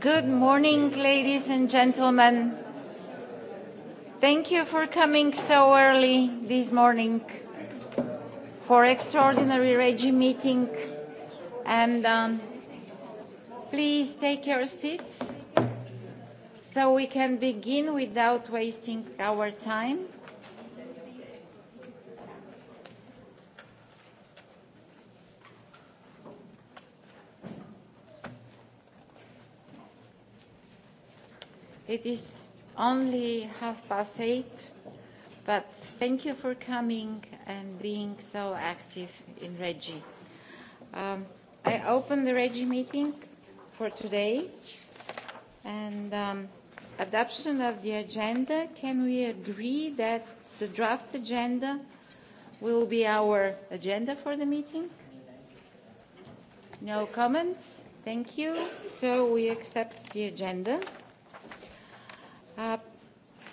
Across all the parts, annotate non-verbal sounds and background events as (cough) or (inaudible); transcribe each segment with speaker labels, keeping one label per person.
Speaker 1: Good morning, ladies and gentlemen. Thank you for coming so early this morning for extraordinary regime meeting. And um, please take your seats so we can begin without wasting our time. It is only half past eight, but thank you for coming and being so active in REGI. Um, I open the REGI meeting for today, and um, adoption of the agenda. Can we agree that the draft agenda will be our agenda for the meeting? No comments? Thank you. So we accept the agenda.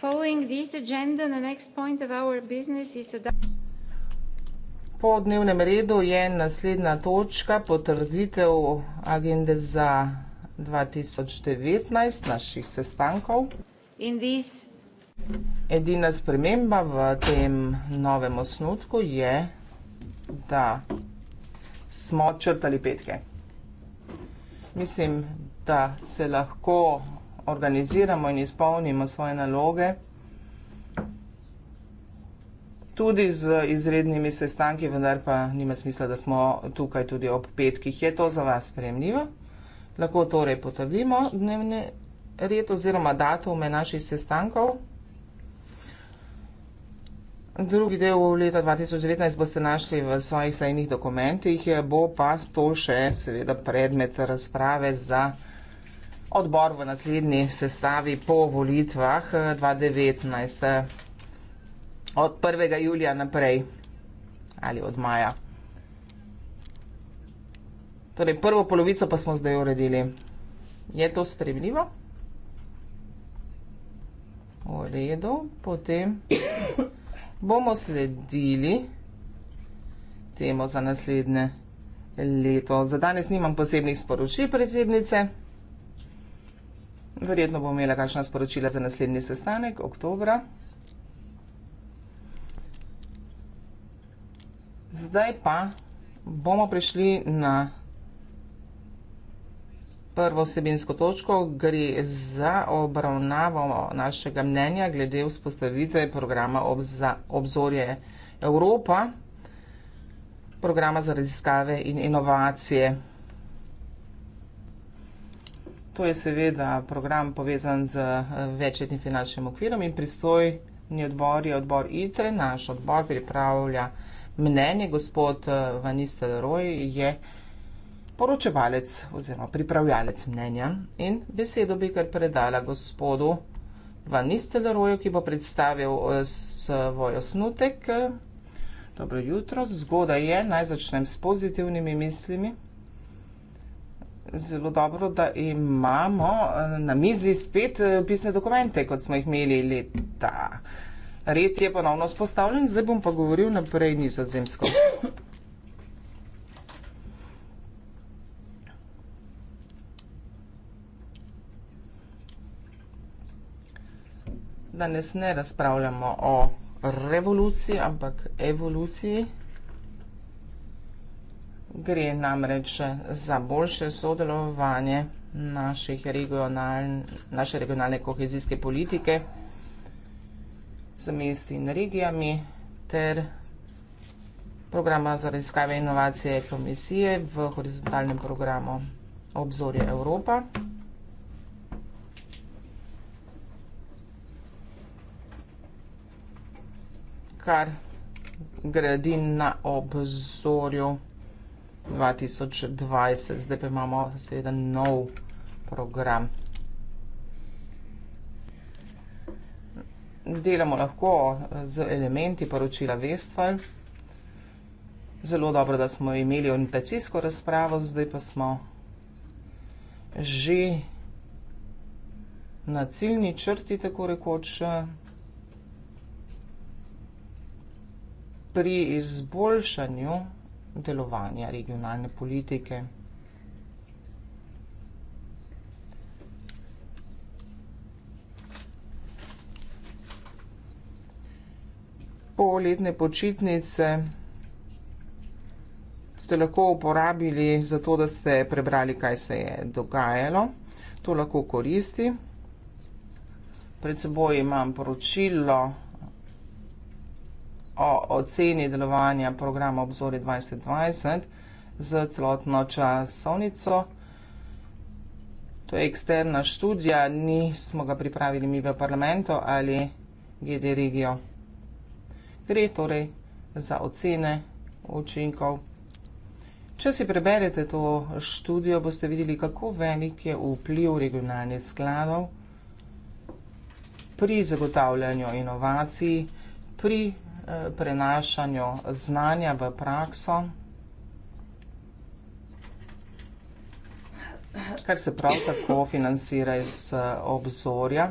Speaker 1: Following this agenda, the next point of our business is a.
Speaker 2: Po dnevnem redu je naslednja točka potrditev agende za 2019 naših sestankov. This... Edina sprememba v tem novem osnutku je, da smo črtali petke. Mislim, da se lahko organiziramo in izpolnimo svoje naloge, tudi z izrednimi sestanki, vendar pa nima smisla, da smo tukaj tudi ob petkih. Je to za vas spremljivo? Lahko torej potrdimo dnevne red oziroma datume naših sestankov. Drugi del leta 2019 boste našli v svojih sajnih dokumentih, bo pa to še seveda predmet razprave za vsega odbor v naslednji sestavi po volitvah 2019, eh, eh, od 1. julija naprej ali od maja. Torej, prvo polovico pa smo zdaj uredili. Je to spremljivo? V redu, potem bomo sledili temo za naslednje leto. Za danes nimam posebnih sporočil predsednice. Verjetno bom imela kakšna sporočila za naslednji sestanek, oktobra. Zdaj pa bomo prišli na prvo vsebinsko točko, gre za obravnavo našega mnenja glede vzpostavitve programa Obzorje Evropa, programa za raziskave in inovacije Evropa. To je seveda program povezan z eh, večletnim finančnim okvirom in pristojni odbor je odbor ITRE. Naš odbor pripravlja mnenje. Gospod eh, Vanistel Roj je poročevalec oziroma pripravljalec mnenja in besedo bi kar predala gospodu Vanistel Roju, ki bo predstavil eh, svoj osnutek. Dobro jutro, zgodaj je, naj začnem s pozitivnimi mislimi. Zelo dobro, da imamo eh, na mizi spet eh, pisne dokumente, kot smo jih imeli leta. Red je ponovno spostavljen, zdaj bom pa govoril naprej nizozemsko. Danes ne razpravljamo o revoluciji, ampak evoluciji gre namreč za boljše sodelovanje naših regional, naše regionalne kohezijske politike z mesti in regijami ter programa za raziskave in inovacije komisije v horizontalnem programu Obzorje Evropa. kar gradi na obzorju 2020, zdaj pa imamo seveda nov program. Delamo lahko z elementi poročila Vestval. Zelo dobro, da smo imeli orientacijsko razpravo, zdaj pa smo že na ciljni črti, tako rekoč, pri izboljšanju vsega, delovanja regionalne politike. Po letne počitnice ste lahko uporabili za to, da ste prebrali, kaj se je dogajalo. To lahko koristi. Pred seboj imam poročilo, o oceni delovanja programa Obzori 2020 z celotno časovnico. To je eksterna študija, nismo ga pripravili mi v parlamentu ali GD regijo. Gre torej za ocene učinkov. Če si preberete to študijo, boste videli, kako velik je vpliv regionalnih skladov pri zagotavljanju inovacij, pri prenašanju znanja v prakso. Kar se prav tako financira iz eh, obzorja,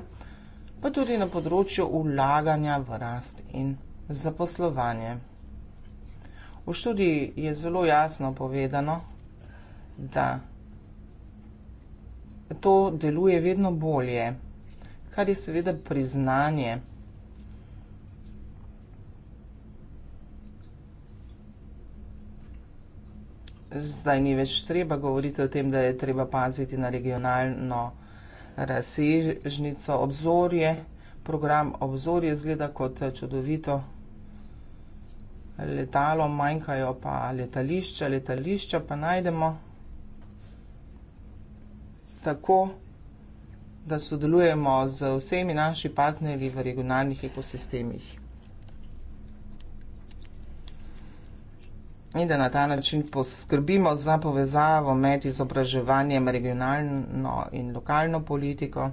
Speaker 2: pa tudi na področju ulaganja v rast in zaposlovanje. V študiji je zelo jasno povedano, da to deluje vedno bolje, kar je seveda priznanje. zdaj ni več treba govoriti o tem, da je treba paziti na regionalno razsežnico obzorje. Program obzorje izgleda kot čudovito letalo, manjkajo pa letališča, letališča pa najdemo tako, da sodelujemo z vsemi naši partnerji v regionalnih ekosistemih. in da na ta način poskrbimo za povezavo med izobraževanjem regionalno in lokalno politiko,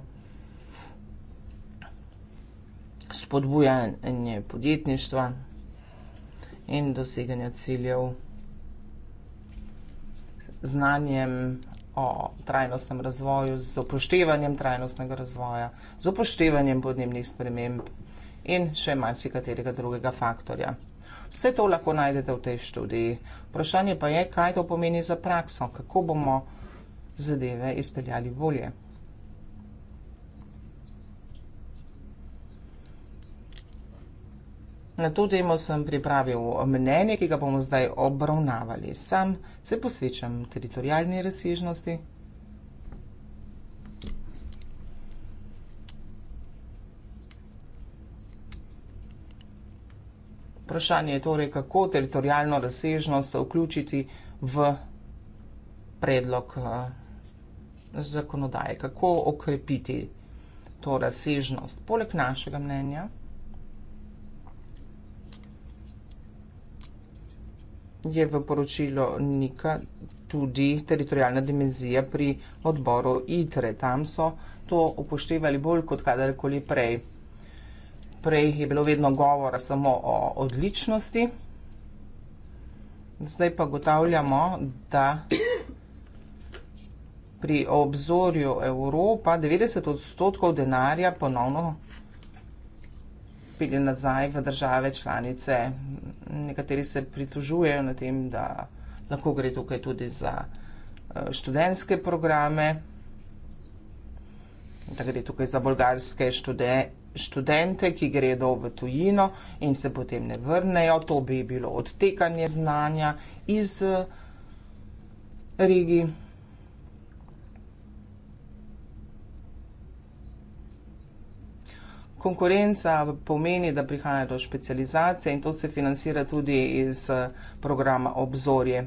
Speaker 2: spodbujanje podjetništva in doseganje ciljev znanjem o trajnostnem razvoju, z upoštevanjem trajnostnega razvoja, z upoštevanjem podnebnih sprememb in še marsikaterega drugega faktorja. Vse to lahko najdete v tej študiji. Vprašanje pa je, kaj to pomeni za prakso, kako bomo zadeve izpeljali bolje. Na to temo sem pripravil mnenje, ki ga bomo zdaj obravnavali. Sam se posvečam teritorijalni razsežnosti. Vprašanje je torej, kako teritorijalno razsežnost vključiti v predlog eh, zakonodaje, kako okrepiti to razsežnost. Poleg našega mnenja je v poročilo Nika tudi teritorijalna dimenzija pri odboru ITRE. Tam so to upoštevali bolj kot kadarkoli prej prej je bilo vedno govora samo o odličnosti. Zdaj pa gotavljamo, da pri obzorju Evropa 90 odstotkov denarja ponovno pelje nazaj v države članice. Nekateri se pritožujejo na tem, da lahko gre tukaj tudi za eh, študentske programe, da gre tukaj za bolgarske študente študente, ki gredo v tujino in se potem ne vrnejo. To bi bilo odtekanje znanja iz eh, regi. Konkurenca pomeni, da prihajajo do špecializacije in to se financira tudi iz eh, programa Obzorje.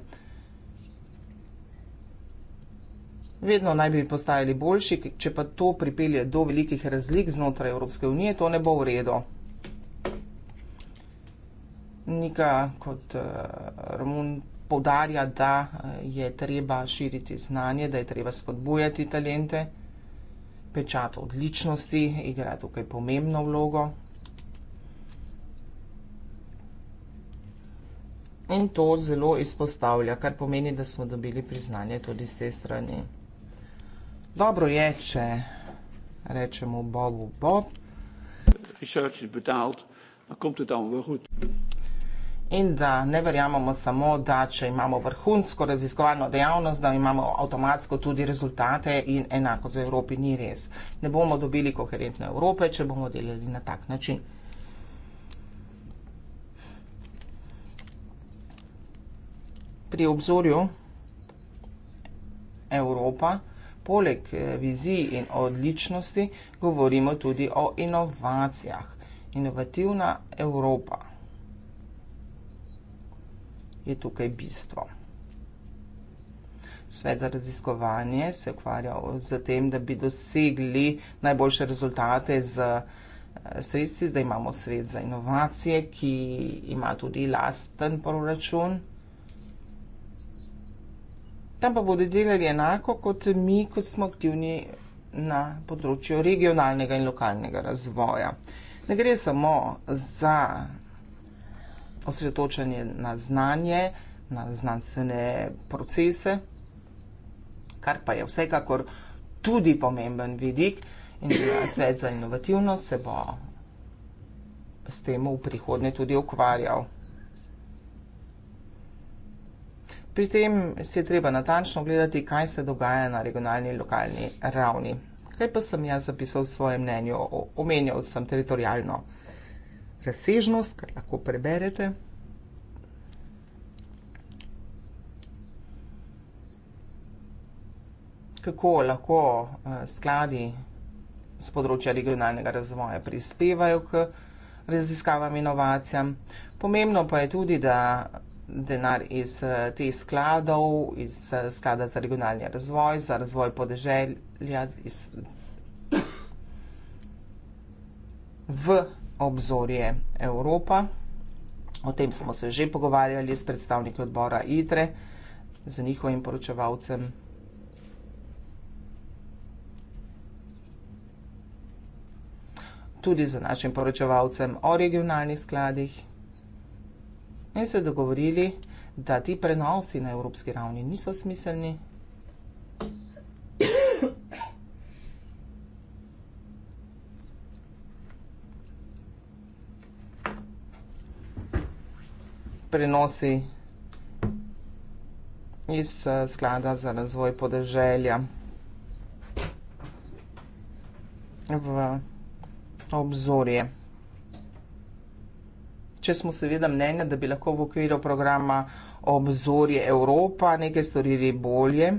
Speaker 2: vedno naj bi postajali boljši, če pa to pripelje do velikih razlik znotraj Evropske unije, to ne bo v redu. Nika kot uh, Romun povdarja, da eh, je treba širiti znanje, da je treba spodbujati talente. Pečat odličnosti igra tukaj pomembno vlogo. In to zelo izpostavlja, kar pomeni, da smo dobili priznanje tudi z te strani. Dobro je, če rečemo Bobu Bob. Research is betaald, pa komt het allemaal wel goed. In da ne verjamemo samo, da če imamo vrhunsko raziskovalno dejavnost, da imamo avtomatsko tudi rezultate in enako za Evropi ni res. Ne bomo dobili koherentne Evrope, če bomo delali na tak način. Pri obzorju Evropa poleg eh, vizij in odličnosti govorimo tudi o inovacijah. Inovativna Evropa je tukaj bistvo. Svet za raziskovanje se ukvarja z tem, da bi dosegli najboljše rezultate z eh, sredstvi. Zdaj imamo svet za inovacije, ki ima tudi lasten proračun tam pa bodo delali enako kot mi, kot smo aktivni na področju regionalnega in lokalnega razvoja. Ne gre samo za osredotočanje na znanje, na znanstvene procese, kar pa je vsekakor tudi pomemben vidik in svet za inovativnost se bo s tem v prihodnje tudi ukvarjal. Pri tem si je treba natančno ogledati, kaj se dogaja na regionalni in lokalni ravni. Kaj pa sem jaz zapisal v svojem mnenju? Omenjal sem teritorijalno razsežnost, kar lahko preberete. Kako lahko eh, skladi z področja regionalnega razvoja prispevajo k raziskavam in inovacijam. Pomembno pa je tudi, da denar iz eh, teh skladov, iz eh, sklada za regionalni razvoj, za razvoj podeželja iz, v obzorje Evropa. O tem smo se že pogovarjali s predstavniki odbora ITRE, z njihovim poročevalcem. Tudi z našim poročevalcem o regionalnih skladih in se dogovorili, da ti prenosi na evropski ravni niso smiselni. Prenosi iz eh, sklada za razvoj podeželja v obzorje če smo seveda mnenja, da bi lahko v okviru programa Obzorje Evropa nekaj storili bolje.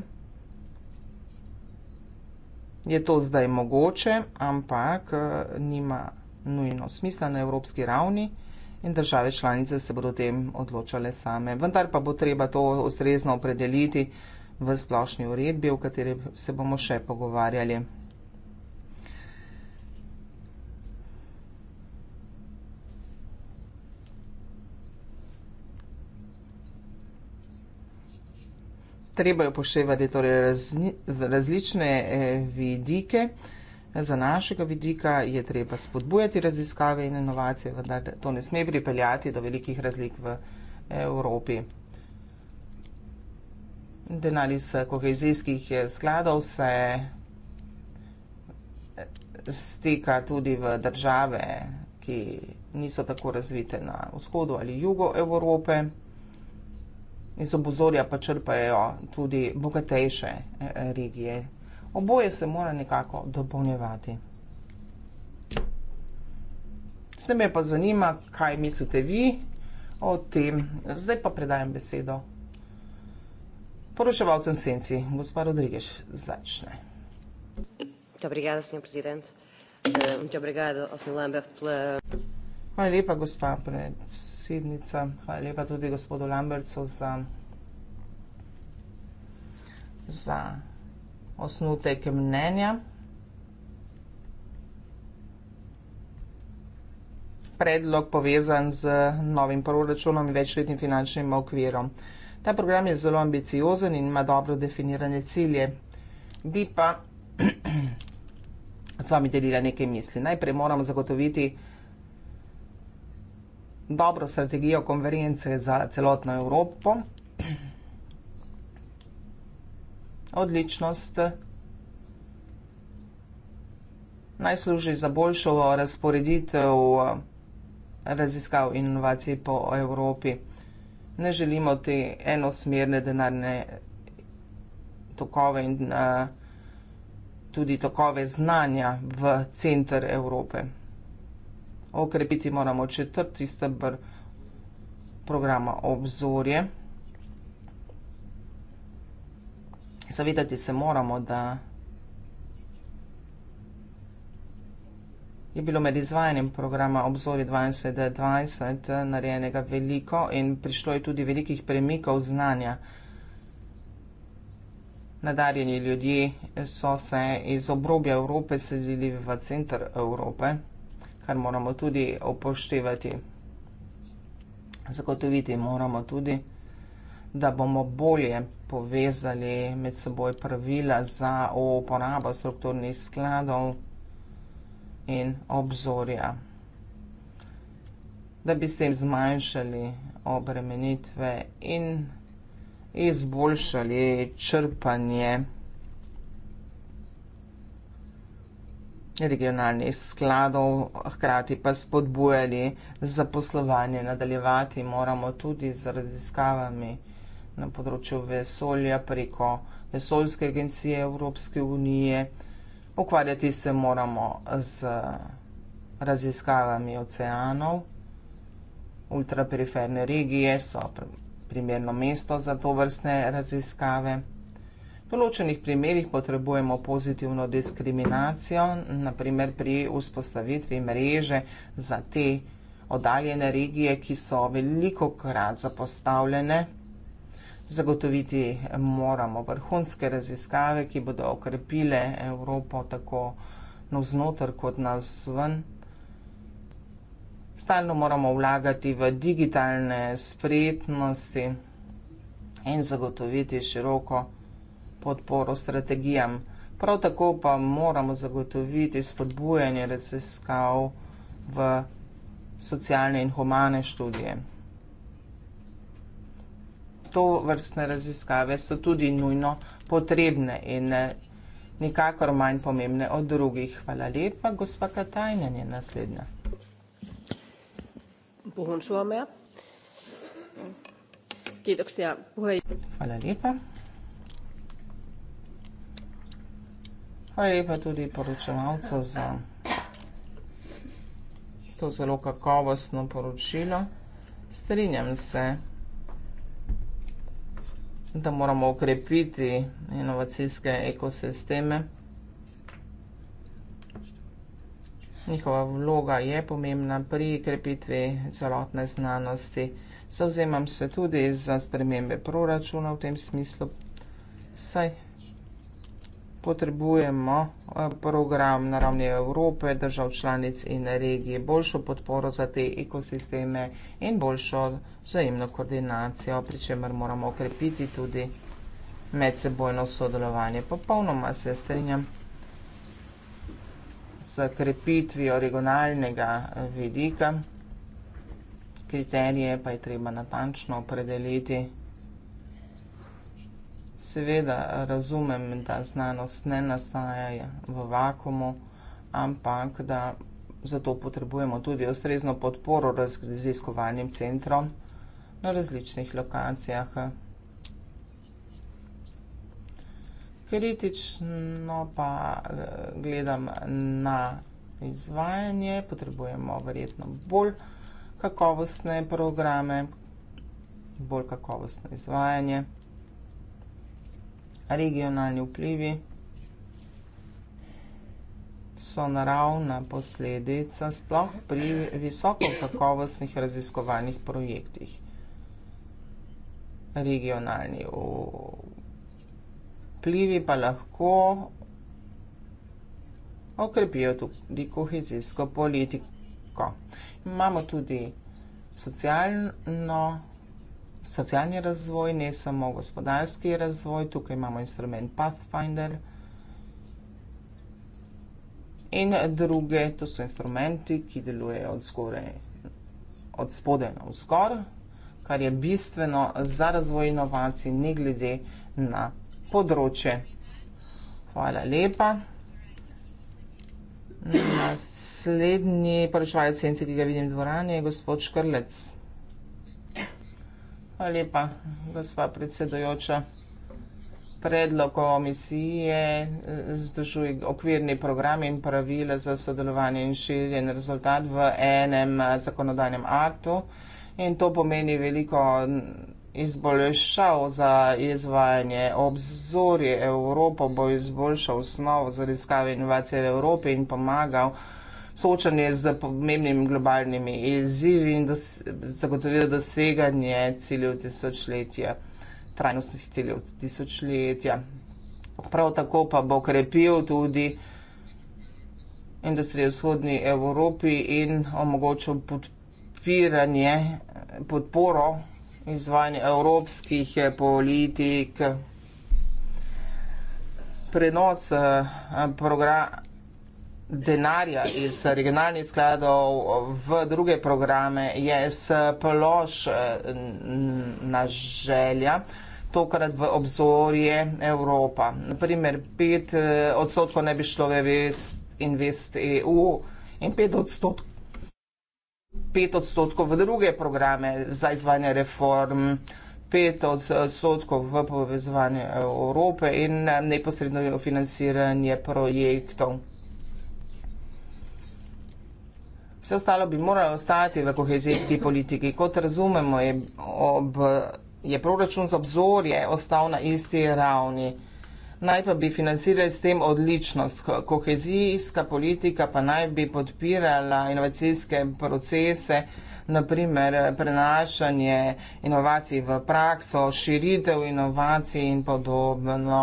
Speaker 2: Je to zdaj mogoče, ampak eh, nima nujno smisla na evropski ravni in države članice se bodo o tem odločale same. Vendar pa bo treba to ustrezno opredeliti v splošni uredbi, v kateri se bomo še pogovarjali. treba je upoštevati torej razni, različne eh, vidike. Za našega vidika je treba spodbujati raziskave in inovacije, vendar to ne sme pripeljati do velikih razlik v Evropi. Denar iz eh, kohezijskih eh, skladov se stika tudi v države, ki niso tako razvite na vzhodu ali jugu Evrope iz obozorja pa črpajo tudi bogatejše eh, regije. Oboje se mora nekako dopolnjevati. Zdaj me pa zanima, kaj mislite vi o tem. Zdaj pa predajam besedo poročevalcem senci. Gospa Rodrigež, začne.
Speaker 3: Dobrigada, senjor prezident. Dobrigada, eh, osnovan Beft.
Speaker 2: Hvala lepa, gospa predsednica. Hvala lepa tudi gospodu Lambercu za, za osnutek mnenja. Predlog povezan z novim proračunom in večletnim finančnim okvirom. Ta program je zelo ambiciozen in ima dobro definirane cilje. Bi pa (clears throat) z vami delila nekaj misli. Najprej moramo zagotoviti, dobro strategijo konference za celotno Evropo. Odličnost. Naj služi za boljšo razporeditev raziskav in inovacij po Evropi. Ne želimo te enosmerne denarne tokove in eh, tudi tokove znanja v centr Evrope okrepiti moramo četrti stebr programa obzorje. Zavedati se moramo, da je bilo med izvajanjem programa obzorje 2020 narejenega veliko in prišlo je tudi velikih premikov znanja. Nadarjeni ljudje so se iz obrobja Evrope selili v center Evrope kar moramo tudi upoštevati. Zagotoviti moramo tudi, da bomo bolje povezali med seboj pravila za uporabo strukturnih skladov in obzorja, da bi s tem zmanjšali obremenitve in izboljšali črpanje. regionalnih skladov, hkrati pa spodbujali zaposlovanje. Nadaljevati moramo tudi z raziskavami na področju vesolja preko Vesoljske agencije Evropske unije. Ukvarjati se moramo z raziskavami oceanov. Ultraperiferne regije so primerno mesto za to vrstne raziskave določenih primerjih potrebujemo pozitivno diskriminacijo, naprimer pri vzpostavitvi mreže za te oddaljene regije, ki so veliko krat zapostavljene. Zagotoviti moramo vrhunske raziskave, ki bodo okrepile Evropo tako navznotr kot navzven. Stalno moramo vlagati v digitalne spretnosti in zagotoviti široko podporo strategijam. Prav tako pa moramo zagotoviti spodbujanje raziskav v socialne in humane študije. To vrstne raziskave so tudi nujno potrebne in eh, nikakor manj pomembne od drugih. Hvala lepa, gospa Katajnen je naslednja. Hvala lepa. Hvala lepa tudi poročevalcu za to zelo kakovostno poročilo. Strinjam se, da moramo ukrepiti inovacijske ekosisteme. Njihova vloga je pomembna pri krepitvi celotne znanosti. Zauzemam se tudi za spremembe proračuna v tem smislu. Saj potrebujemo eh, program na ravni Evrope, držav članic in regije, boljšo podporo za te ekosisteme in boljšo vzajemno koordinacijo, pri čemer moramo okrepiti tudi medsebojno sodelovanje. Popolnoma se strinjam s krepitvijo regionalnega eh, vidika, kriterije pa je treba natančno opredeliti. Seveda razumem, da znanost ne nastaja v vakumu, ampak da zato potrebujemo tudi ustrezno podporo raziskovalnim centrom na različnih lokacijah. Kritično pa eh, gledam na izvajanje, potrebujemo verjetno bolj kakovostne programe, bolj kakovostno izvajanje regionalni vplivi so naravna posledica sploh pri visokokakovostnih raziskovalnih projektih. Regionalni vplivi pa lahko okrepijo tudi kohezijsko politiko. Imamo tudi socialno politiko, socialni razvoj, ne samo gospodarski razvoj. Tukaj imamo instrument Pathfinder in druge, to so instrumenti, ki delujejo od, skoraj, od spodaj na vzgor, kar je bistveno za razvoj inovacij, ne glede na področje. Hvala lepa. Naslednji poročevalec senci, ki ga vidim v dvorani, je gospod Škrlec. Hvala lepa, gospa predsedojoča. Predlog o misiji eh, združuje okvirni program in pravila za sodelovanje in širjen rezultat v enem eh, zakonodajnem aktu in to pomeni veliko mm, izboljšav za izvajanje obzorje Evropo, bo izboljšal osnovo za riskave inovacije v Evropi in pomagal soočanje z pomembnimi globalnimi izzivi in dos zagotovijo doseganje ciljev tisočletja, trajnostnih ciljev tisočletja. Prav tako pa bo krepil tudi industrijo v vzhodni Evropi in omogočil podpiranje, podporo izvajanja evropskih eh, politik. Prenos eh, programa denarja iz regionalnih skladov v druge programe je splošna eh, na želja, tokrat v obzorje Evropa. Naprimer, pet eh, odstotkov ne bi šlo v invest, invest EU in pet odstotkov. 5 odstotkov v druge programe za izvanje reform, 5 odstotkov v povezovanje Evrope in eh, neposredno financiranje projektov. Vse ostalo bi moralo ostati v kohezijski politiki. Kot razumemo, je, ob, je proračun za obzorje ostal na isti ravni. Naj pa bi financirali s tem odličnost. Kohezijska politika pa naj bi podpirala inovacijske procese, naprimer prenašanje inovacij v prakso, širitev inovacij in podobno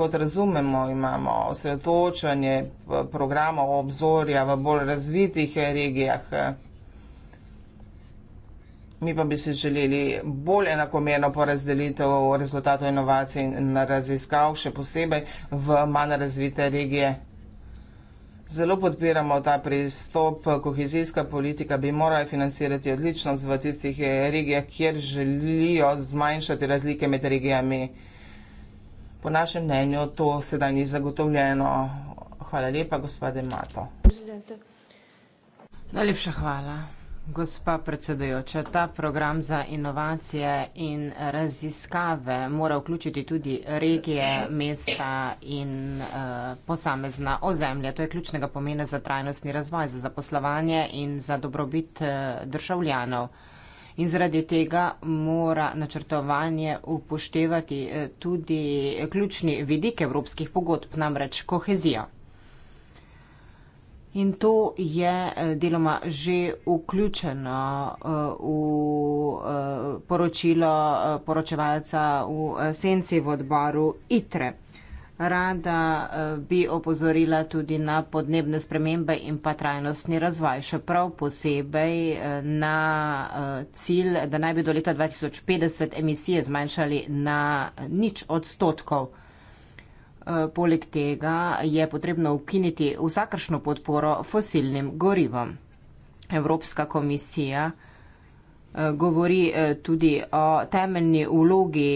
Speaker 2: kot razumemo, imamo osredotočanje programov obzorja v bolj razvitih eh, regijah. Mi pa bi si želeli bolj enakomerno porazdelitev rezultatov inovacij in raziskav, še posebej v manj razvite regije. Zelo podpiramo ta pristop. Kohezijska politika bi morala financirati odličnost v tistih eh, regijah, kjer želijo zmanjšati razlike med regijami. Po našem mnenju to sedaj ni
Speaker 3: zagotovljeno. Hvala
Speaker 2: lepa, gospode Mato.
Speaker 3: Najlepša hvala, gospa predsedujoča. Ta program za inovacije in raziskave mora vključiti tudi regije, mesta in uh, posamezna ozemlja. To je ključnega pomena za trajnostni razvoj, za zaposlovanje in za dobrobit uh, državljanov in zaradi tega mora načrtovanje upoštevati eh, tudi ključni vidik evropskih pogodb, namreč kohezija. In to je eh, deloma že vključeno eh, v poročilo poročevalca v senci v odboru ITRE. Rada eh, bi opozorila tudi na podnebne spremembe in pa trajnostni razvoj, še prav posebej eh, na eh, cilj, da naj bi do leta 2050 emisije zmanjšali na nič odstotkov. Poleg tega je potrebno ukiniti vsakršno podporo fosilnim gorivom. Evropska komisija govori tudi o temeljni vlogi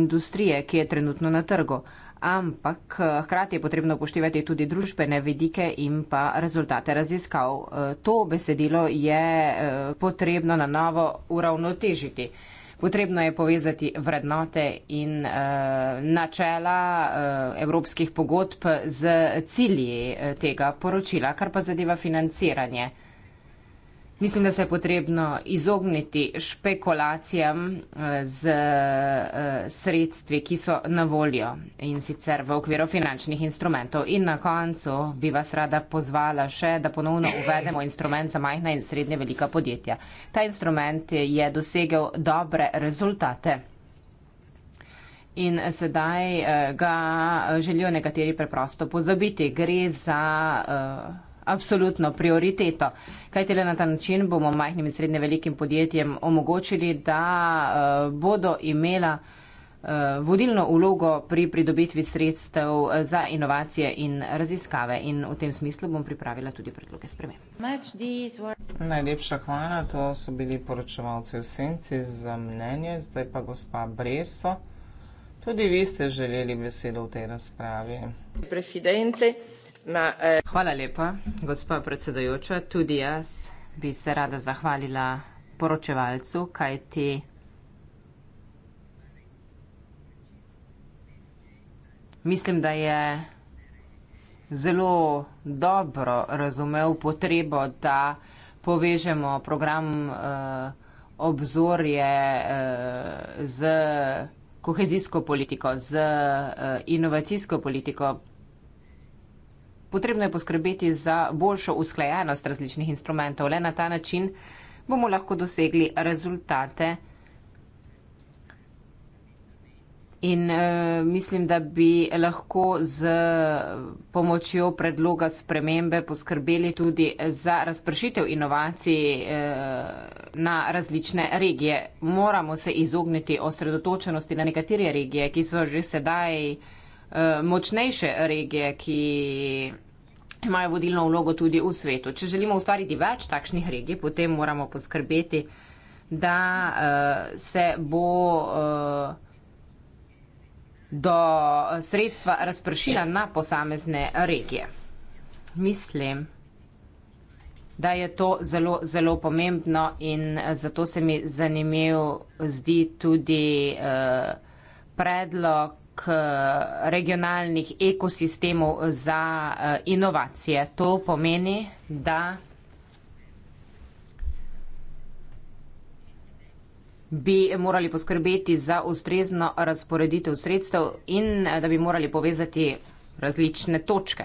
Speaker 3: industrije, ki je trenutno na trgu ampak eh, hkrati je potrebno upoštevati tudi družbene vidike in pa rezultate raziskav. Eh, to besedilo je eh, potrebno na novo uravnotežiti. Potrebno je povezati vrednote in uh, načela uh, evropskih pogodb z cilji tega poročila, kar pa zadeva financiranje. Mislim, da se je potrebno izogniti špekulacijam eh, z eh, sredstvi, ki so na voljo in sicer v okviru finančnih instrumentov. In na koncu bi vas rada pozvala še, da ponovno uvedemo instrument za majhna in srednje velika podjetja. Ta instrument je dosegel dobre rezultate. In sedaj eh, ga želijo nekateri preprosto pozabiti. Gre za. Uh, absolutno prioriteto. Kaj tele na ta način bomo majhnim in srednje velikim podjetjem omogočili, da eh, bodo imela eh, vodilno ulogo pri pridobitvi sredstev eh, za inovacije in raziskave. In v tem smislu bom pripravila tudi predloge sprememb.
Speaker 2: Najlepša hvala, to so bili poročevalci v senci za mnenje, zdaj pa gospa Breso. Tudi vi ste želeli besedo v tej razpravi. Presidente
Speaker 3: na. Eh. Hvala lepa, gospa predsedojoča. Tudi jaz bi se rada zahvalila poročevalcu, kaj ti. Mislim, da je zelo dobro razumel potrebo, da povežemo program eh, obzorje eh, z kohezijsko politiko, z eh, inovacijsko politiko, Potrebno je poskrbeti za boljšo usklajenost različnih instrumentov. Le na ta način bomo lahko dosegli rezultate. In e, mislim, da bi lahko z eh, pomočjo predloga spremembe poskrbeli tudi za razpršitev inovacij e, na različne regije. Moramo se izogniti osredotočenosti na nekatere regije, ki so že sedaj Eh, močnejše regije, ki imajo vodilno vlogo tudi v svetu. Če želimo ustvariti več takšnih regij, potem moramo poskrbeti, da uh, se bo uh, do sredstva razpršila na posamezne regije. Mislim, da je to zelo, zelo pomembno in zato se mi zanimiv zdi tudi uh, predlog blok eh, regionalnih ekosistemov za eh, inovacije. To pomeni, da bi morali poskrbeti za ustrezno razporeditev sredstev in eh, da bi morali povezati različne točke.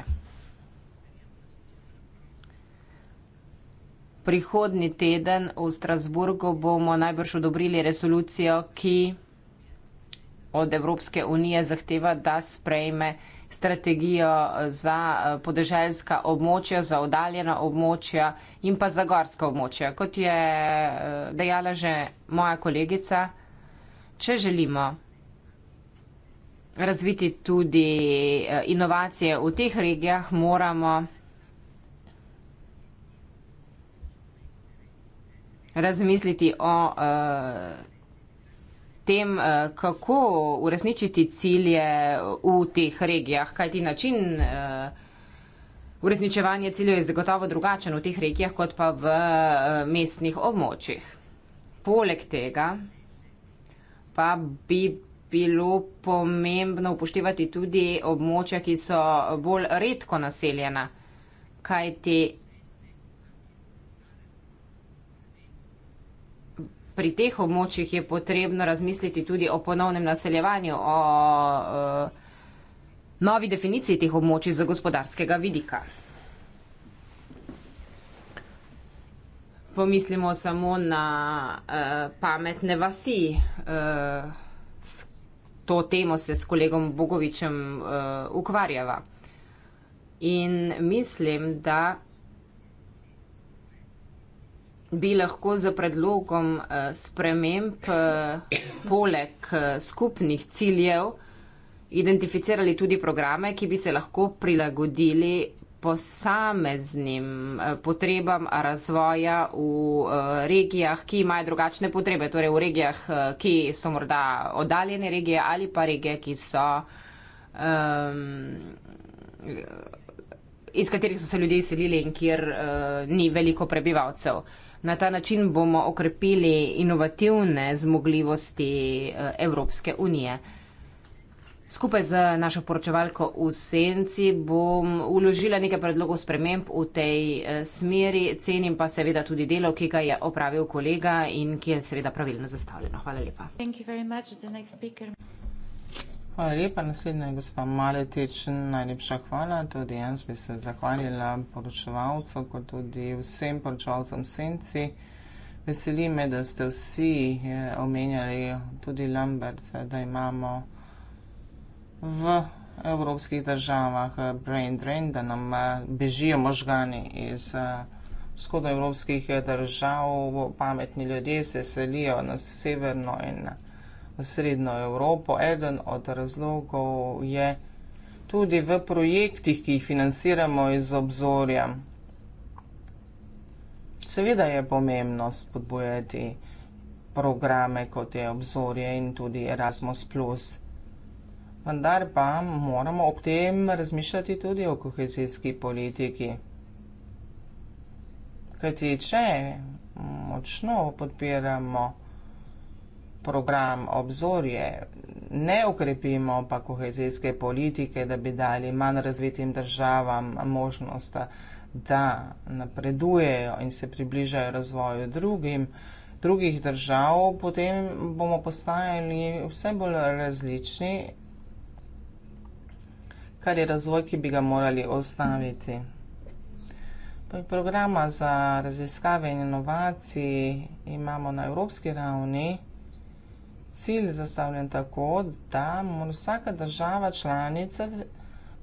Speaker 3: Prihodni teden v Strasburgu bomo najbrž odobrili resolucijo, ki od Evropske unije zahteva, da sprejme strategijo za eh, podeželska območja, za oddaljena območja in pa za gorska območja. Kot je eh, dejala že moja kolegica, če želimo razviti tudi eh, inovacije v teh regijah, moramo razmisliti o uh, tem, eh, kako uresničiti cilje v teh regijah, kajti način eh, uresničevanja ciljev je zagotovo drugačen v teh regijah, kot pa v eh, mestnih območjih. Poleg tega pa bi bilo pomembno upoštevati tudi območja, ki so bolj redko naseljena, kajti pri teh območjih je potrebno razmisliti tudi o ponovnem naseljevanju, o uh, novi definiciji teh območij z gospodarskega vidika. Pomislimo samo na uh, pametne vasi. Uh, to temo se s kolegom Bogovičem uh, ukvarjava. In mislim, da bi lahko za predlogom eh, sprememb eh, poleg eh, skupnih ciljev identificirali tudi programe, ki bi se lahko prilagodili posameznim potrebam razvoja v regijah, ki imajo drugačne potrebe, torej v regijah, ki so morda oddaljene regije ali pa regije, ki so. Um, iz katerih so se ljudje izselili in kjer uh, ni veliko prebivalcev. Uh, Na ta način bomo okrepili inovativne zmogljivosti eh, Evropske unije. Skupaj z našo poročevalko v senci bom uložila nekaj predlogov sprememb v tej eh, smeri, cenim pa seveda tudi delo, ki ga je opravil kolega in ki je seveda pravilno zastavljeno. Hvala
Speaker 1: lepa.
Speaker 3: Hvala lepa. Naslednja je gospa Maletič. Najlepša hvala.
Speaker 2: Tudi jaz bi se zahvalila poročevalcu, kot tudi vsem poročevalcem Senci. Veseli me, da ste vsi eh, omenjali, tudi Lambert, da imamo v evropskih državah eh, brain drain, da nam eh, bežijo možgani iz vzhodoevropskih držav, pametni ljudje se selijo nas v severno in na v Srednjo Evropo. Eden od razlogov je tudi v projektih, ki jih financiramo iz obzorja. Seveda je pomembno spodbujati programe, kot je obzorje in tudi Erasmus. Vendar pa moramo ob tem razmišljati tudi o kohezijski politiki. Kajti, če močno podpiramo program obzorje, ne ukrepimo pa kohezijske politike, da bi dali manj razvitim državam možnost, da napredujejo in se približajo razvoju drugim, drugih držav, potem bomo postajali vse bolj različni, kar je razvoj, ki bi ga morali ostaviti. Programa za raziskave in inovacije imamo na evropski ravni cilj zastavljen tako, da mora vsaka država članica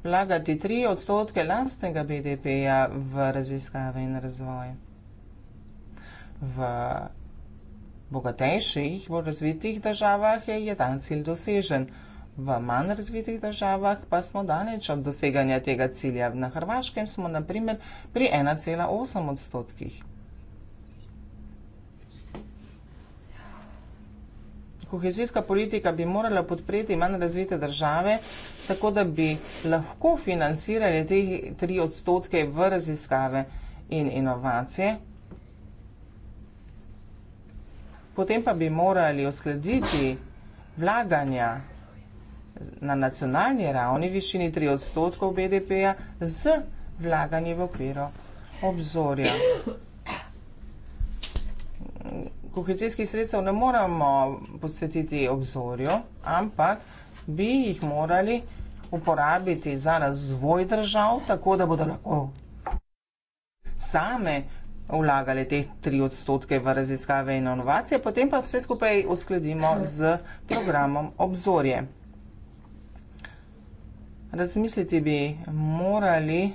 Speaker 2: vlagati 3 odstotke lastnega BDP-ja v raziskave in razvoj. V bogatejših, v razvitih državah je, je dan cilj dosežen, v manj razvitih državah pa smo daleč od doseganja tega cilja. Na Hrvaškem smo naprimer pri 1,8 odstotkih. kohezijska politika bi morala podpreti manj razvite države, tako da bi lahko financirali te tri odstotke v raziskave in inovacije. Potem pa bi morali uskladiti vlaganja na nacionalni ravni višini 3 odstotkov BDP-ja z vlaganji v okviru obzorja kohezijskih sredstev ne moramo posvetiti obzorju, ampak bi jih morali uporabiti za razvoj držav, tako da bodo lahko same vlagali teh tri odstotke v raziskave in inovacije, potem pa vse skupaj uskladimo z programom obzorje. Razmisliti bi morali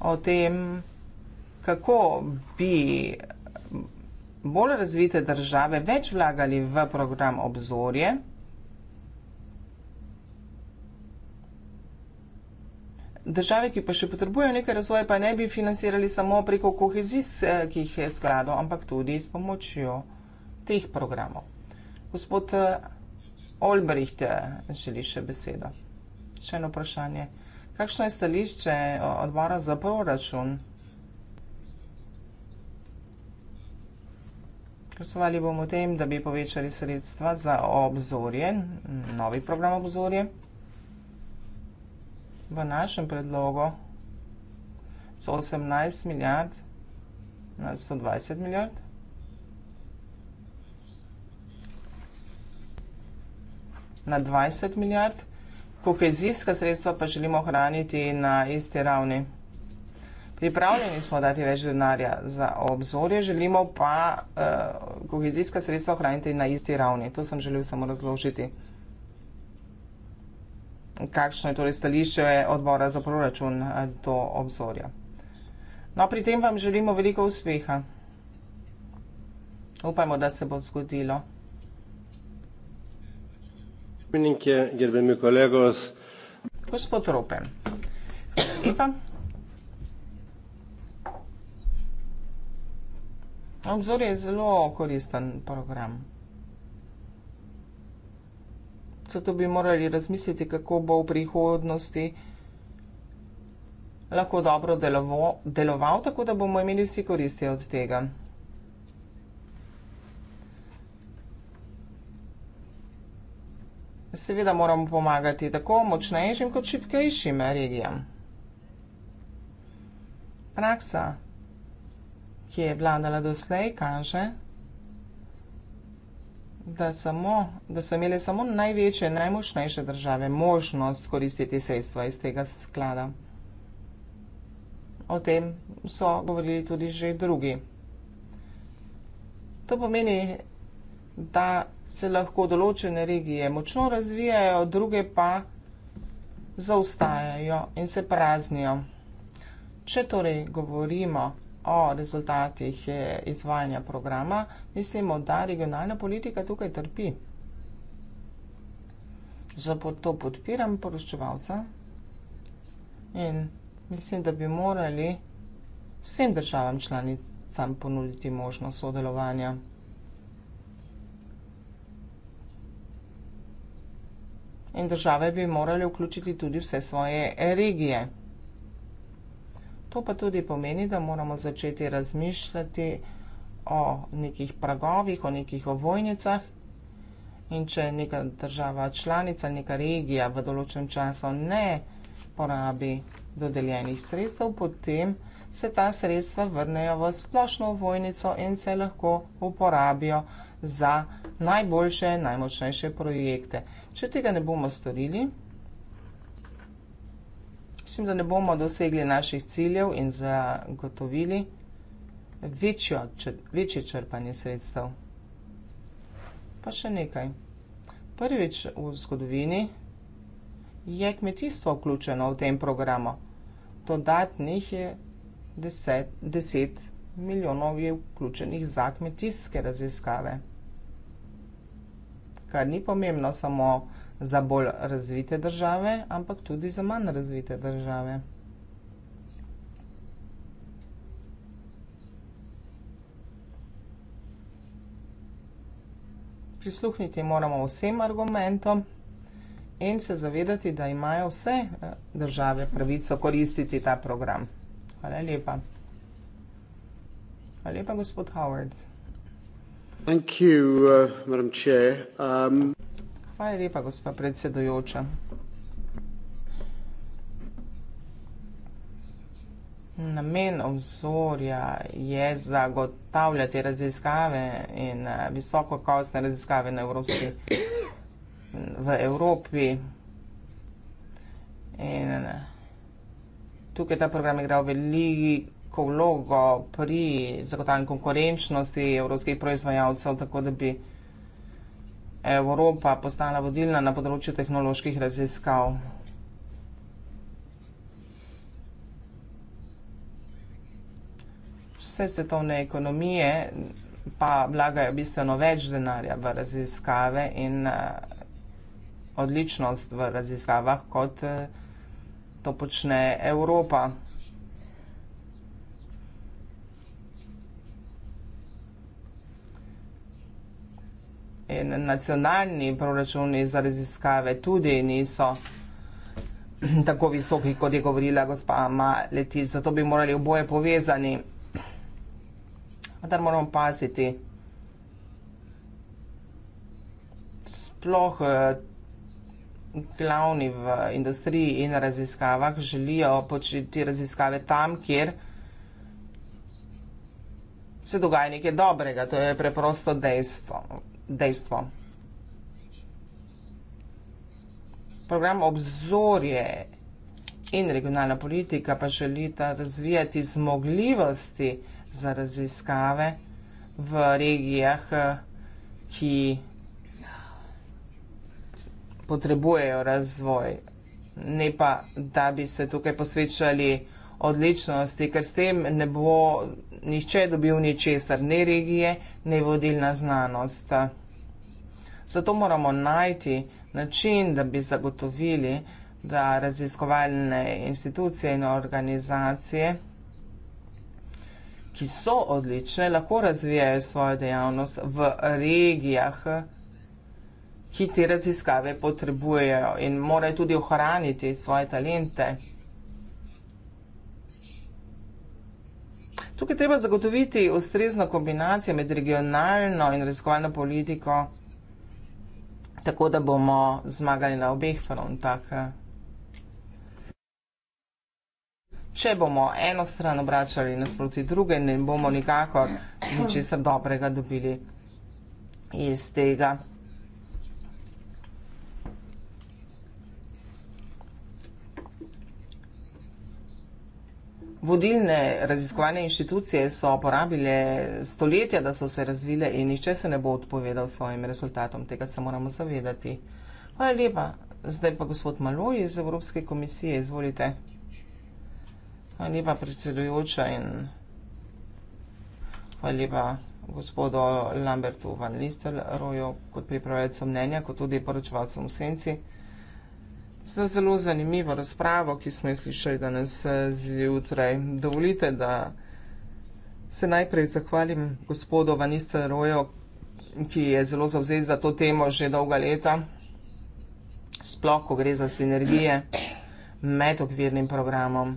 Speaker 2: o tem, kako bi bolj razvite države več vlagali v program obzorje, države, ki pa še potrebujejo nekaj razvoja, pa ne bi financirali samo preko kohezijskih skladov, ampak tudi s pomočjo teh programov. Gospod eh, Olbricht eh, želi še besedo. Še eno vprašanje. Kakšno je stališče eh, odbora za proračun? Glasovali bomo o tem, da bi povečali sredstva za obzorje, novi program obzorje. V našem predlogu so 18 milijard na 120 milijard. Na 20 milijard. Kohezijska sredstva pa želimo hraniti na isti ravni pripravljeni smo dati več denarja za obzorje, želimo pa uh, kohezijska sredstva ohraniti na isti ravni. To sem želel samo razložiti. Kakšno je torej stališče odbora za proračun eh, do obzorja? No, pri tem vam želimo veliko uspeha. Upajmo, da se bo zgodilo. Gospod Ropen, lepa. Obzor je zelo koristen program. Zato bi morali razmisliti, kako bo v prihodnosti lahko dobro delovo, deloval, tako da bomo imeli vsi koristi od tega. Seveda moramo pomagati tako močnejšim kot šipkejšim regijam. Praksa ki je vladala doslej, kaže, da, samo, da so imele samo največje, najmočnejše države možnost koristiti sredstva iz tega sklada. O tem so govorili tudi že drugi. To pomeni, da se lahko določene regije močno razvijajo, druge pa zaostajajo in se praznijo. Če torej govorimo o rezultatih eh, izvajanja programa, mislimo, da regionalna politika tukaj trpi. Zato podpiram poročevalca in mislim, da bi morali vsem državam članicam ponuditi možnost sodelovanja. In države bi morali vključiti tudi vse svoje regije. To pa tudi pomeni, da moramo začeti razmišljati o nekih pragovih, o nekih ovojnicah in če neka država članica, neka regija v določen času ne porabi dodeljenih sredstev, potem se ta sredstva vrnejo v splošno ovojnico in se lahko uporabijo za najboljše, najmočnejše projekte. Če tega ne bomo storili, Mislim, da ne bomo dosegli naših ciljev in zagotovili večjo, čr, večje črpanje sredstev. Pa še nekaj. Prvič v zgodovini je kmetijstvo vključeno v tem programu. Dodatnih je 10, 10 milijonov je vključenih za kmetijske raziskave. Kar ni pomembno samo za bolj razvite države, ampak tudi za manj razvite države. Prisluhniti moramo vsem argumentom in se zavedati, da imajo vse eh, države pravico koristiti ta program. Hvala lepa. Hvala lepa, gospod Howard.
Speaker 1: Thank you, uh, Madam Chair.
Speaker 2: Um... Hvala lepa, gospa predsedujoča. Namen obzorja je zagotavljati raziskave in eh, visokokostne raziskave na Evropski, v Evropi. In eh, tukaj ta program igra veliko vlogo pri zagotavljanju konkurenčnosti evropskih proizvajalcev, tako da bi Evropa postala vodilna na področju tehnoloških raziskav? Vse svetovne ekonomije pa vlagajo bistveno več denarja v raziskave in odličnost v raziskavah kot to počne Evropa. in nacionalni proračuni za raziskave tudi niso (clears throat) tako visoki, kot je govorila gospa Ma Letič. Zato bi morali oboje povezani. Vendar moramo paziti. Sploh eh, glavni v industriji in raziskavah želijo početi raziskave tam, kjer se dogaja nekaj dobrega. To je preprosto dejstvo dejstvo. Program obzorje in regionalna politika pa želita razvijati zmogljivosti za raziskave v regijah, ki potrebujejo razvoj. Ne pa, da bi se tukaj posvečali vsega, odličnosti, ker s tem ne bo nihče dobil ničesar, ne regije, ne vodilna znanost. Zato moramo najti način, da bi zagotovili, da raziskovalne institucije in organizacije, ki so odlične, lahko razvijajo svojo dejavnost v regijah, ki te raziskave potrebujejo in morajo tudi ohraniti svoje talente. Tukaj treba zagotoviti ustrezno kombinacijo med regionalno in raziskovalno politiko, tako da bomo zmagali na obeh frontah. Če bomo eno stran obračali nasproti druge, ne bomo nikakor ničesar dobrega dobili iz tega. vodilne raziskovalne inštitucije so porabile stoletja, da so se razvile in nihče se ne bo odpovedal svojim rezultatom. Tega se moramo zavedati. Hvala lepa. Zdaj pa gospod Maloj iz Evropske komisije. Izvolite. Hvala lepa predsedujoča in hvala lepa gospodo Lambertu van Listerrojo kot pripravljalcu mnenja, kot tudi poročevalcu v senci za zelo zanimivo razpravo, ki smo jo slišali danes eh, zjutraj. Dovolite, da se najprej zahvalim gospodu Vanisteroju, ki je zelo zavzet za to temo že dolga leta, sploh ko gre za sinergije med okvirnim programom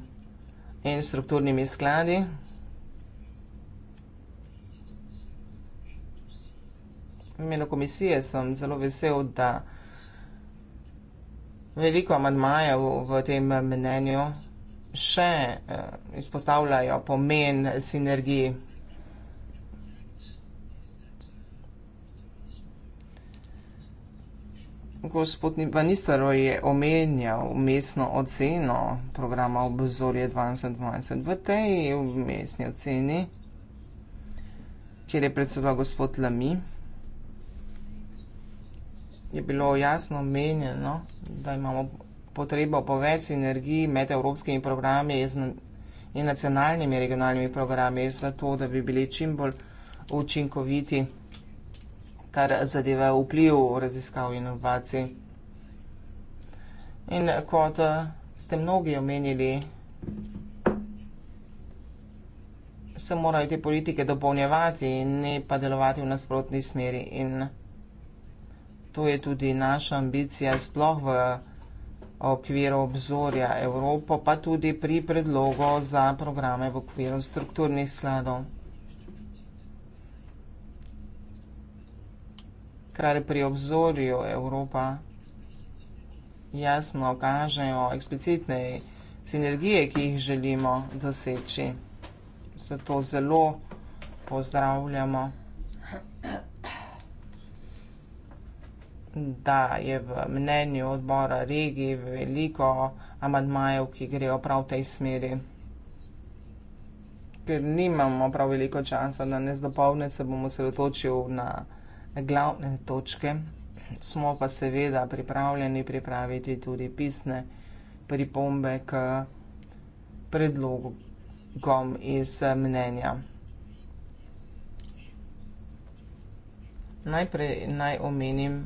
Speaker 2: in strukturnimi skladi. V imenu komisije sem zelo vesel, da veliko amadmajev v tem mnenju še eh, izpostavljajo pomen sinergiji. Gospod Vanistaro je omenjal mestno oceno programa obzorje 2020. V tej mestni oceni, kjer je predsedoval gospod Lami, je bilo jasno menjeno, da imamo potrebo po več energiji med evropskimi programi in nacionalnimi regionalnimi programi, zato da bi bili čim bolj učinkoviti, kar zadeva vpliv raziskav in inovacij. In kot ste mnogi omenili, se morajo te politike dopolnjevati in ne pa delovati v nasprotni smeri. In to je tudi naša ambicija sploh v okviru obzorja Evropo, pa tudi pri predlogu za programe v okviru strukturnih skladov. Kar pri obzorju Evropa jasno kažejo eksplicitne sinergije, ki jih želimo doseči. Zato zelo pozdravljamo. Hvala da je v mnenju odbora regij veliko amadmajev, ki grejo prav v tej smeri. Ker nimamo prav veliko časa, da ne zdopovne se bomo sredotočil na glavne točke, smo pa seveda pripravljeni pripraviti tudi pisne pripombe k predlogom iz mnenja. Najprej naj omenim,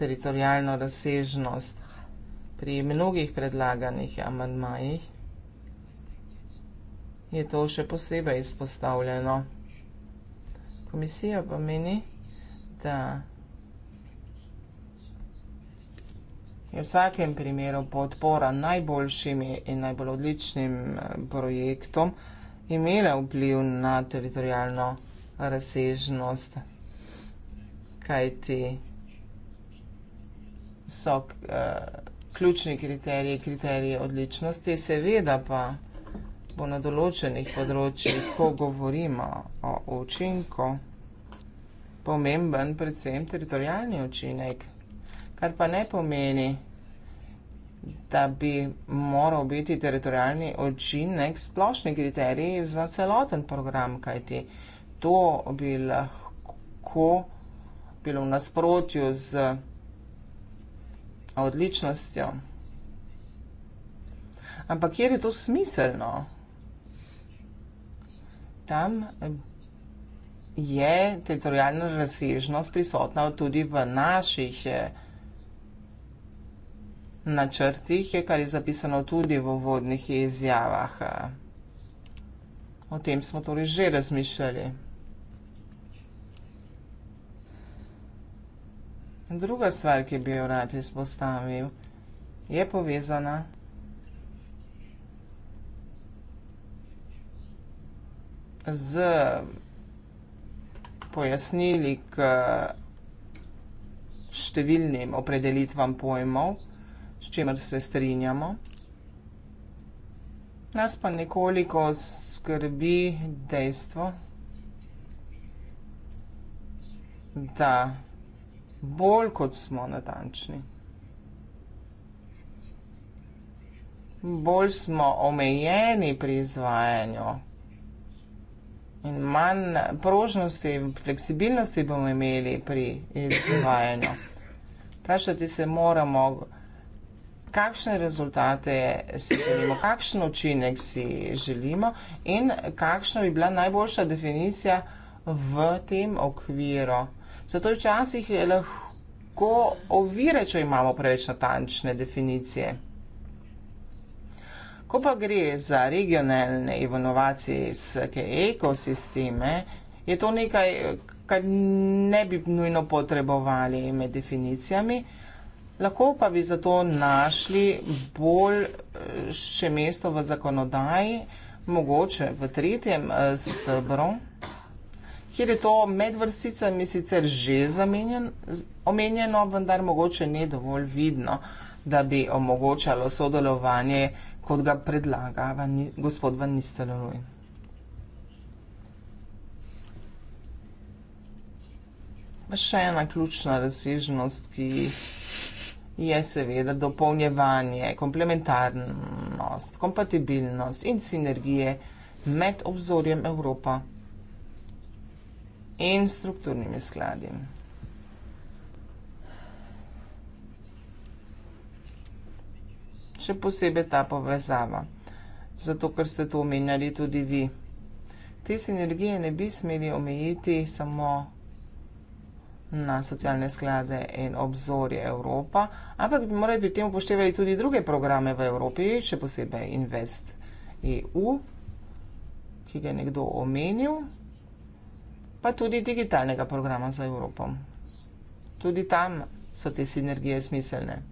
Speaker 2: teritorijalno razsežnost pri mnogih predlaganih amandmajih, je to še posebej izpostavljeno. Komisija pa meni, da je v vsakem primeru podpora najboljšimi in najbolj odličnim eh, projektom imela vpliv na teritorijalno razsežnost, kajti so uh, ključni kriteriji, kriteriji odličnosti, seveda pa bo na določenih področjih, ko govorimo o učinku, pomemben predvsem teritorijalni učinek, kar pa ne pomeni, da bi moral biti teritorijalni učinek splošni kriterij za celoten program, kajti to bi lahko bilo v nasprotju z odličnostjo. Ampak kjer je to smiselno? Tam eh, je teritorijalna razsežnost prisotna tudi v naših eh, načrtih, kar je zapisano tudi v vodnih izjavah. O tem smo torej že razmišljali. Druga stvar, ki bi jo rad izpostavil, je povezana z pojasnili k številnim opredelitvam pojmov, s čemer se strinjamo. Nas pa nekoliko skrbi dejstvo, da vsega, bolj kot smo natančni. Bolj smo omejeni pri izvajanju in manj prožnosti in fleksibilnosti bomo imeli pri izvajanju. Vprašati se moramo, kakšne rezultate si želimo, kakšen učinek si želimo in kakšna bi bila najboljša definicija v tem okviru. Zato je včasih lahko ovire, če imamo preveč natančne definicije. Ko pa gre za regionalne inovacije iz ekosisteme, je to nekaj, kar ne bi nujno potrebovali med definicijami, lahko pa bi zato našli bolj eh, še mesto v zakonodaji, mogoče v tretjem eh, stebru kjer je to med vrsticami sicer že zamenjen, omenjeno, vendar mogoče ne dovolj vidno, da bi omogočalo sodelovanje, kot ga predlaga van, gospod Van Nistelrooy. Še ena ključna razsežnost, ki je seveda dopolnjevanje, komplementarnost, kompatibilnost in sinergije med obzorjem Evropa in strukturnimi skladi. Še posebej ta povezava, zato ker ste to omenjali tudi vi. Te sinergije ne bi smeli omejiti samo na socialne sklade in obzorje Evropa, ampak bi morali pri tem upoštevali tudi druge programe v Evropi, še posebej Invest EU, ki ga je nekdo omenil pa tudi digitalnega programa za Evropo. Tudi tam so te sinergije smiselne.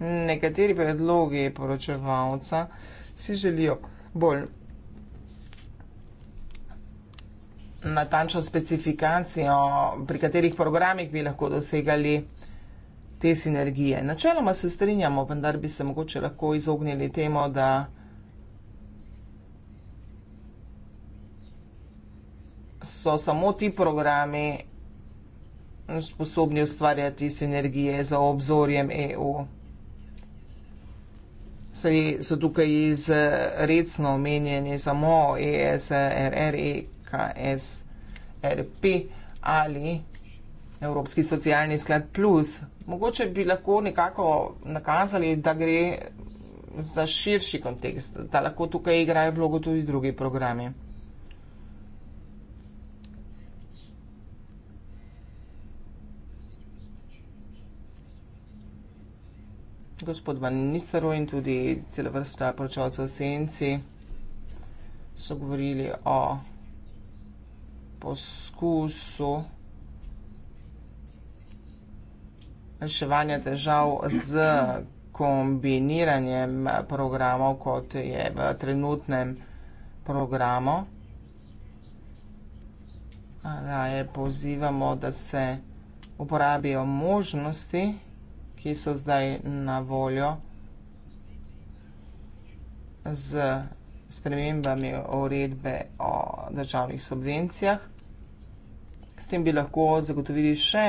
Speaker 2: Nekateri predlogi poročevalca si želijo bolj natančno specifikacijo, pri katerih programih bi lahko dosegali te sinergije. Načeloma se strinjamo, vendar bi se mogoče lahko izognili temu, da. so samo ti programi sposobni ustvarjati sinergije za obzorjem EU. Sej so tukaj izredno eh, omenjeni samo ESRR, EKSRP ali Evropski socialni sklad plus. Mogoče bi lahko nekako nakazali, da gre za širši kontekst, da lahko tukaj igrajo vlogo tudi drugi programi. gospod Van Nisaro in tudi cela vrsta poročevalcev v senci so govorili o poskusu reševanja težav z kombiniranjem programov, kot je v trenutnem programu. Raje pozivamo, da se uporabijo možnosti, ki so zdaj na voljo z spremembami uredbe o državnih subvencijah. S tem bi lahko zagotovili še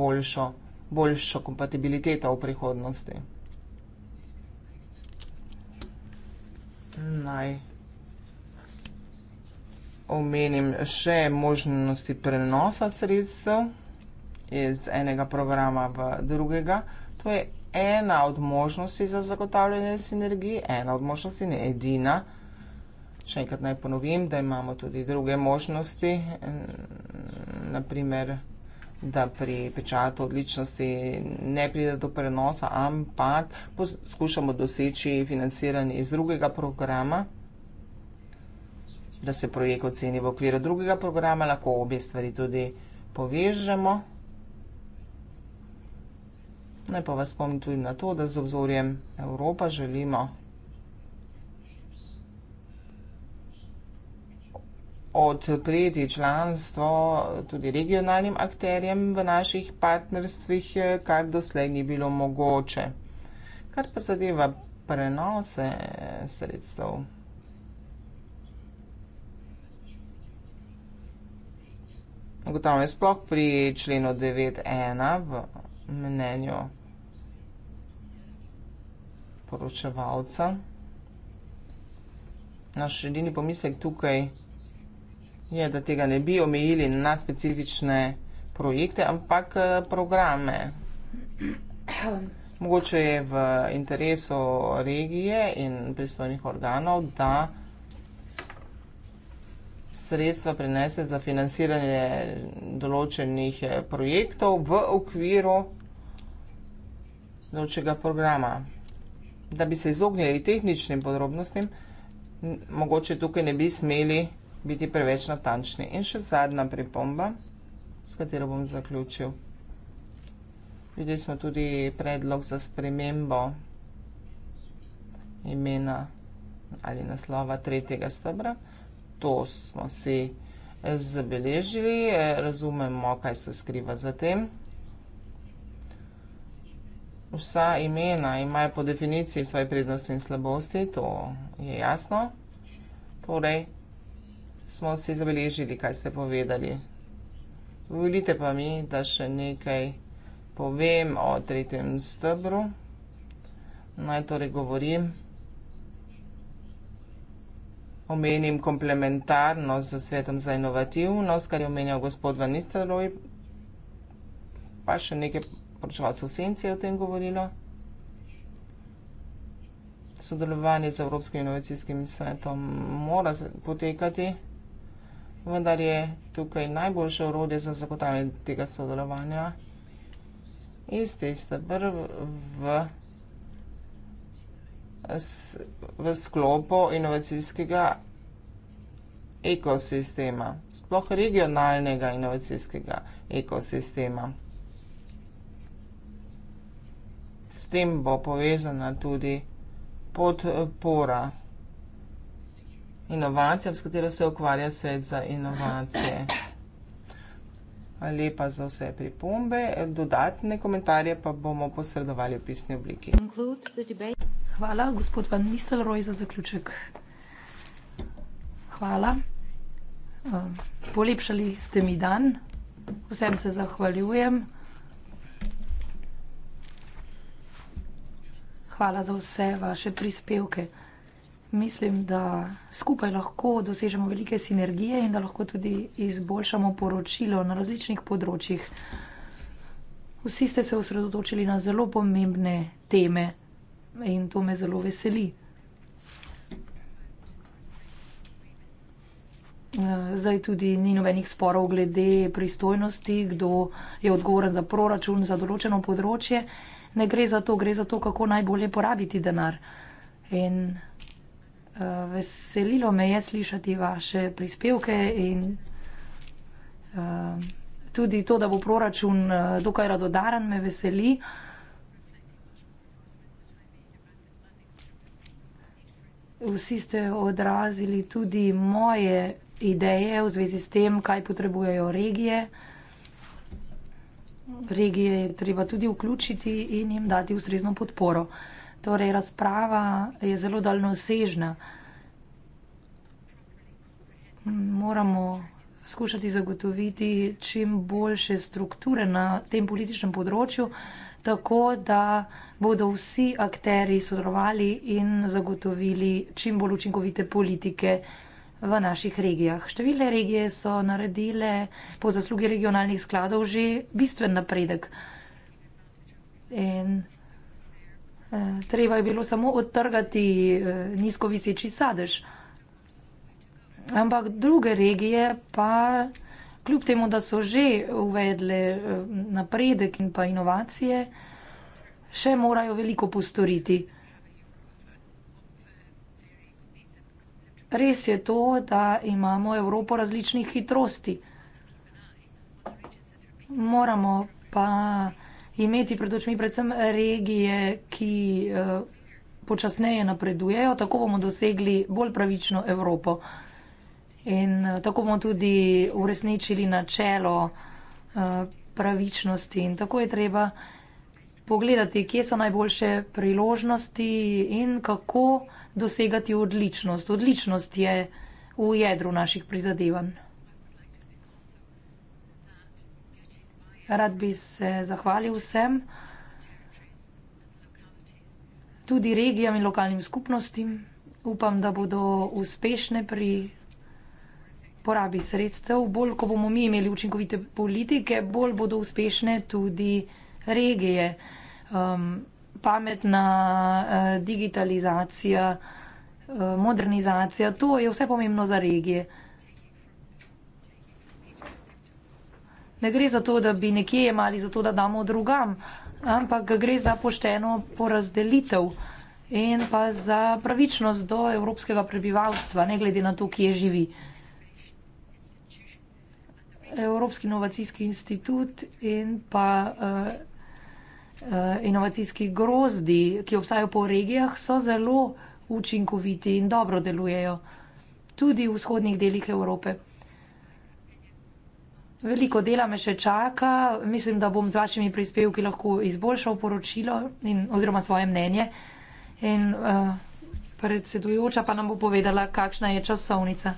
Speaker 2: boljšo, boljšo kompatibiliteto v prihodnosti. Naj omenim še možnosti prenosa sredstev iz enega programa v drugega. To je ena od možnosti za zagotavljanje sinergij, ena od možnosti, ne edina. Še enkrat naj ponovim, da imamo tudi druge možnosti, naprimer, da pri pečatu odličnosti ne pride do prenosa, ampak poskušamo doseči financiranje iz drugega programa, da se projekt oceni v okviru drugega programa, lahko obe stvari tudi povežemo. Naj pa vas spomnim tudi na to, da z obzorjem Evropa želimo odpreti članstvo tudi regionalnim akterjem v naših partnerstvih, kar doslej ni bilo mogoče. Kar pa zadeva prenose sredstev. Ugotavljam, je sploh pri členu 9.1 v mnenju poročevalca. Naš edini pomislek tukaj je, da tega ne bi omejili na specifične projekte, ampak eh, programe. (clears throat) Mogoče je v interesu regije in pristojnih organov, da sredstva prinese za financiranje določenih eh, projektov v okviru ločega programa. Da bi se izognili tehničnim podrobnostim, mogoče tukaj ne bi smeli biti preveč natančni. In še zadnja pripomba, s katero bom zaključil. Videli smo tudi predlog za spremembo imena ali naslova tretjega stebra. To smo si zabeležili, eh, razumemo, kaj se skriva za tem vsa imena imajo po definiciji svoje prednosti in slabosti, to je jasno. Torej, smo si zabeležili, kaj ste povedali. Dovolite pa mi, da še nekaj povem o tretjem stebru. Naj torej govorim, omenim komplementarnost z svetom za inovativnost, kar je omenjal gospod Van Nistelrooy, pa še nekaj Poslušalce v senci je o tem govorilo. Sodelovanje z Evropskim inovacijskim svetom mora potekati, vendar je tukaj najboljše urode za zagotavljanje tega sodelovanja iz te stebr v, v sklopu inovacijskega ekosistema, sploh regionalnega inovacijskega ekosistema. s tem bo povezana tudi podpora inovacijam, s katero se ukvarja svet za inovacije. Lepa za vse pripombe. Dodatne komentarje pa bomo posredovali v pisni obliki.
Speaker 4: Hvala, gospod Van Nistelrooy, za zaključek. Hvala. Ehm, polepšali ste mi dan. Vsem se zahvaljujem. Hvala za vse vaše prispevke. Mislim, da skupaj lahko dosežemo velike sinergije in da lahko tudi izboljšamo poročilo na različnih področjih. Vsi ste se osredotočili na zelo pomembne teme in to me zelo veseli. Zdaj tudi ni nobenih sporov glede pristojnosti, kdo je odgovoren za proračun, za določeno področje ne gre za to, gre za to, kako najbolje porabiti denar. In uh, veselilo me je slišati vaše prispevke in uh, tudi to, da bo proračun uh, dokaj radodaren, me veseli. Vsi ste odrazili tudi moje ideje v zvezi s tem, kaj potrebujejo regije regije je treba tudi vključiti in jim dati ustrezno podporo. Torej, razprava je zelo daljnosežna. Moramo skušati zagotoviti čim boljše strukture na tem političnem področju, tako da bodo vsi akteri sodelovali in zagotovili čim bolj učinkovite politike v naših regijah. Številne regije so naredile po zaslugi regionalnih skladov že bistven napredek. In eh, treba je bilo samo odtrgati eh, nizko viseči sadež. Ampak druge regije pa, kljub temu, da so že uvedle eh, napredek in pa inovacije, še morajo veliko postoriti. Res je to, da imamo Evropo različnih hitrosti. Moramo pa imeti pred očmi predvsem regije, ki eh, počasneje napredujejo, tako bomo dosegli bolj pravično Evropo. In eh, tako bomo tudi uresničili načelo eh, pravičnosti. In tako je treba pogledati, kje so najboljše priložnosti in kako pravičnosti dosegati odličnost. Odličnost je v jedru naših prizadevanj. Rad bi se zahvalil vsem, tudi regijam in lokalnim skupnostim. Upam, da bodo uspešne pri porabi sredstev. Bolj, ko bomo mi imeli učinkovite politike, bolj bodo uspešne tudi regije. Um, pametna eh, digitalizacija, eh, modernizacija, to je vse pomembno za regije. Ne gre za to, da bi nekje imali, zato da damo drugam, ampak gre za pošteno porazdelitev in pa za pravičnost do evropskega prebivalstva, ne glede na to, kje živi. Evropski inovacijski institut in pa eh, Eh, inovacijski grozdi, ki obstajajo po regijah, so zelo učinkoviti in dobro delujejo tudi v vzhodnih delih Evrope. Veliko dela me še čaka, mislim, da bom z vašimi prispevki lahko izboljšal poročilo in, oziroma svoje mnenje. In uh, predsedujoča pa nam bo povedala, kakšna je časovnica.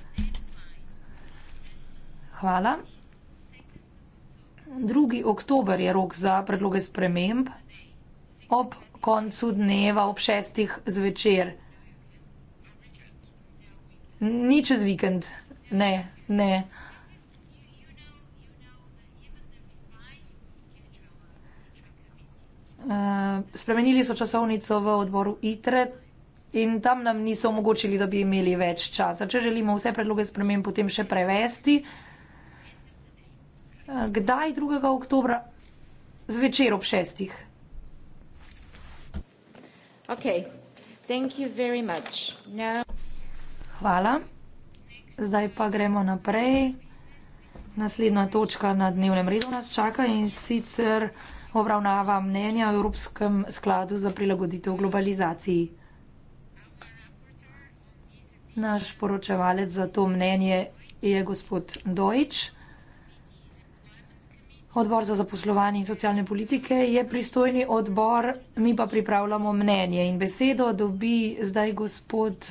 Speaker 4: Hvala. 2. oktober je rok za predloge sprememb ob koncu dneva, ob šestih zvečer. Ni čez vikend, ne, ne. Eh, spremenili so časovnico v odboru ITRE in tam nam niso omogočili, da bi imeli več časa. Če želimo vse predloge spremem potem še prevesti, Eh, kdaj 2. oktobra? Zvečer ob šestih.
Speaker 1: Okay. Thank you very much. Now...
Speaker 4: Hvala. Zdaj pa gremo naprej. Naslednja točka na dnevnem redu nas čaka in sicer obravnava mnenja o Evropskem skladu za prilagoditev globalizaciji. Naš poročevalec za to mnenje je gospod Deutsch odbor za zaposlovanje in socialne politike je pristojni odbor, mi pa pripravljamo mnenje in besedo dobi zdaj gospod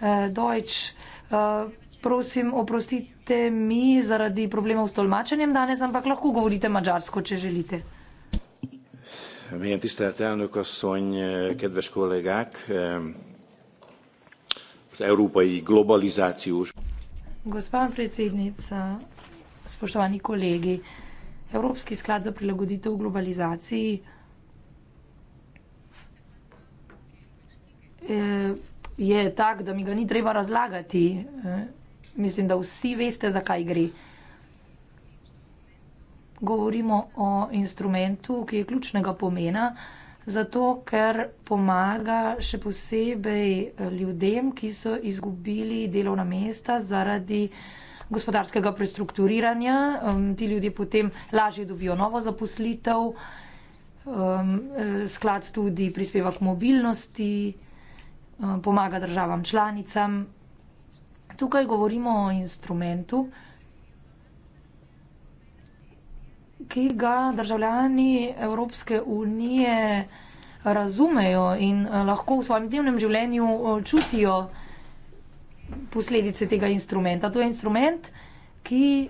Speaker 4: eh, Dojč. Eh, prosim, oprostite mi zaradi problemov s tolmačenjem danes, ampak lahko govorite mačarsko, če želite.
Speaker 2: Milyen tiszteltelnök asszony, eh, kedves kollégák, eh, az európai
Speaker 4: globalizációs. Gospán Precidnica, spostovani kollégi, Evropski sklad za prilagoditev globalizaciji eh, je tak, da mi ga ni treba razlagati. Eh, mislim, da vsi veste, zakaj gre. Govorimo o instrumentu, ki je ključnega pomena, zato ker pomaga še posebej eh, ljudem, ki so izgubili delovna mesta zaradi gospodarskega prestrukturiranja, um, ti ljudje potem lažje dobijo novo zaposlitev, um, eh, sklad tudi prispeva k mobilnosti, um, pomaga državam članicam. Tukaj govorimo o instrumentu, ki ga državljani Evropske unije razumejo in eh, lahko v svojem dnevnem življenju eh, čutijo posledice tega instrumenta. To je instrument, ki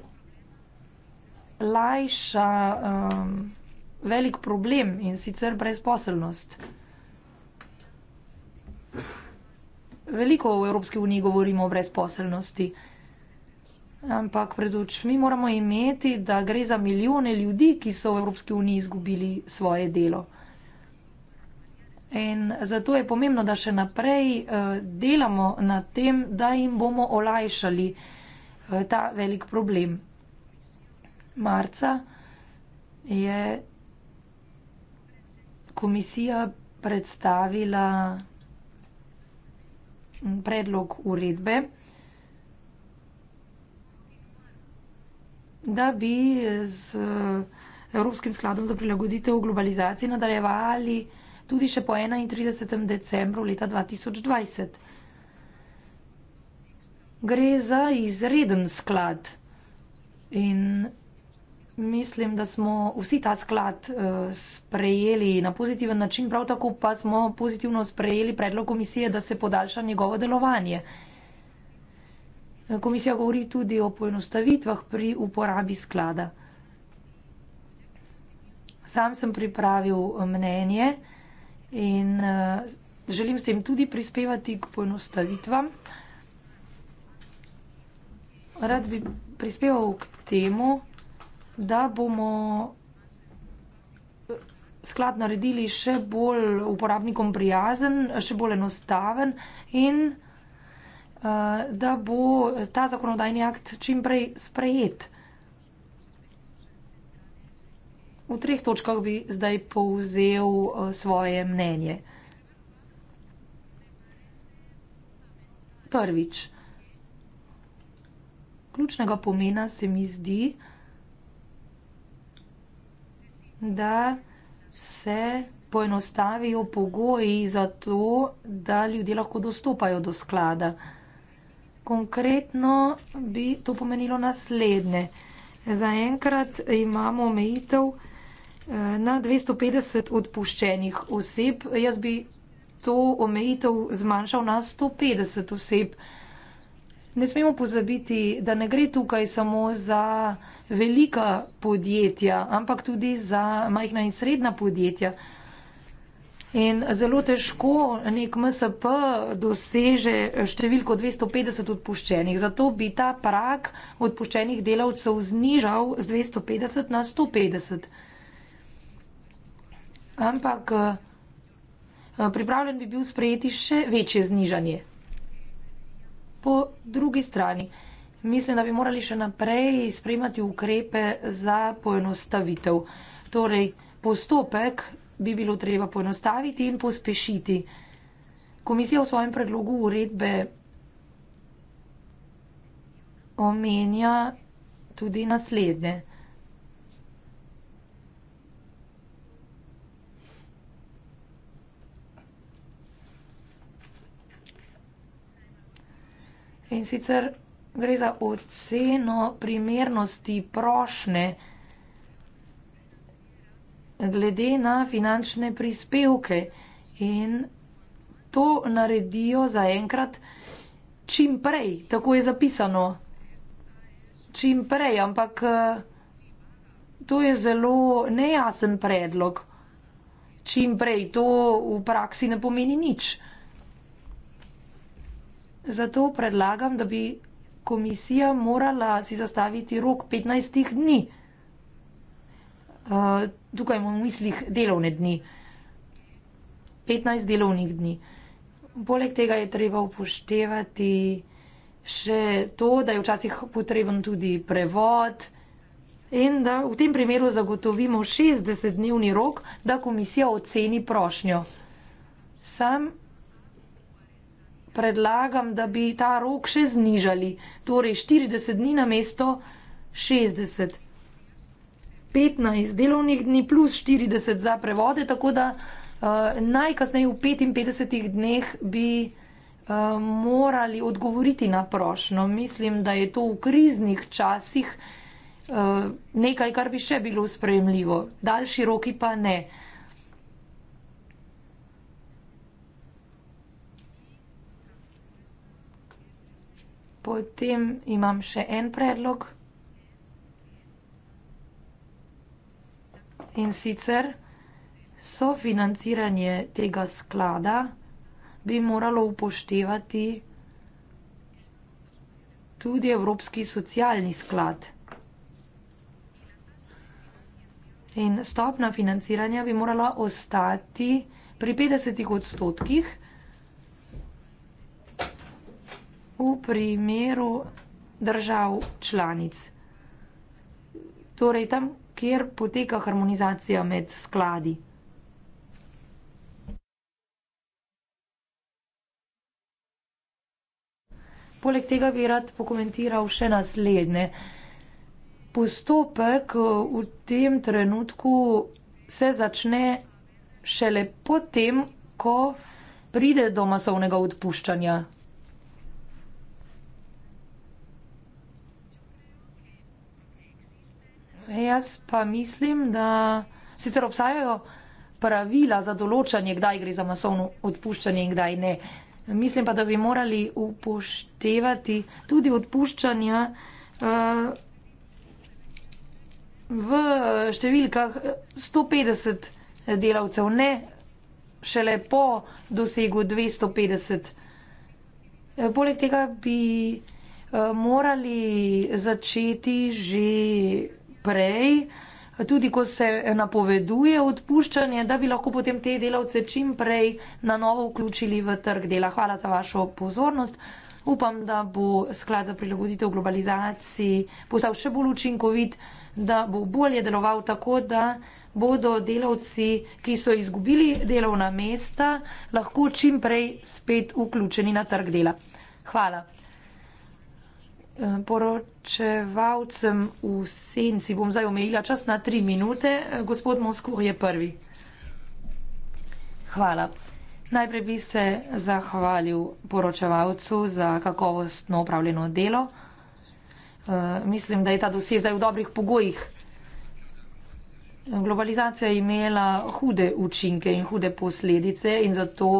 Speaker 4: lajša um, velik problem in sicer brezposelnost. Veliko v Evropski uniji govorimo o brezposelnosti, ampak pred očmi moramo imeti, da gre za milijone ljudi, ki so v Evropski uniji izgubili svoje delo. In zato je pomembno, da še naprej eh, delamo na tem, da jim bomo olajšali eh, ta velik problem. Marca je komisija predstavila mm, predlog uredbe, da bi z eh, Evropskim skladom za prilagoditev globalizaciji nadaljevali tudi še po 31. decembru leta 2020. Gre za izreden sklad in mislim, da smo vsi ta sklad eh, sprejeli na pozitiven način, prav tako pa smo pozitivno sprejeli predlog komisije, da se podaljša njegovo delovanje. Komisija govori tudi o poenostavitvah pri uporabi sklada. Sam sem pripravil mnenje. In uh, želim s tem tudi prispevati k poenostavitvam. Rad bi prispeval k temu, da bomo eh, sklad naredili še bolj uporabnikom prijazen, še bolj enostaven in uh, da bo ta zakonodajni akt čim prej sprejet. v treh točkah bi zdaj povzel eh, svoje mnenje. Prvič, ključnega pomena se mi zdi, da se poenostavijo pogoji za to, da ljudje lahko dostopajo do sklada. Konkretno bi to pomenilo naslednje. Zaenkrat imamo omejitev na 250 odpuščenih oseb. Jaz bi to omejitev zmanjšal na 150 oseb. Ne smemo pozabiti, da ne gre tukaj samo za velika podjetja, ampak tudi za majhna in srednja podjetja. In zelo težko nek MSP doseže številko 250 odpuščenih. Zato bi ta prak odpuščenih delavcev znižal z 250 na 150 ampak eh, eh, pripravljen bi bil sprejeti še večje znižanje. Po drugi strani, mislim, da bi morali še naprej sprejemati ukrepe za poenostavitev. Torej, postopek bi bilo treba poenostaviti in pospešiti. Komisija v svojem predlogu uredbe omenja tudi naslednje. In sicer gre za oceno primernosti prošnje glede na finančne prispevke. In to naredijo zaenkrat čim prej, tako je zapisano. Čim prej, ampak eh, to je zelo nejasen predlog. Čim prej to v praksi ne pomeni nič. Zato predlagam, da bi komisija morala si zastaviti rok 15 dni. Uh, tukaj imamo v mislih delovne dni. 15 delovnih dni. Poleg tega je treba upoštevati še to, da je včasih potreben tudi prevod in da v tem primeru zagotovimo 60-dnevni rok, da komisija oceni prošnjo. Sam predlagam, da bi ta rok še znižali, torej 40 dni na mesto 60. 15 delovnih dni plus 40 za prevode, tako da uh, najkasneje v 55 dneh bi uh, morali odgovoriti na prošno. Mislim, da je to v kriznih časih uh, nekaj, kar bi še bilo sprejemljivo, daljši roki pa ne. Potem imam še en predlog. In sicer sofinanciranje tega sklada bi moralo upoštevati tudi Evropski socialni sklad. In stopna financiranja bi morala ostati pri 50 odstotkih. v primeru držav članic. Torej tam, kjer poteka harmonizacija med skladi. Poleg tega bi rad pokomentiral še naslednje. Postopek v tem trenutku se začne šele potem, ko pride do masovnega odpuščanja Jaz pa mislim, da sicer obstajajo pravila za določanje, kdaj gre za masovno odpuščanje in kdaj ne. Mislim pa, da bi morali upoštevati tudi odpuščanja uh, v številkah 150 delavcev, ne šele po dosegu 250. Eh, poleg tega bi uh, morali začeti že prej, tudi ko se napoveduje odpuščanje, da bi lahko potem te delavce čim prej na novo vključili v trg dela. Hvala za vašo pozornost. Upam, da bo sklad za prilagoditev globalizaciji postal še bolj učinkovit, da bo bolje deloval tako, da bodo delavci, ki so izgubili delovna mesta, lahko čim prej spet vključeni na trg dela. Hvala. Eh, poročevalcem v senci. Bom zdaj omejila čas na tri minute. Eh, gospod Moskur je prvi. Hvala. Najprej bi se zahvalil poročevalcu za kakovostno upravljeno delo. Eh, mislim, da je ta dosje zdaj v dobrih pogojih. Globalizacija je imela hude učinke in hude posledice in zato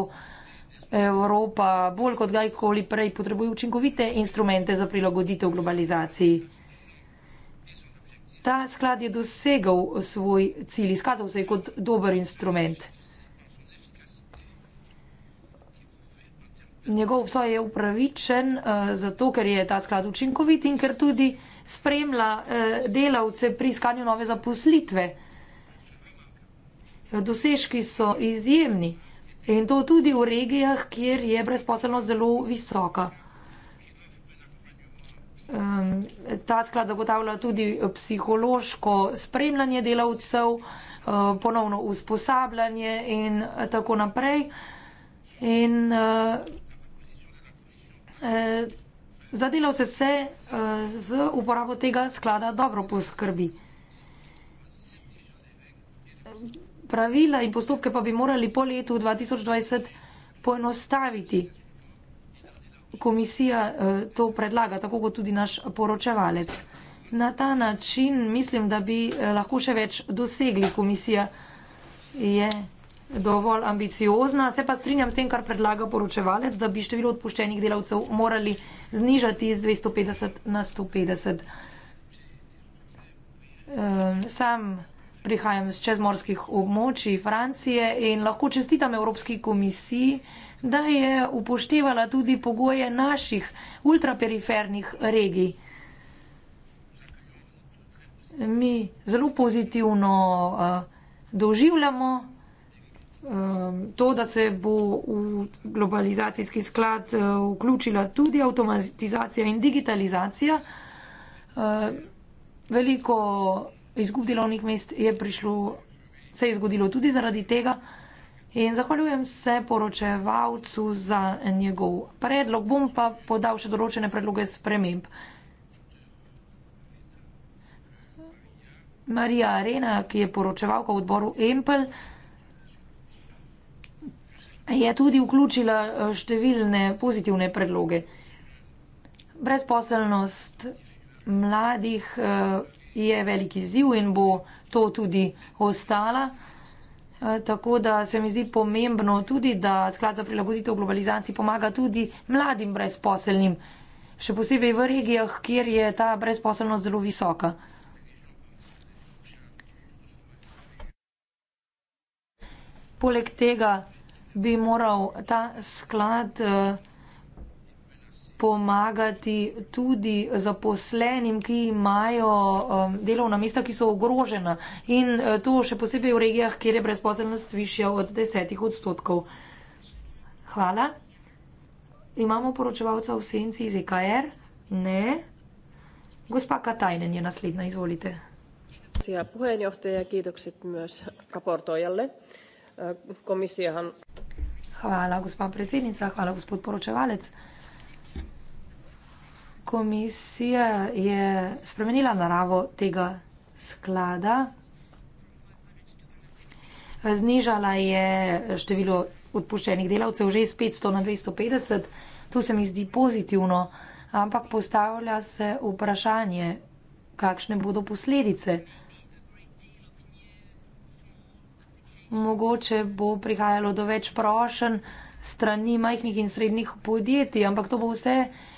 Speaker 4: Evropa bolj kot kdajkoli prej potrebuje učinkovite instrumente za prilagoditev globalizaciji. Ta sklad je dosegal svoj cilj, izkazal se je kot dober instrument. Njegov obstoj je upravičen uh, zato, ker je ta sklad učinkovit in ker tudi spremlja uh, delavce pri iskanju nove zaposlitve. Dosežki so izjemni. In to tudi v regijah, kjer je brezposelnost zelo visoka. Ta sklad zagotavlja tudi psihološko spremljanje delavcev, eh, ponovno usposabljanje in tako naprej. In eh, eh, za delavce se z uporabo tega sklada dobro poskrbi. pravila in postopke pa bi morali po letu 2020 poenostaviti. Komisija eh, to predlaga, tako kot tudi naš poročevalec. Na ta način mislim, da bi eh, lahko še več dosegli. Komisija je dovolj ambiciozna, se pa strinjam s tem, kar predlaga poročevalec, da bi število odpuščenih delavcev morali znižati iz 250 na 150. Ehm, sam prihajam z čezmorskih območij Francije in lahko čestitam Evropski komisiji, da je upoštevala tudi pogoje naših ultraperifernih regij. Mi zelo pozitivno eh, doživljamo eh, to, da se bo v globalizacijski sklad eh, vključila tudi avtomatizacija in digitalizacija. Veliko izgub delovnih mest je prišlo, se je zgodilo tudi zaradi tega. In zahvaljujem se poročevalcu za njegov predlog. Bom pa podal še določene predloge sprememb. Marija Arena, ki je poročevalka v odboru Empel, je tudi vključila eh, številne pozitivne predloge. Brezposelnost mladih eh, je velik izziv in bo to tudi ostala. Eh, tako da se mi zdi pomembno tudi, da sklad za prilagoditev globalizaciji pomaga tudi mladim brezposelnim, še posebej v regijah, kjer je ta brezposelnost zelo visoka. Poleg tega bi moral ta sklad. Uh, pomagati tudi zaposlenim, ki imajo um, delovna mesta, ki so ogrožena in eh, to še posebej v regijah, kjer je brezposelnost višja od desetih odstotkov. Hvala. Imamo poročevalca v senci iz EKR? Ne. Gospa Katajnen je naslednja, izvolite. Hvala,
Speaker 3: puhenjohteja, ja kiitokset mjöz raportojalle. Äh, Komisijahan...
Speaker 4: Hvala, gospod predsednica, hvala, gospod poročevalec komisija je spremenila naravo tega sklada. Znižala je število odpuščenih delavcev že iz 500 na 250. To se mi zdi pozitivno, ampak postavlja se vprašanje, kakšne bodo posledice. Mogoče bo prihajalo do več prošen strani majhnih in srednjih podjetij, ampak to bo vse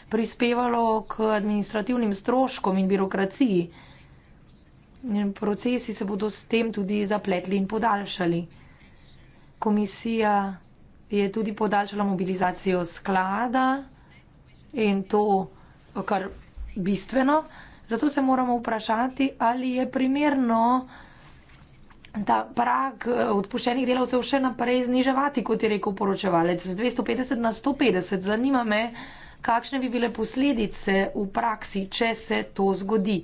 Speaker 4: prispevalo k administrativnim stroškom in birokraciji. In procesi se bodo s tem tudi zapletli in podaljšali. Komisija je tudi podaljšala mobilizacijo sklada in to kar bistveno. Zato se moramo vprašati, ali je primerno ta prag eh, odpuščenih delavcev še naprej zniževati, kot je rekel poročevalec, z 250 na 150. Zanima me, kakšne bi bile posledice v praksi, če se to zgodi.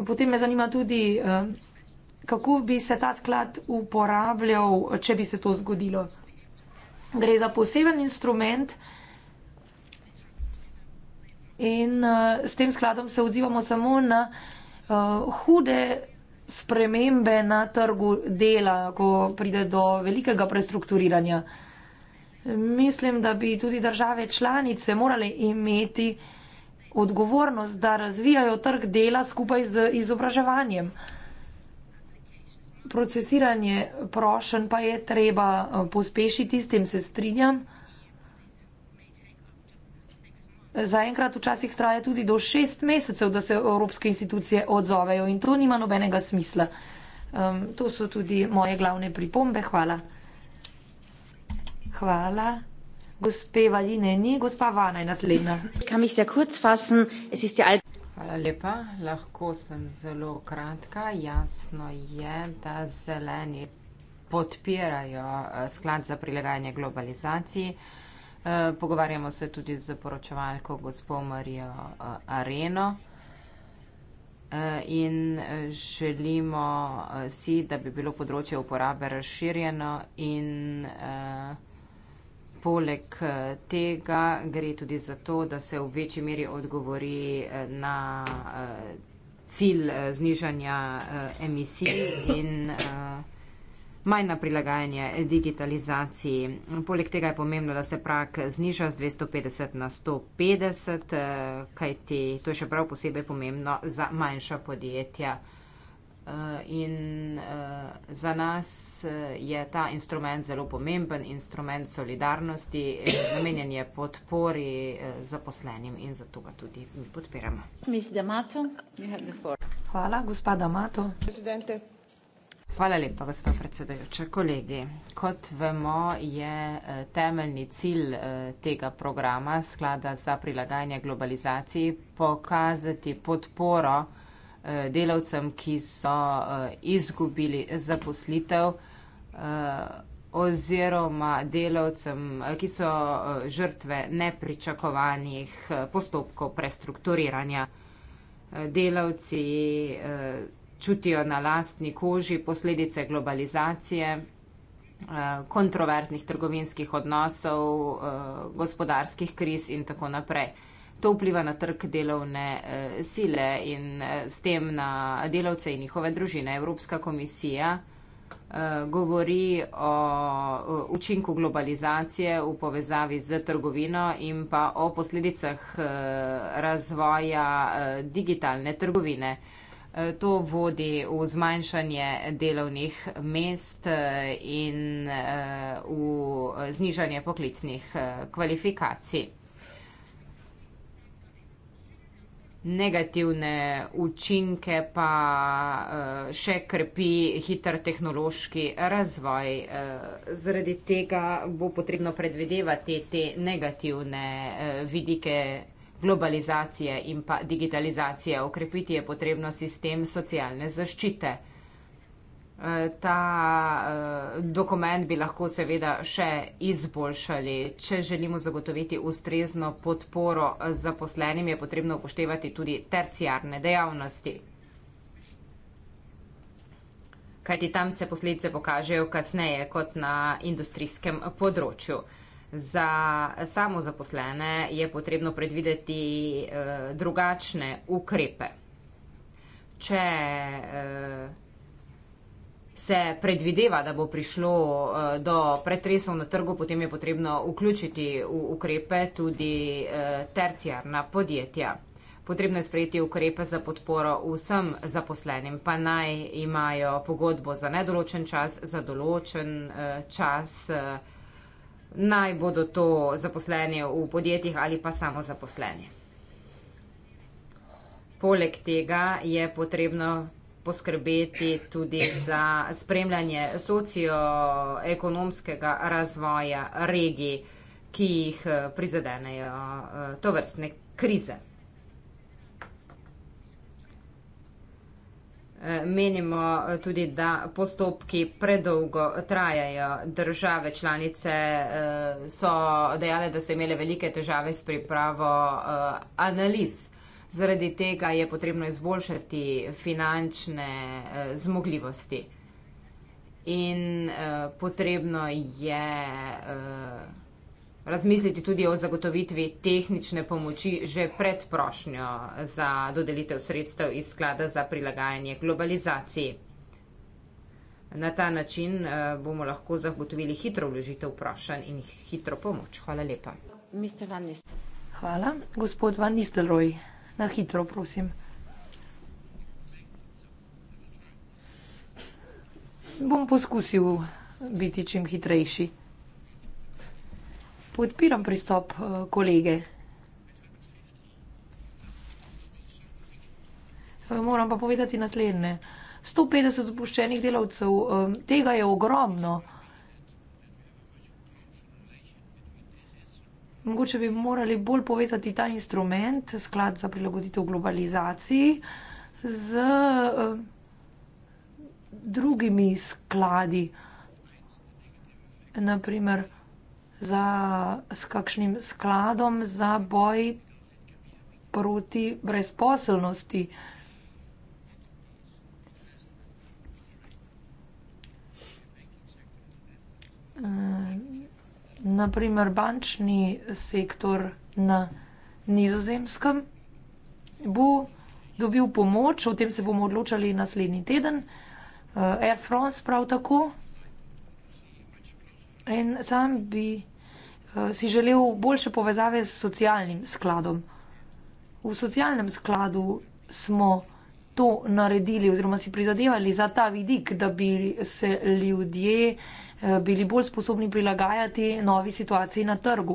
Speaker 4: Potem me zanima tudi, eh, kako bi se ta sklad uporabljal, če bi se to zgodilo. Gre za poseben instrument in eh, s tem skladom se odzivamo samo na eh, hude spremembe na trgu dela, ko pride do velikega prestrukturiranja. Mislim, da bi tudi države članice morale imeti odgovornost, da razvijajo trg dela skupaj z izobraževanjem. Procesiranje prošen pa je treba eh, pospešiti, s tem se strinjam. Zaenkrat včasih traja tudi do šest mesecev, da se evropske institucije odzovejo in to nima nobenega smisla. To so tudi moje glavne pripombe. Hvala. Hvala. Gospe Valine ni, gospa Vana je naslednja. Kam jih se kurz fassen, es ist ja alt. Hvala lepa, lahko sem zelo
Speaker 3: kratka. Jasno je, da zeleni podpirajo eh, sklad za prilagajanje globalizaciji. Eh, pogovarjamo se tudi z poročevalko gospo Marijo eh, Areno in želimo si, da bi bilo področje uporabe razširjeno in Poleg eh, tega gre tudi za to, da se v večji meri odgovori eh, na eh, cilj znižanja emisij in manj na prilagajanje digitalizaciji. Poleg tega je pomembno, da se prak zniža z 250 na 150, kajti to je še prav posebej pomembno za manjša podjetja. Eh, in eh, za nas eh, je ta instrument zelo pomemben, instrument solidarnosti, namenjen je podpori zaposlenim in zato ga tudi mi podpiramo. Hvala, gospa D'Amato. Hvala lepa, gospod predsedujoča. Kolegi, kot vemo, je temeljni cilj tega programa, sklada za prilagajanje globalizaciji, pokazati podporo Eh, delavcem, ki so eh, izgubili zaposlitev eh, oziroma delavcem, ki so žrtve nepričakovanih postopkov prestrukturiranja. Delavci čutijo na lastni koži posledice globalizacije, kontroverznih trgovinskih odnosov, gospodarskih kriz in tako naprej to vpliva na trg delovne eh, sile in eh, s tem na delavce in njihove družine. Evropska komisija eh, govori o učinku globalizacije v povezavi z trgovino in pa o posledicah razvoja digitalne trgovine. To vodi v zmanjšanje delovnih mest in v znižanje poklicnih kvalifikacij. negativne učinke, pa uh, še krepi hiter tehnološki razvoj. Uh, zaradi tega bo potrebno predvidevati te negativne uh, vidike globalizacije in pa digitalizacije. Okrepiti je potrebno sistem socialne zaščite. Eh, ta eh, dokument bi lahko seveda še izboljšali. Če želimo zagotoviti ustrezno podporo zaposlenim, je potrebno upoštevati tudi terciarne dejavnosti. Kajti tam se posledice pokažejo kasneje kot na industrijskem področju. Za samozaposlene je potrebno predvideti eh, drugačne ukrepe. Če se predvideva, da bo prišlo eh, do pretresov na trgu, potem je potrebno vključiti v ukrepe tudi eh, terciarna podjetja. Potrebno je sprejeti ukrepe za podporo vsem zaposlenim, pa naj imajo pogodbo za nedoločen čas, za določen eh, čas, naj bodo to zaposleni v podjetjih ali pa samo zaposleni. Poleg tega je potrebno poskrbeti tudi za spremljanje socioekonomskega razvoja regij, ki jih eh, prizadenejo eh, to vrstne krize. Eh, menimo tudi, da postopki predolgo trajajo. Države članice so dejale, da so imele velike težave s pripravo analiz zaradi tega je potrebno izboljšati finančne uh, zmogljivosti. In uh, potrebno je uh, razmisliti tudi o zagotovitvi tehnične pomoči že pred prošnjo za dodelitev sredstev iz sklada za prilagajanje globalizaciji. Na ta način uh, bomo lahko zagotovili hitro vložitev vprašanj in hitro pomoč. Hvala lepa.
Speaker 4: Hvala. Gospod Van Nistelrooy. Na hitro, prosim. Bom poskusil biti čim hitrejši. Podpiram pristop eh, kolege. Eh, moram pa povedati naslednje. 150 odpuščenih delavcev, eh, tega je ogromno. Mogoče bi morali bolj povezati ta instrument, sklad za prilagoditev globalizaciji, z eh, drugimi skladi, naprimer za, s kakšnim skladom za boj proti brezposelnosti. Uh, na primer bančni sektor na nizozemskem, bo dobil pomoč, o tem se bomo odločali naslednji teden, eh, Air France prav tako. In sam bi eh, si želel boljše povezave s socialnim skladom. V socialnem skladu smo to naredili oziroma si prizadevali za ta vidik, da bi se ljudje uh, Eh, bili bolj sposobni prilagajati novi situaciji na trgu.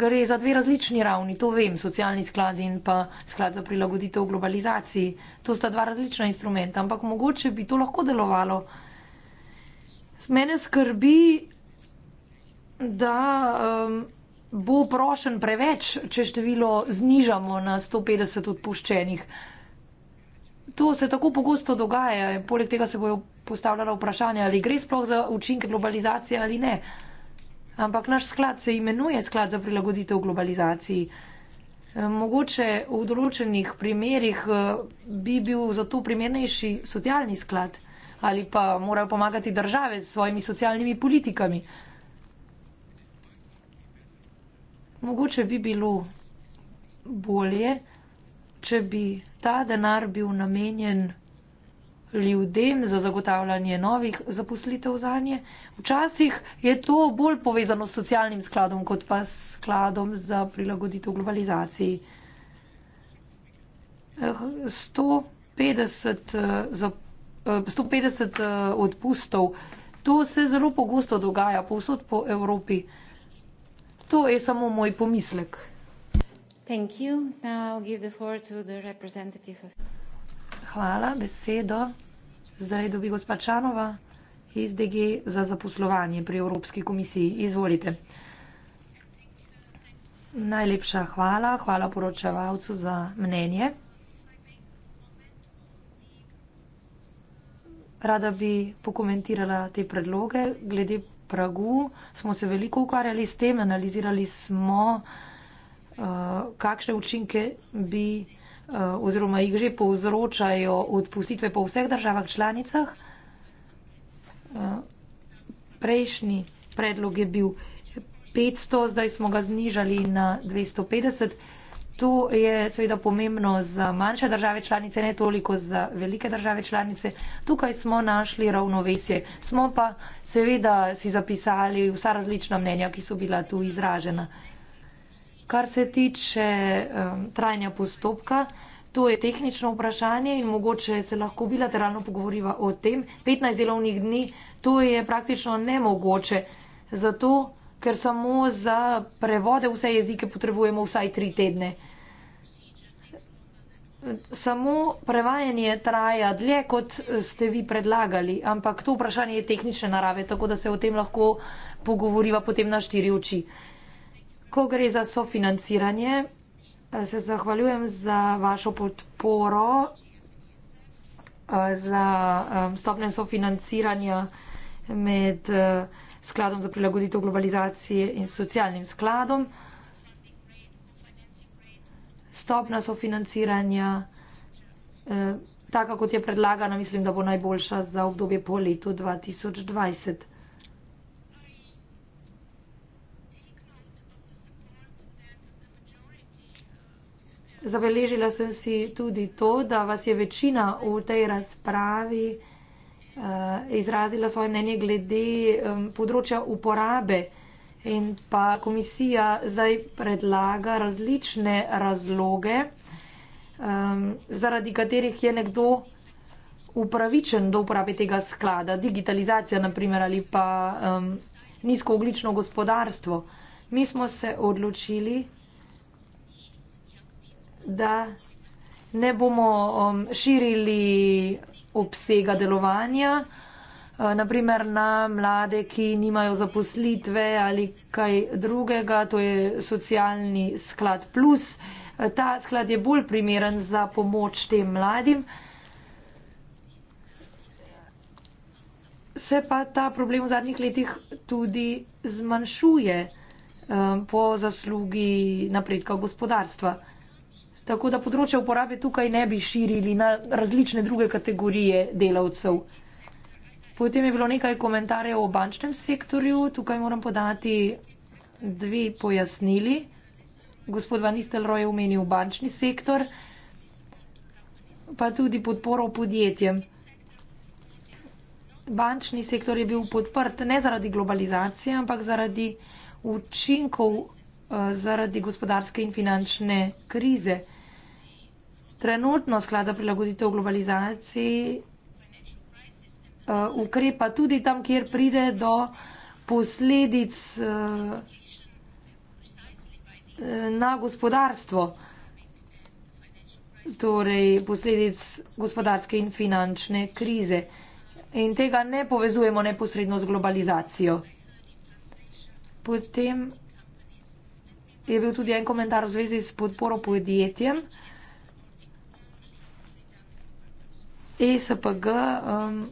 Speaker 4: Gre za dve različni ravni, to vem, socialni sklad in pa sklad za prilagoditev globalizaciji. To sta dva različna instrumenta, ampak mogoče bi to lahko delovalo. Mene skrbi, da um, bo prošen preveč, če število znižamo na 150 odpuščenih to se tako pogosto dogaja. Poleg tega se bojo postavljala vprašanja, ali gre sploh za učinke globalizacije ali ne. Ampak naš sklad se imenuje sklad za prilagoditev globalizaciji. Eh, mogoče v določenih primerjih eh, bi bil za to primernejši socialni sklad ali pa morajo pomagati države s svojimi socialnimi politikami. Mogoče bi bilo bolje, če bi ta denar bil namenjen ljudem za zagotavljanje novih zaposlitev za nje. Včasih je to bolj povezano s socialnim skladom, kot pa s skladom za prilagoditev globalizaciji. 150, eh, eh, za, 150 eh, odpustov, to se zelo pogosto dogaja povsod po Evropi. To je samo moj pomislek.
Speaker 1: Thank you. Now I'll give the floor to the representative of...
Speaker 4: Hvala, besedo. Zdaj dobi gospa Čanova iz DG za zaposlovanje pri Evropski komisiji. Izvolite. Najlepša hvala, hvala poročevalcu za mnenje. Rada bi pokomentirala te predloge. Glede pragu smo se veliko ukvarjali s tem, analizirali smo, Eh, kakšne učinke bi eh, oziroma jih že povzročajo odpustitve po vseh državah članicah. Eh, prejšnji predlog je bil 500, zdaj smo ga znižali na 250. To je seveda pomembno za manjše države članice, ne toliko za velike države članice. Tukaj smo našli ravnovesje. Smo pa seveda si zapisali vsa različna mnenja, ki so bila tu izražena. Kar se tiče um, trajanja postopka, to je tehnično vprašanje in mogoče se lahko bilateralno pogovoriva o tem. 15 delovnih dni, to je praktično nemogoče, zato ker samo za prevode vse jezike potrebujemo vsaj tri tedne. Samo prevajanje traja dlje, kot ste vi predlagali, ampak to vprašanje je tehnične narave, tako da se o tem lahko pogovoriva potem na štiri oči ko gre za sofinanciranje, eh, se zahvaljujem za vašo podporo eh, za eh, stopnje sofinanciranja med skladom za prilagoditev globalizacije in socialnim skladom. Stopna sofinanciranja, taka kot je predlagana, mislim, da bo najboljša za obdobje po letu 2020. Zabeležila sem si tudi to, da vas je večina v tej razpravi uh, izrazila svoje mnenje glede um, področja uporabe in pa komisija zdaj predlaga različne razloge, um, zaradi katerih je nekdo upravičen do uporabe tega sklada. Digitalizacija naprimer ali pa um, nizkooglično gospodarstvo. Mi smo se odločili, da ne bomo um, širili obsega delovanja, uh, naprimer na mlade, ki nimajo zaposlitve ali kaj drugega, to je socialni sklad plus. Uh, ta sklad je bolj primeren za pomoč tem mladim. Se pa ta problem v zadnjih letih tudi zmanjšuje um, po zaslugi napredka gospodarstva. Tako da področje uporabe tukaj ne bi širili na različne druge kategorije delavcev. Potem je bilo nekaj komentarjev o bančnem sektorju. Tukaj moram podati dve pojasnili. Gospod Van Nistelro je omenil bančni sektor, pa tudi podporo podjetjem. Bančni sektor je bil podprt ne zaradi globalizacije, ampak zaradi učinkov, eh, zaradi gospodarske in finančne krize. Trenutno sklad za prilagoditev globalizaciji eh, ukrepa tudi tam, kjer pride do posledic eh, eh, na gospodarstvo, torej posledic gospodarske in finančne krize. In tega ne povezujemo neposredno z globalizacijo. Potem je bil tudi en komentar v zvezi s podporo podjetjem. ESPG um,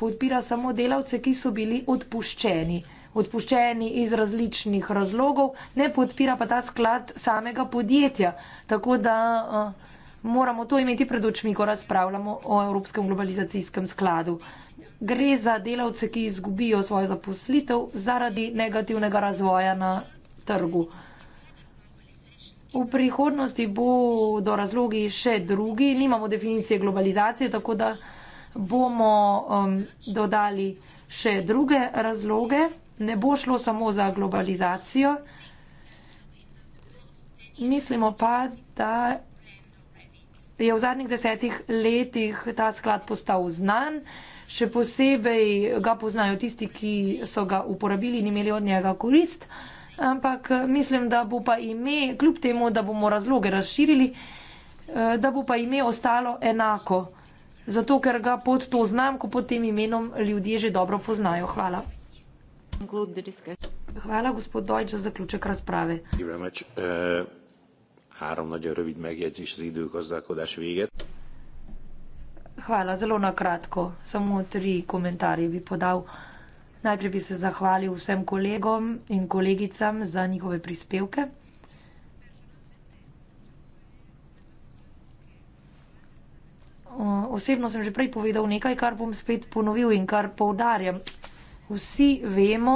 Speaker 4: podpira samo delavce, ki so bili odpuščeni. Odpuščeni iz različnih razlogov, ne podpira pa ta sklad samega podjetja. Tako da uh, moramo to imeti pred očmi, ko razpravljamo o Evropskem globalizacijskem skladu. Gre za delavce, ki izgubijo svojo zaposlitev zaradi negativnega razvoja na trgu. Uh, V prihodnosti bo do razlogi še drugi. Nimamo definicije globalizacije, tako da bomo um, dodali še druge razloge. Ne bo šlo samo za globalizacijo. Mislimo pa, da je v zadnjih desetih letih ta sklad postal znan. Še posebej ga poznajo tisti, ki so ga uporabili in imeli od njega korist. Uh, ampak eh, mislim, da bo pa ime, kljub temu, da bomo razloge razširili, eh, da bo pa ime ostalo enako. Zato, ker ga pod to znamko, pod tem imenom ljudje že dobro poznajo. Hvala. Hvala, gospod Dojč, za zaključek razprave. Eh, Hvala, zelo na kratko. Samo tri komentarje bi podal. Najprej bi se zahvalil vsem kolegom in kolegicam za njihove prispevke. Osebno sem že prej povedal nekaj, kar bom spet ponovil in kar poudarjam. Vsi vemo,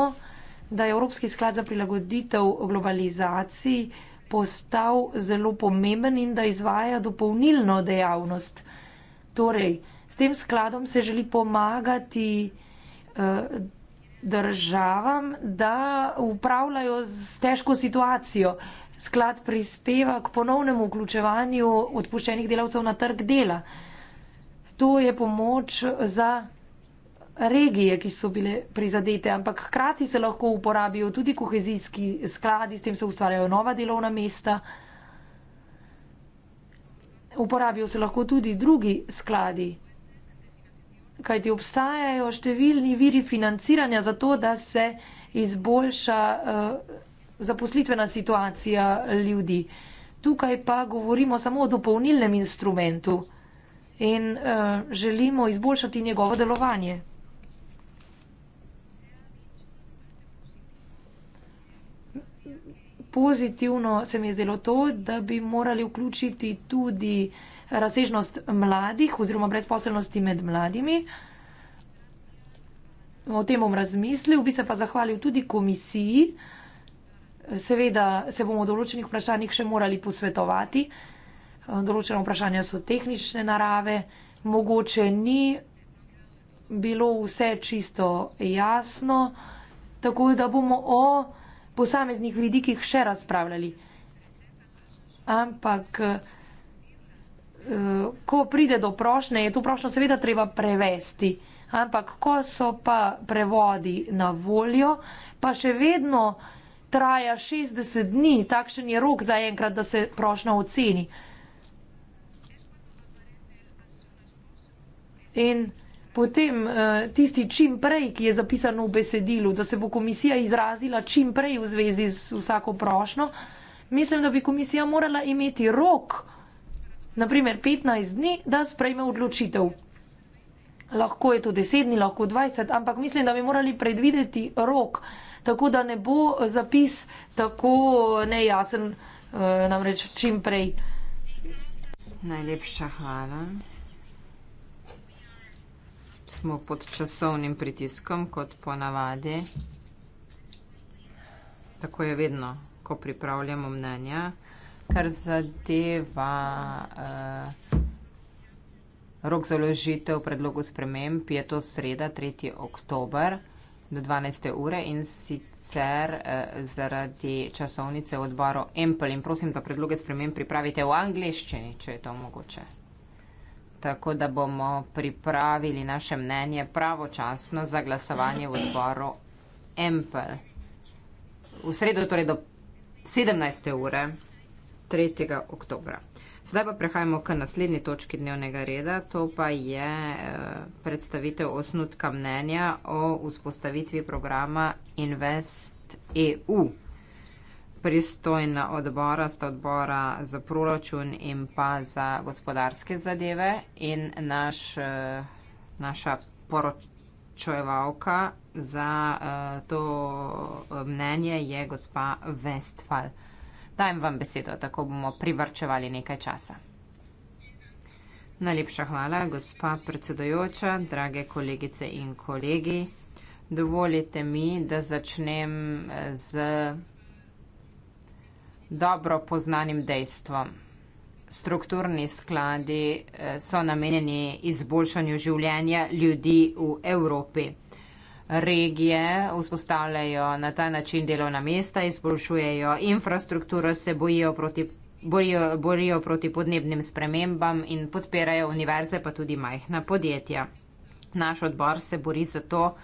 Speaker 4: da je Evropski sklad za prilagoditev globalizaciji postal zelo pomemben in da izvaja dopolnilno dejavnost. Torej, s tem skladom se želi pomagati. Uh, državam, da upravljajo s težko situacijo. Sklad prispeva k ponovnemu vključevanju odpuščenih delavcev na trg dela. To je pomoč za regije, ki so bile prizadete, ampak hkrati se lahko uporabijo tudi kohezijski skladi, s tem se ustvarjajo nova delovna mesta. Uporabijo se lahko tudi drugi skladi kajti obstajajo številni viri financiranja za to, da se izboljša eh, zaposlitvena situacija ljudi. Tukaj pa govorimo samo o dopolnilnem instrumentu in eh, želimo izboljšati njegovo delovanje. Pozitivno se mi je zdelo to, da bi morali vključiti tudi vsega, razsežnost mladih oziroma brezposelnosti med mladimi. O tem bom razmislil, bi se pa zahvalil tudi komisiji. Seveda se bomo o določenih vprašanjih še morali posvetovati. Določene vprašanja so tehnične narave, mogoče ni bilo vse čisto jasno, tako da bomo o posameznih vidikih še razpravljali. Ampak Eh, ko pride do prošnje, je to prošnjo seveda treba prevesti, ampak ko so pa prevodi na voljo, pa še vedno traja 60 dni, takšen je rok zaenkrat, da se prošnja oceni. In potem eh, tisti čim prej, ki je zapisan v besedilu, da se bo komisija izrazila čim prej v zvezi z vsako prošnjo, mislim, da bi komisija morala imeti rok, da bi komisija morala imeti rok, naprimer 15 dni, da sprejme odločitev. Lahko je to 10 dni, lahko 20, ampak mislim, da bi morali predvideti rok, tako da ne bo zapis tako nejasen, eh, namreč čim prej.
Speaker 3: Najlepša hvala. Smo pod časovnim pritiskom, kot ponavadi. Tako je vedno, ko pripravljamo mnenja kar zadeva uh, rok založitev predlogu sprememb, je to sreda, 3. oktober do 12. ure in sicer uh, zaradi časovnice odboru Empel in prosim, da predloge sprememb pripravite v angliščini, če je to mogoče. Tako da bomo pripravili naše mnenje pravočasno za glasovanje v odboru Empel. V sredo torej do 17. ure. 3. oktobra. Sedaj pa prehajamo k naslednji točki dnevnega reda, to pa je eh, predstavitev osnutka mnenja o vzpostavitvi programa InvestEU. Pristojna odbora sta odbora za proračun in pa za gospodarske zadeve in naš, eh, naša poročojevalka za eh, to mnenje je gospa Westfall. Dajem vam besedo, tako bomo privrčevali nekaj časa. Najlepša hvala, gospa predsedojoča, drage kolegice in kolegi. Dovolite mi, da začnem z dobro poznanim dejstvom. Strukturni skladi eh, so namenjeni izboljšanju življenja ljudi v Evropi regije vzpostavljajo na ta način delovna mesta, izboljšujejo infrastrukturo, se bojijo proti, bojijo, bojijo proti podnebnim spremembam in podpirajo univerze, pa tudi majhna podjetja. Naš odbor se bori za to,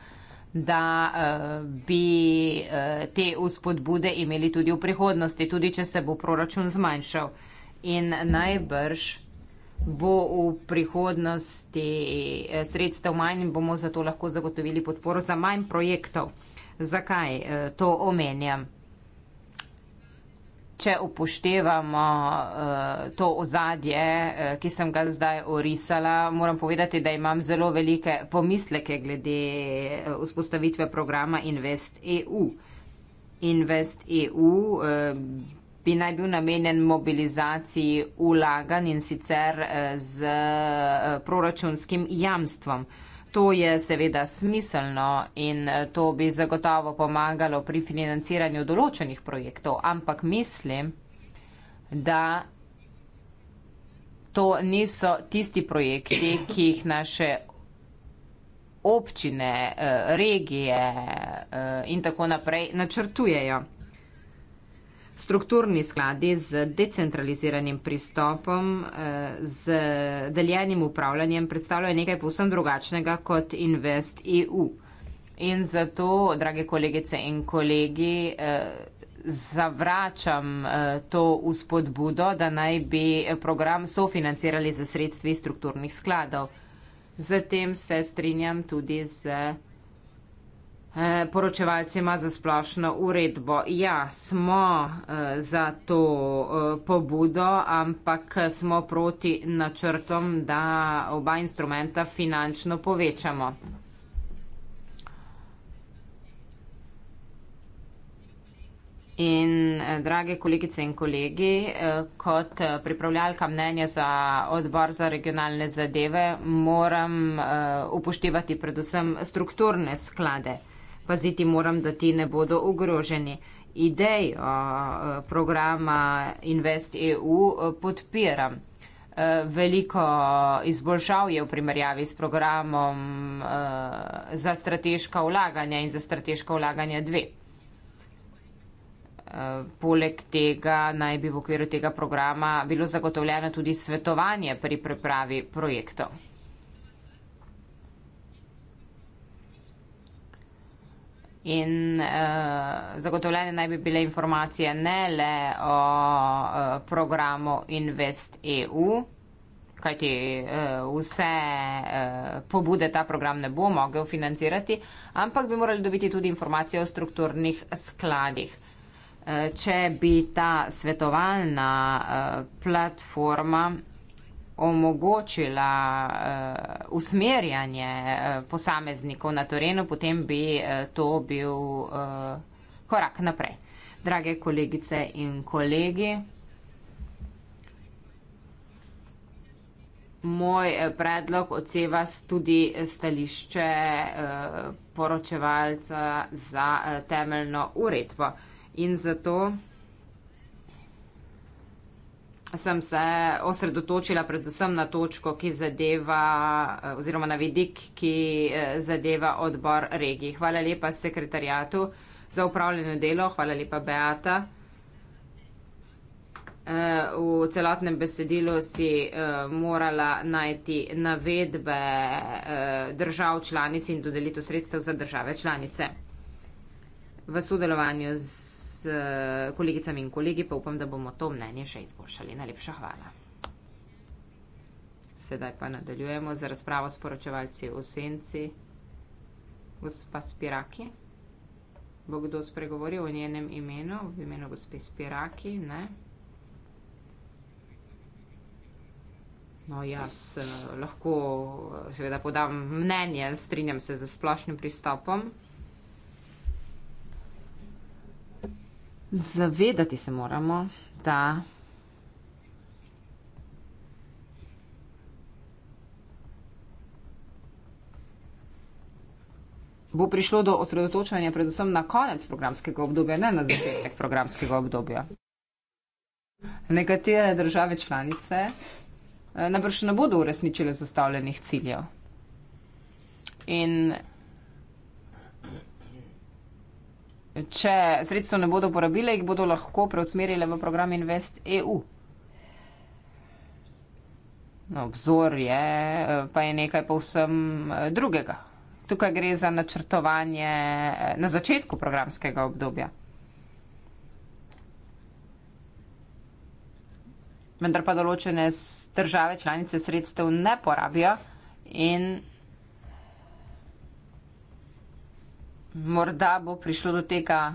Speaker 3: da uh, bi uh, te vzpodbude imeli tudi v prihodnosti, tudi če se bo proračun zmanjšal. In najbrž. Uh, bo v prihodnosti eh, sredstev manj in bomo zato lahko zagotovili podporo za manj projektov. Zakaj eh, to omenjam? Če upoštevamo eh, to ozadje, ki sem ga zdaj orisala, moram povedati, da imam zelo velike pomisleke glede vzpostavitve programa Invest EU. Invest EU bi naj bil namenjen mobilizaciji ulaganj in sicer eh, z eh, proračunskim jamstvom. To je seveda smiselno in eh, to bi zagotovo pomagalo pri financiranju določenih projektov, ampak mislim, da to niso tisti projekti, ki jih naše občine, regije in tako naprej načrtujejo strukturni skladi z decentraliziranim pristopom, eh, z deljenim upravljanjem predstavljajo nekaj povsem drugačnega kot Invest EU. In zato, drage kolegice in kolegi, eh, zavračam eh, to uspodbudo, da naj bi program sofinancirali za sredstvi strukturnih skladov. Zatem se strinjam tudi z Eh, poročevalcima za splošno uredbo. Ja, smo eh, za to eh, pobudo, ampak smo proti načrtom, da oba instrumenta finančno povečamo. In, drage kolegice in kolegi, kot pripravljalka mnenja za odbor za regionalne zadeve moram upoštevati predvsem strukturne sklade paziti moram, da ti ne bodo ogroženi. Idej uh, programa InvestEU eh, podpiram. Eh, veliko izboljšav je v primerjavi s programom za strateška vlaganja in za strateška vlaganja dve. Poleg tega naj bi v okviru tega programa bilo zagotovljeno tudi svetovanje pri pripravi projektov. in uh, zagotovljene naj bi bile informacije ne le o uh, programu Invest EU, kajti uh, vse uh, pobude ta program ne bo mogel financirati, ampak bi morali dobiti tudi informacije o strukturnih skladih. Uh, če bi ta svetovalna uh, platforma omogočila uh, usmerjanje uh, posameznikov na terenu, potem bi uh, to bil uh, korak naprej. Drage kolegice in kolegi, moj predlog odseva tudi stališče uh, poročevalca za uh, temeljno uredbo in zato sem se osredotočila predvsem na točko, ki zadeva eh, oziroma na vidik, ki eh, zadeva odbor regij. Hvala lepa sekretarjatu za upravljeno delo, hvala lepa Beata. Eh, v celotnem besedilu si morala najti navedbe držav članic in dodelitev sredstev za države članice. V sodelovanju z Eh, kolegicami in kolegi, pa upam, da bomo to mnenje še izboljšali. Najlepša hvala. Sedaj pa nadaljujemo z razpravo s poročevalci v senci. Gospa Spiraki, bo kdo spregovoril o njenem imenu, v imenu gospe Spiraki, ne? No, jaz eh, lahko eh, seveda podam mnenje, strinjam se z splošnim pristopom. Zavedati se moramo, da bo prišlo do osredotočanja predvsem na konec programskega obdobja, ne na začetek programskega obdobja. Nekatere države članice eh, najprej še ne bodo uresničile zastavljenih ciljev. In Če sredstvo ne bodo porabile, jih bodo lahko preusmerile v program Invest EU. No, obzor je, pa je nekaj povsem eh, drugega. Tukaj gre za načrtovanje eh, na začetku programskega obdobja. Vendar pa določene države članice sredstev ne porabijo in morda bo prišlo do tega.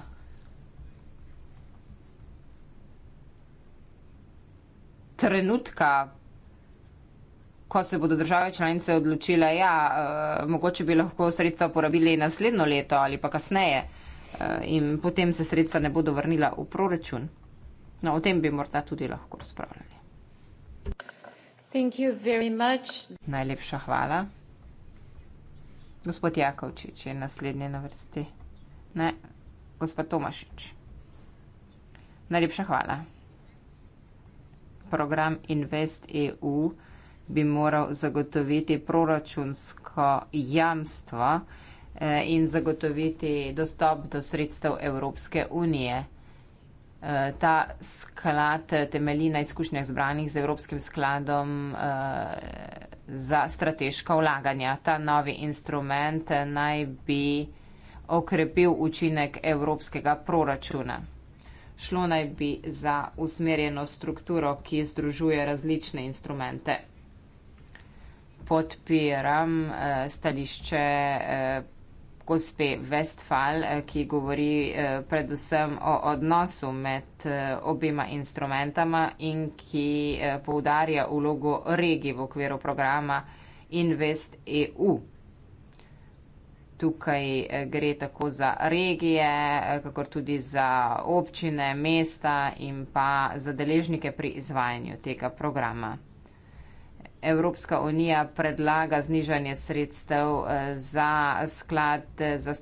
Speaker 3: Trenutka, ko se bodo države članice odločile, ja, uh, mogoče bi lahko sredstva porabili naslednjo leto ali pa kasneje uh, in potem se sredstva ne bodo vrnila v proračun. No, o tem bi morda tudi lahko razpravljali. Najlepša hvala. Gospod Jakovčič je naslednji na vrsti. Ne, gospod Tomašič. Najlepša hvala. Program Invest EU bi moral zagotoviti proračunsko jamstvo eh, in zagotoviti dostop do sredstev Evropske unije. Eh, ta sklad eh, temelji na izkušnjah zbranih z Evropskim skladom za strateška vlaganja. Ta novi instrument naj bi okrepil učinek evropskega proračuna. Šlo naj bi za usmerjeno strukturo, ki združuje različne instrumente. Podpiram eh, stališče eh, gospe Westfall, eh, ki govori eh, predvsem o odnosu med eh, obima instrumentama in ki poudarja vlogo regij v okviru programa Invest EU. Tukaj gre tako za regije, kakor tudi za občine, mesta in pa za deležnike pri izvajanju tega programa. Evropska unija predlaga znižanje sredstev eh, za sklad eh, za,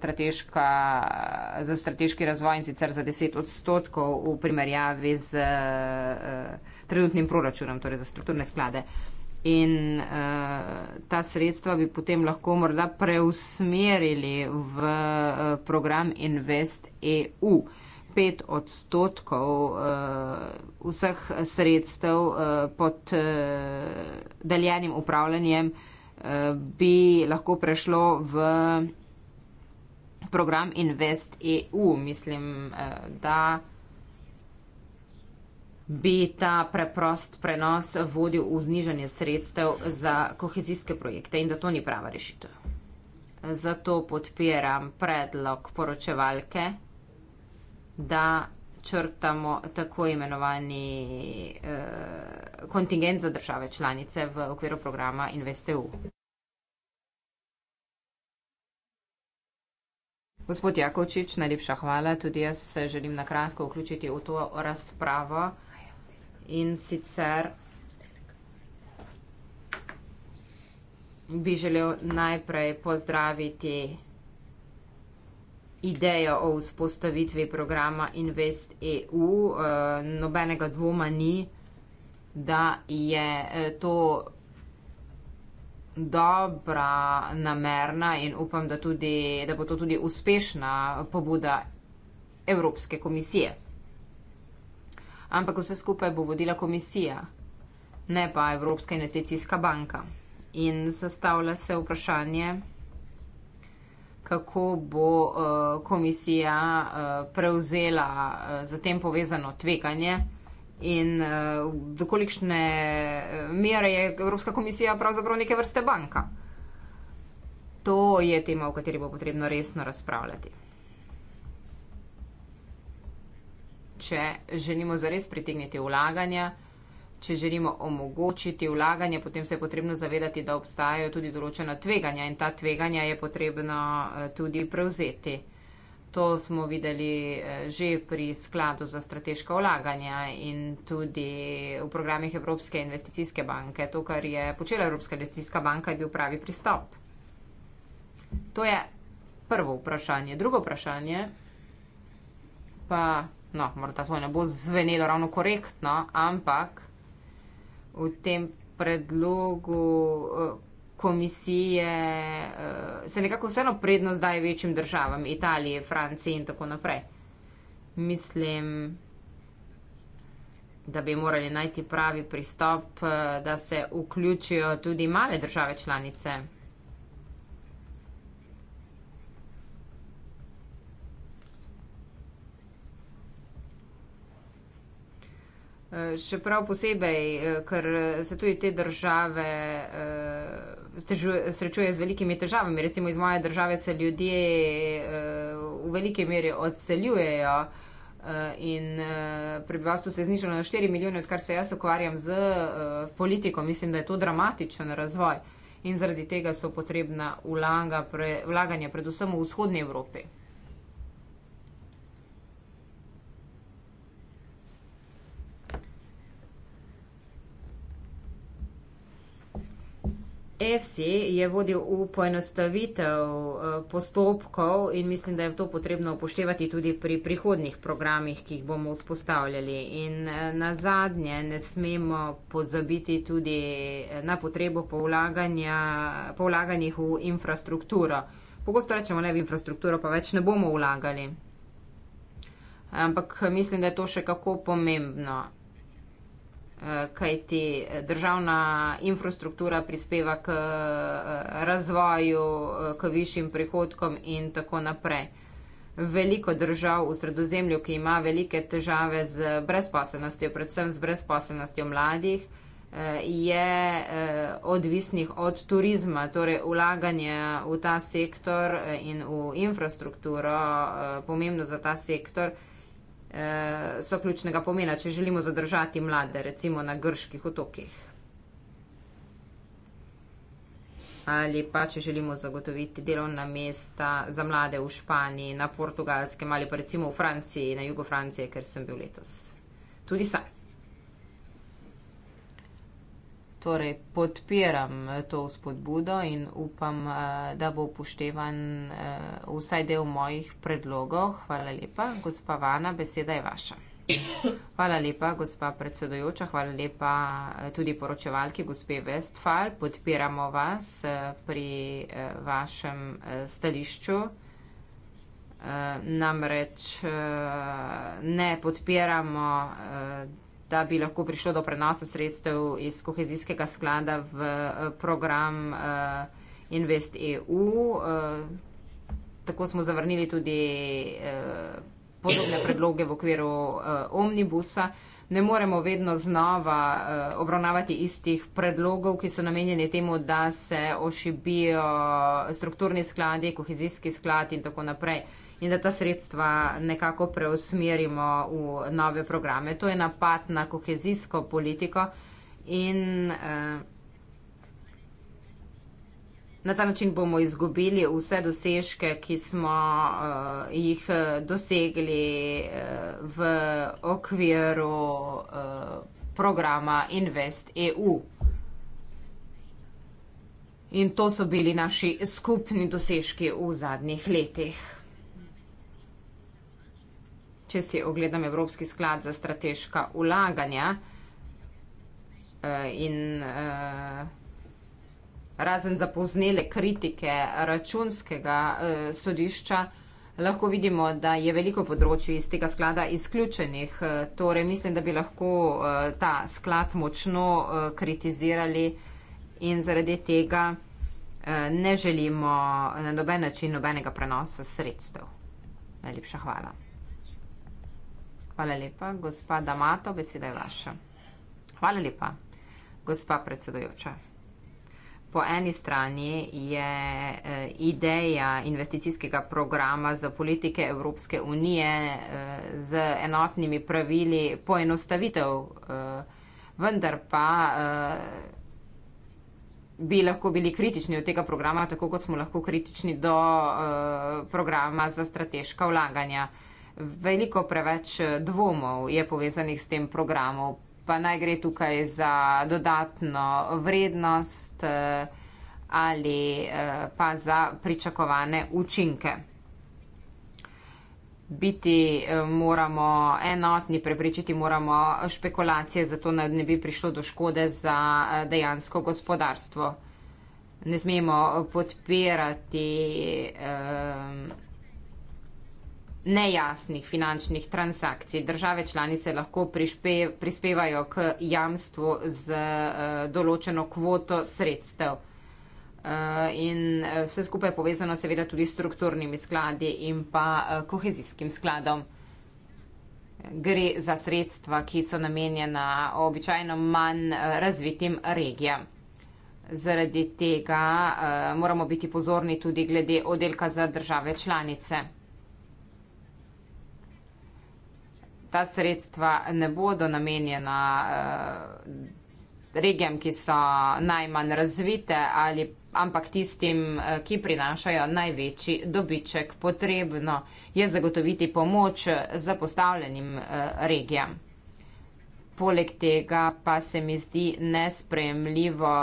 Speaker 3: za strateški razvoj in sicer za 10 odstotkov v primerjavi z eh, trenutnim proračunom, torej za strukturne sklade. In ta sredstva bi potem lahko morda preusmerili v program Invest EU pet odstotkov uh, vseh sredstev uh, pod uh, deljenim upravljanjem uh, bi lahko prešlo v program Invest EU. Mislim, uh, da bi ta preprost prenos vodil v znižanje sredstev za kohezijske projekte in da to ni prava rešitev. Zato podpiram predlog poročevalke da črtamo tako imenovani eh, kontingent za države članice v okviru programa InvestEU. Gospod Jakovčič, najlepša hvala. Tudi jaz se želim na kratko vključiti v to razpravo in sicer bi želel najprej pozdraviti idejo o vzpostavitvi programa Invest EU. Eh, nobenega dvoma ni, da je eh, to dobra, namerna in upam, da, tudi, da bo to tudi uspešna pobuda Evropske komisije. Ampak vse skupaj bo vodila komisija, ne pa Evropska investicijska banka. In zastavlja se vprašanje, kako bo uh, komisija uh, prevzela uh, za tem povezano tveganje in uh, dokolikšne mere je Evropska komisija pravzaprav neke vrste banka. To je tema, o kateri bo potrebno resno razpravljati. Če želimo zares pritegniti vlaganja, če želimo omogočiti vlaganje, potem se je potrebno zavedati, da obstajajo tudi določena tveganja in ta tveganja je potrebno eh, tudi prevzeti. To smo videli eh, že pri skladu za strateška vlaganja in tudi v programih Evropske investicijske banke. To, kar je počela Evropska investicijska banka, je bil pravi pristop. To je prvo vprašanje. Drugo vprašanje pa. No, morda to ne bo zvenelo ravno korektno, ampak v tem predlogu eh, komisije eh, se nekako vseeno prednost daje večjim državam, Italiji, Franciji in tako naprej. Mislim, da bi morali najti pravi pristop, eh, da se vključijo tudi male države članice. Eh, še prav posebej, eh, ker se tudi te države eh, srečujejo z velikimi težavami. Recimo iz moje države se ljudje v veliki meri odseljujejo in prebivalstvo se je znižalo na 4 milijone, odkar se jaz ukvarjam z politiko. Mislim, da je to dramatičen razvoj in zaradi tega so potrebna vlaganja predvsem v vzhodni Evropi. EFSI je vodil v poenostavitev eh, postopkov in mislim, da je to potrebno upoštevati tudi pri prihodnih programih, ki jih bomo vzpostavljali. In eh, na zadnje ne smemo pozabiti tudi eh, na potrebo po vlaganjih v infrastrukturo. Pogosto rečemo ne v infrastrukturo, pa več ne bomo vlagali. Ampak mislim, da je to še kako pomembno kajti državna infrastruktura prispeva k eh, razvoju, eh, k višjim prihodkom in tako naprej. Veliko držav v sredozemlju, ki ima velike težave z brezposelnostjo, predvsem z brezposelnostjo mladih, eh, je odvisnih od turizma, torej ulaganje v ta sektor in v infrastrukturo, pomembno za ta sektor, eh, so ključnega pomena, če želimo zadržati mlade, recimo na grških otokih. Ali pa, če želimo zagotoviti delovna mesta za mlade v Španiji, na portugalskem ali pa recimo v Franciji, na jugu Francije, ker sem bil letos tudi sam. Torej, podpiram eh, to spodbudo in upam, eh, da bo upoštevan eh, vsaj del mojih predlogov. Hvala lepa, gospa Vana, beseda je vaša. Hvala lepa, gospa predsedojoča, hvala lepa tudi poročevalki, gospe Westfall. Podpiramo vas pri vašem stališču. Namreč ne podpiramo da bi lahko prišlo do prenosa sredstev iz kohezijskega sklada v eh, program eh, Invest EU. Eh, tako smo zavrnili tudi podobne predloge v okviru omnibusa. Ne moremo vedno znova obravnavati istih predlogov, ki so namenjeni temu, da se ošibijo strukturni skladi, kohezijski sklad in tako naprej in da ta sredstva nekako preusmerimo v nove programe. To je napad na kohezijsko politiko in eh, na ta način bomo izgubili vse dosežke, ki smo eh, jih eh, dosegli v okviru programa Invest EU. In to so bili naši skupni dosežki v zadnjih letih če si ogledam Evropski sklad za strateška ulaganja eh, in eh, razen zapoznele kritike računskega eh, sodišča, lahko vidimo, da je veliko področji iz tega sklada izključenih. Torej mislim, da bi lahko ta sklad močno kritizirali in zaradi tega ne želimo na noben način nobenega prenosa sredstev. Najlepša hvala. Hvala lepa. Gospa Damato, beseda je vaša. Hvala lepa, gospa predsedojoča. Po eni strani je eh, ideja investicijskega programa za politike Evropske unije eh, z enotnimi pravili poenostavitev, eh, vendar pa bi lahko bili kritični od tega programa, tako kot smo lahko kritični do programa za strateška vlaganja veliko preveč dvomov je povezanih s tem programom, pa naj gre tukaj za dodatno vrednost eh, ali eh, pa za pričakovane učinke. Biti eh, moramo enotni, prepričiti moramo špekulacije, zato ne bi prišlo do škode za dejansko gospodarstvo. Ne smemo podpirati. Um, nejasnih finančnih transakcij. Države članice lahko prišpe, prispevajo k jamstvu z eh, določeno kvoto sredstev. Eh, in eh, vse skupaj je povezano seveda tudi s strukturnimi skladi in pa kohezijskim skladom. Gre za sredstva, ki so namenjena običajno manj razvitim regijam. Zaradi tega moramo biti pozorni tudi glede oddelka za države članice. ta sredstva ne bodo namenjena eh, regijam, ki so najmanj razvite, ali, ampak tistim, eh, ki prinašajo največji dobiček. Potrebno je zagotoviti pomoč eh, zapostavljenim regijam. Poleg tega pa se mi zdi nespremljivo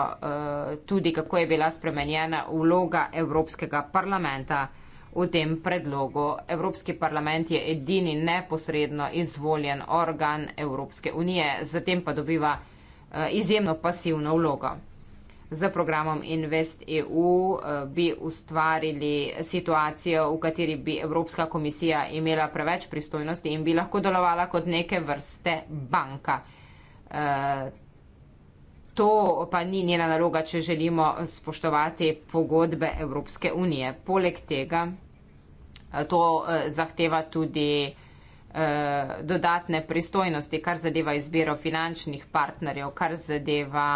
Speaker 3: tudi, kako je bila spremenjena vloga Evropskega parlamenta v tem predlogu. Evropski parlament je edini neposredno izvoljen organ Evropske unije, zatem pa dobiva eh, izjemno pasivno vlogo. Za programom Invest EU eh, bi ustvarili situacijo, v kateri bi Evropska komisija imela preveč pristojnosti in bi lahko delovala kot neke vrste banka. Eh, To pa ni njena naloga, če želimo spoštovati pogodbe Evropske unije. Poleg tega eh, to eh, zahteva tudi eh, dodatne pristojnosti, kar zadeva izbiro finančnih partnerjev, kar zadeva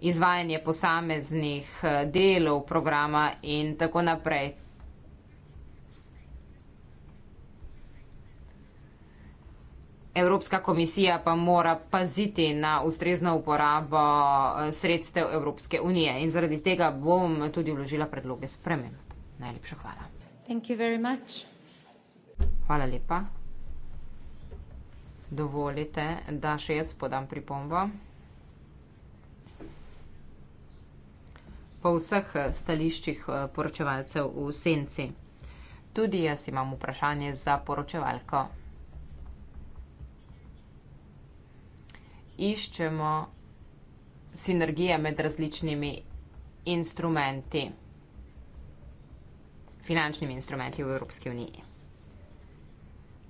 Speaker 3: izvajanje posameznih delov programa in tako naprej. Evropska komisija pa mora paziti na ustrezno uporabo eh, sredstev Evropske unije in zaradi tega bom tudi vložila predloge sprememb. Najlepša hvala. Hvala lepa. Dovolite, da še jaz podam pripombo. Po vseh eh, stališčih eh, poročevalcev v senci. Tudi jaz imam vprašanje za poročevalko iščemo sinergije med različnimi instrumenti, finančnimi instrumenti v Evropski uniji.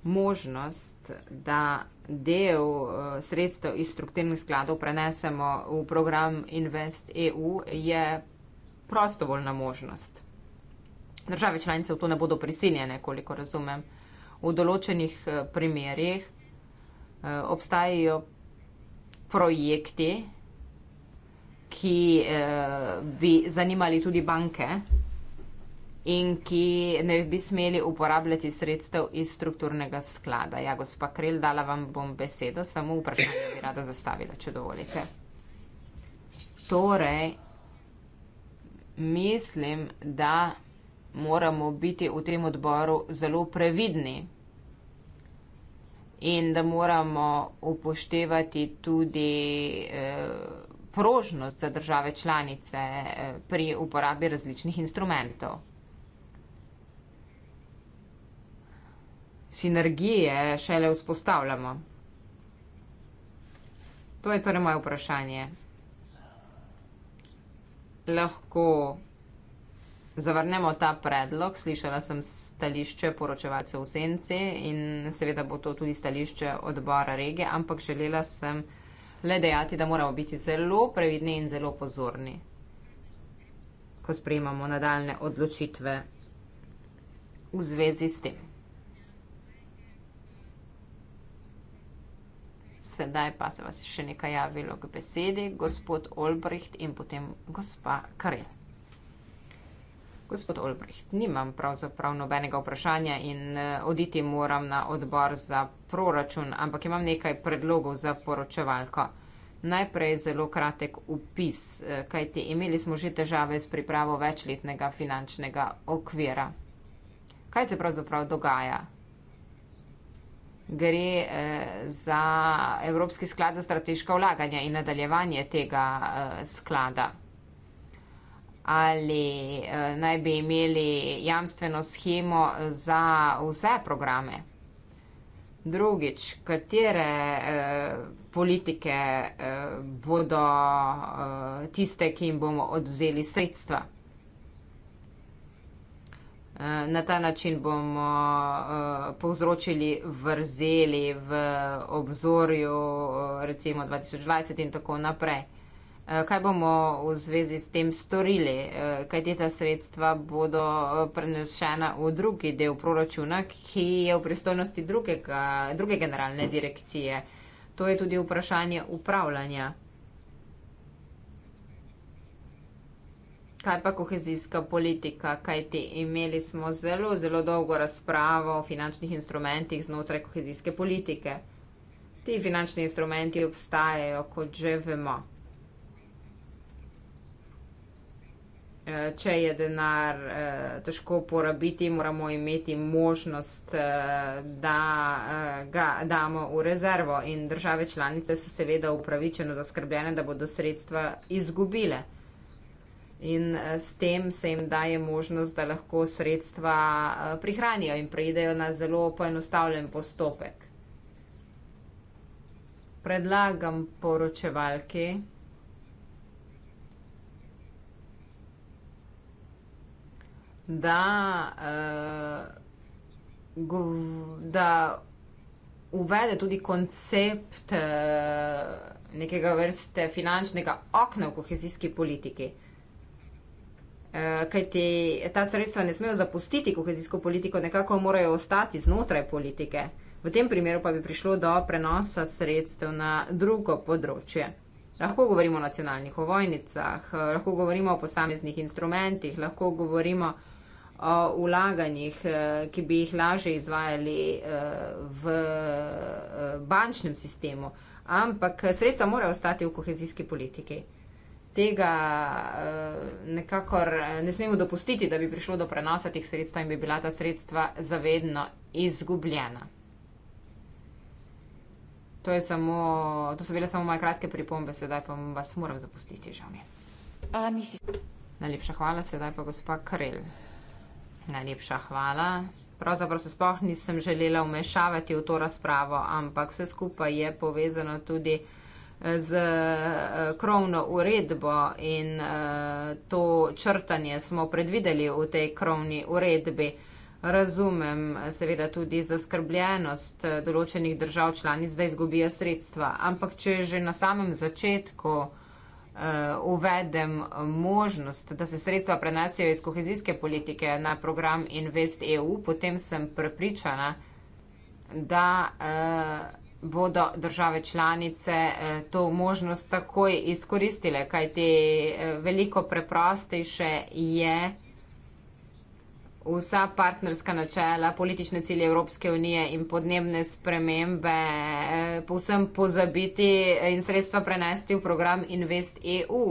Speaker 3: Možnost, da del eh, sredstev iz strukturnih skladov prenesemo v program Invest EU, je prostovoljna možnost. Države članice v to ne bodo prisiljene, koliko razumem. V določenih eh, primerjih eh, obstajajo projekti, ki eh, bi zanimali tudi banke in ki ne bi smeli uporabljati sredstev iz strukturnega sklada. Ja, gospa Krel, dala vam bom besedo, samo vprašanje bi rada zastavila, če dovolite. Torej, mislim, da moramo biti v tem odboru zelo previdni, in da moramo upoštevati tudi eh, prožnost za države članice eh, pri uporabi različnih instrumentov. Sinergije šele vzpostavljamo. To je torej moje vprašanje. Lahko zavrnemo ta predlog. Slišala sem stališče poročevalcev v Senci in seveda bo to tudi stališče odbora regije, ampak želela sem le dejati, da moramo biti zelo previdni in zelo pozorni, ko sprejemamo nadaljne odločitve v zvezi s tem. Sedaj pa se vas je še nekaj javilo k besedi, gospod Olbricht in potem gospa Karel. Gospod Olbricht, nimam pravzaprav nobenega vprašanja in eh, oditi moram na odbor za proračun, ampak imam nekaj predlogov za poročevalko. Najprej zelo kratek upis, eh, kajti imeli smo že težave s pripravo večletnega finančnega okvira. Kaj se pravzaprav dogaja? Gre eh, za Evropski sklad za strateška vlaganja in nadaljevanje tega sklada ali eh, naj bi imeli jamstveno schemo za vse programe. Drugič, katere eh, politike eh, bodo eh, tiste, ki jim bomo oduzeli sredstva. Eh, na ta način bomo eh, povzročili vrzeli v obzorju eh, recimo 2020 in tako naprej. Eh, kaj bomo v zvezi s tem storili, eh, kaj te ta sredstva bodo eh, prenešena v drugi del proračuna, ki je v pristojnosti drugega, druge generalne direkcije. To je tudi vprašanje upravljanja. Kaj pa kohezijska politika, kaj ti imeli smo zelo, zelo dolgo razpravo o finančnih instrumentih znotraj kohezijske politike. Ti finančni instrumenti obstajajo, kot že vemo. Eh, če je denar eh, težko porabiti, moramo imeti možnost, eh, da ga damo v rezervo. In države članice so seveda upravičeno zaskrbljene, da bodo sredstva izgubile. In s tem se jim daje možnost, da lahko sredstva prihranijo in preidejo na zelo poenostavljen postopek. Predlagam poročevalki. da, uh, eh, gov, da uvede tudi koncept uh, nekega vrste finančnega okna v kohezijski politiki. Eh, Kaj ti ta sredstva ne smejo zapustiti kohezijsko politiko, nekako morajo ostati znotraj politike. V tem primeru pa bi prišlo do prenosa sredstev na drugo področje. Lahko govorimo o nacionalnih ovojnicah, lahko govorimo o posameznih instrumentih, lahko govorimo o o vlaganjih, eh, ki bi jih lažje izvajali eh, v eh, bančnem sistemu, ampak sredstva morajo ostati v kohezijski politiki. Tega nekakor ne smemo dopustiti, da bi prišlo do prenosa teh sredstva in bi bila ta sredstva zavedno izgubljena. To, je samo, to so bile samo moje kratke pripombe, sedaj pa vas moram zapustiti, žal mi. Najlepša hvala, sedaj pa gospa Karel. Najlepša hvala. Pravzaprav se sploh nisem želela vmešavati v to razpravo, ampak vse skupaj je povezano tudi eh, z eh, krovno uredbo in eh, to črtanje smo predvideli v tej krovni uredbi. Razumem seveda tudi zaskrbljenost določenih držav članic, da izgubijo sredstva, ampak če že na samem začetku Eh, uvedem možnost, da se sredstva prenesijo iz kohezijske politike na program Invest EU, potem sem prepričana, da eh, bodo države članice eh, to možnost takoj izkoristile, kajti eh, veliko preprostejše je vsa partnerska načela, politične cilje Evropske unije in podnebne spremembe eh, povsem pozabiti in sredstva prenesti v program Invest EU.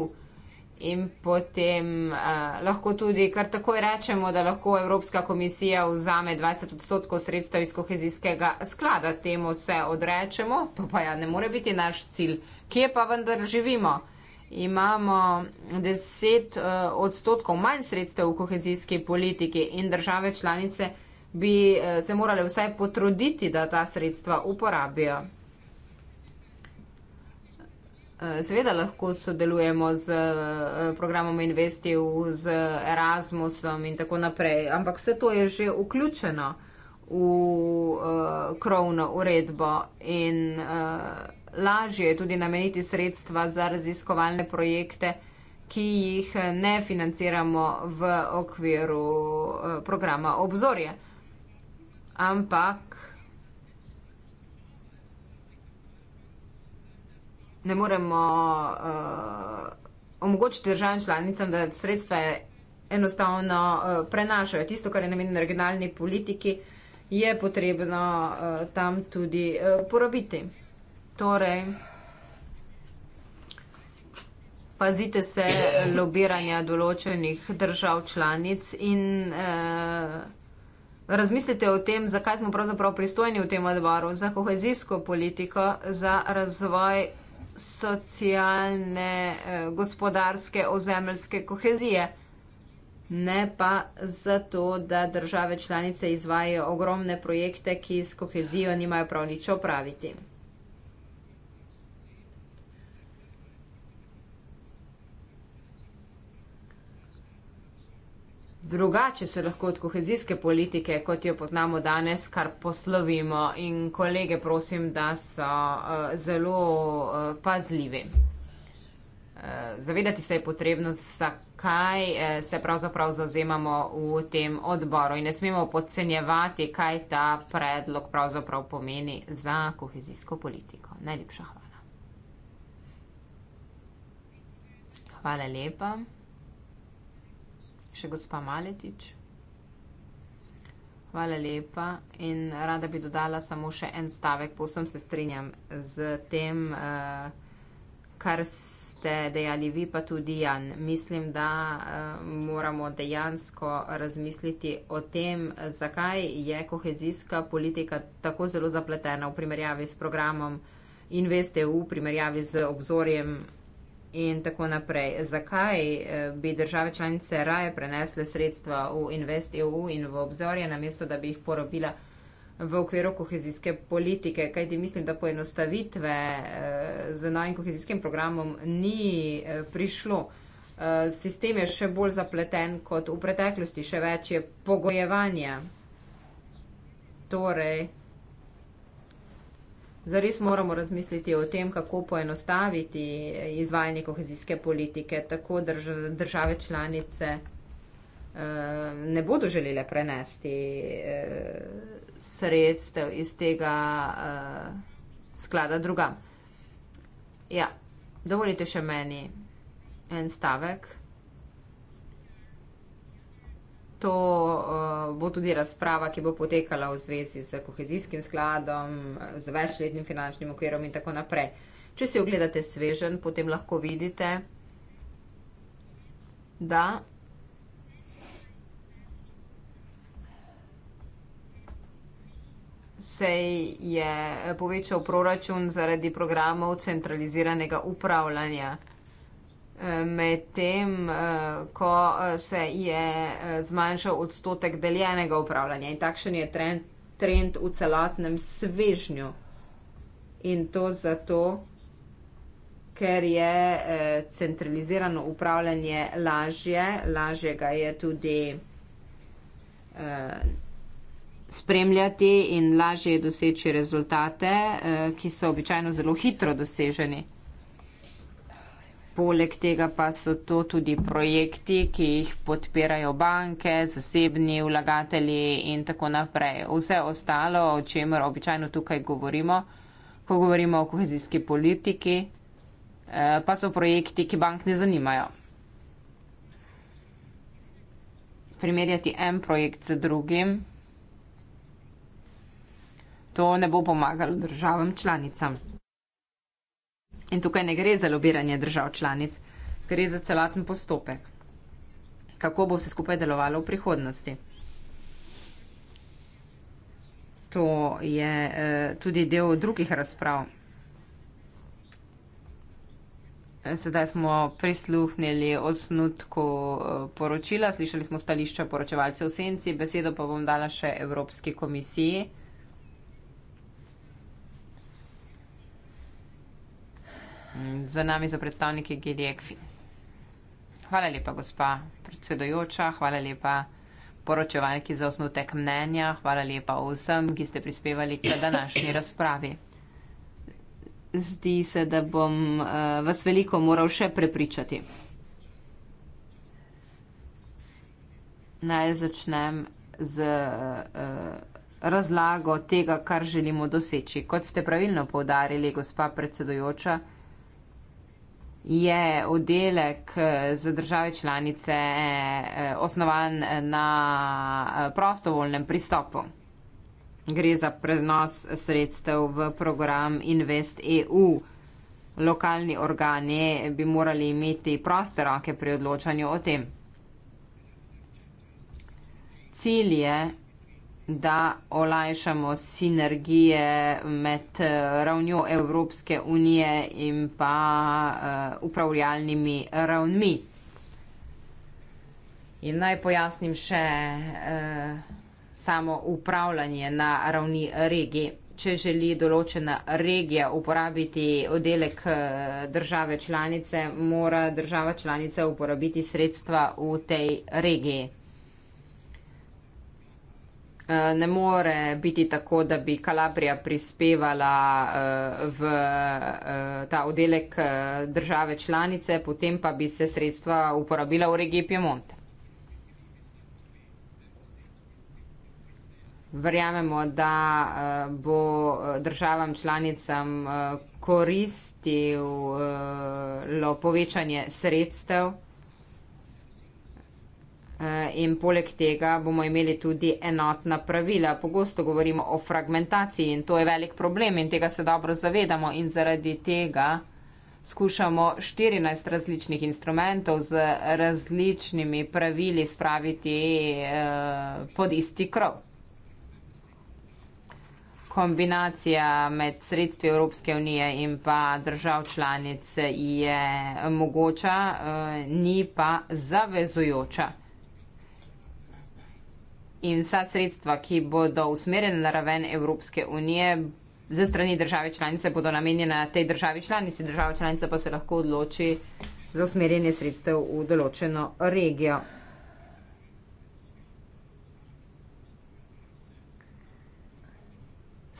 Speaker 3: In potem uh, lahko tudi kar takoj rečemo, da lahko Evropska komisija vzame 20 odstotkov sredstev iz kohezijskega sklada. Temu se odrečemo, to pa ja ne more biti naš cilj. Kje pa vendar živimo? imamo 10 eh, odstotkov manj sredstev v kohezijski politiki in države članice bi eh, se morali vsaj potruditi, da ta sredstva uporabijo. Eh, seveda lahko sodelujemo z programom Investiv, z Erasmusom in tako naprej, ampak vse to je že vključeno v krovno uredbo in lažje je tudi nameniti sredstva za raziskovalne projekte, ki jih ne financiramo v okviru eh, programa Obzorje. Ampak ne moremo uh, omogočiti državam članicam, da sredstva enostavno uh, prenašajo. Tisto, kar je namenjeno regionalni politiki, je potrebno uh, tam tudi uh, porobiti. Torej, pazite se lobiranja določenih držav članic in eh, razmislite o tem, zakaj smo pravzaprav pristojni v tem odboru za kohezijsko politiko, za razvoj socialne, eh, gospodarske, ozemeljske kohezije. Ne pa zato, da države članice izvajajo ogromne projekte, ki s kohezijo nimajo prav nič opraviti. drugače se lahko od kohezijske politike, kot jo poznamo danes, kar poslovimo in kolege prosim, da so uh, zelo uh, pazljivi. Eh, zavedati se je potrebno, zakaj se pravzaprav zauzemamo v tem odboru in ne smemo podcenjevati, kaj ta predlog pravzaprav pomeni za kohezijsko politiko. Najlepša hvala. Hvala lepa še gospa Maletič. Hvala lepa in rada bi dodala samo še en stavek, posem se strinjam z tem, eh, kar ste dejali vi, pa tudi Jan. Mislim, da eh, moramo dejansko razmisliti o tem, zakaj je kohezijska politika tako zelo zapletena v primerjavi s programom InvestEU, v primerjavi z obzorjem in tako naprej. Zakaj eh, bi države članice raje prenesle sredstva v InvestEU in v obzorje, namesto da bi jih porobila v okviru kohezijske politike? Kaj ti mislim, da poenostavitve eh, z novim kohezijskim programom ni eh, prišlo? Sistem je še bolj zapleten kot v preteklosti, še več je pogojevanja. Torej, zares moramo razmisliti o tem, kako poenostaviti izvajanje kohezijske politike, tako drž države članice uh, ne bodo želele prenesti uh, sredstev iz tega uh, sklada drugam. Ja, dovolite še meni en stavek to eh, bo tudi razprava, ki bo potekala v zvezi z kohezijskim skladom, z večletnim finančnim okvirom in tako naprej. Če si ogledate svežen, potem lahko vidite, da se je povečal proračun zaradi programov centraliziranega upravljanja medtem eh, ko eh, se je eh, zmanjšal odstotek deljenega upravljanja. In takšen je trend, trend v celotnem svežnju. In to zato, ker je centralizirano upravljanje lažje, lažje ga je tudi spremljati in lažje doseči rezultate, ki so običajno zelo hitro doseženi. Poleg tega pa so to tudi projekti, ki jih podpirajo banke, zasebni vlagatelji in tako naprej. Vse ostalo, o čemer običajno tukaj govorimo, ko govorimo o kohezijski politiki, eh, pa so projekti, ki bank ne zanimajo. Primerjati en projekt z drugim, to ne bo pomagalo državam članicam. In tukaj ne gre za lobiranje držav članic, gre za celoten postopek. Kako bo vse skupaj delovalo v prihodnosti? To je eh, tudi del drugih razprav. Eh, sedaj smo prisluhnili osnutku eh, poročila, slišali smo stališča poročevalcev v senci, besedo pa bom dala še Evropski komisiji. Za nami so predstavniki GDEKFI. Hvala lepa, gospa predsedojoča, hvala lepa poročevalki za osnutek mnenja, hvala lepa vsem, ki ste prispevali k današnji razpravi. Zdi se, da bom uh, vas veliko moral še prepričati. Naj začnem z uh, razlago tega, kar želimo doseči. Kot ste pravilno povdarili, gospa predsedojoča, je oddelek eh, za države članice eh, osnovan na eh, prostovoljnem pristopu. Gre za prenos sredstev v program Invest EU. Lokalni organi bi morali imeti proste roke pri odločanju o tem. Cilj je, da olajšamo sinergije med eh, ravnjo Evropske unije in pa eh, upravljalnimi ravnmi. In naj pojasnim še eh, samo upravljanje na ravni regije. Če želi določena regija uporabiti oddelek države članice, mora država članica uporabiti sredstva v tej regiji. Eh, ne more biti tako, da bi Kalabrija prispevala eh, v eh, ta oddelek države članice, potem pa bi se sredstva uporabila v regiji Piemont. Verjamemo, da bo državam članicam koristilo povečanje sredstev. Eh, in poleg tega bomo imeli tudi enotna pravila. Pogosto govorimo o fragmentaciji in to je velik problem in tega se dobro zavedamo in zaradi tega skušamo 14 različnih instrumentov z različnimi pravili spraviti eh, pod isti krov. Kombinacija med sredstvi Evropske unije in pa držav članic je mogoča, eh, ni pa zavezujoča in vsa sredstva, ki bodo usmerjene na raven Evropske unije, ze strani države članice bodo namenjena tej državi članici, država članica pa se lahko odloči za usmerjanje sredstev v določeno regijo.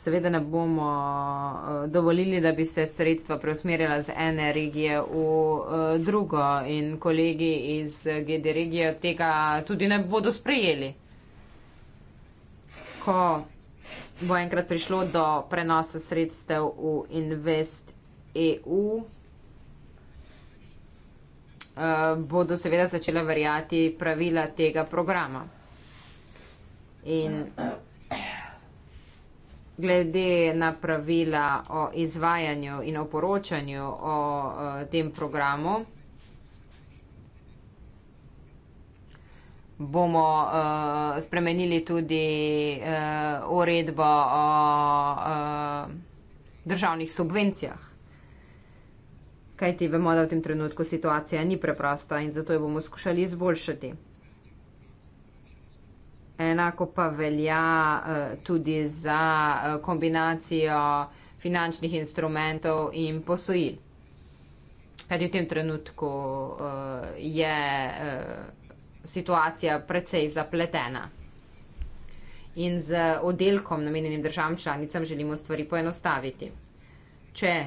Speaker 3: Seveda ne bomo eh, dovolili, da bi se sredstva preusmerjala z ene regije v eh, drugo in kolegi iz GD regije tega tudi ne bodo sprejeli ko bo enkrat prišlo do prenosa sredstev v Invest EU, eh, bodo seveda začela verjati pravila tega programa. In glede na pravila o izvajanju in o poročanju o eh, tem programu, bomo uh, spremenili tudi uh, uredbo o uh, državnih subvencijah. Kaj ti vemo, da v tem trenutku situacija ni preprosta in zato jo bomo skušali izboljšati. Enako pa velja uh, tudi za uh, kombinacijo finančnih instrumentov in posojil. Kaj ti v tem trenutku uh, je. Uh, situacija precej zapletena. In z oddelkom namenjenim državam članicam želimo stvari poenostaviti. Če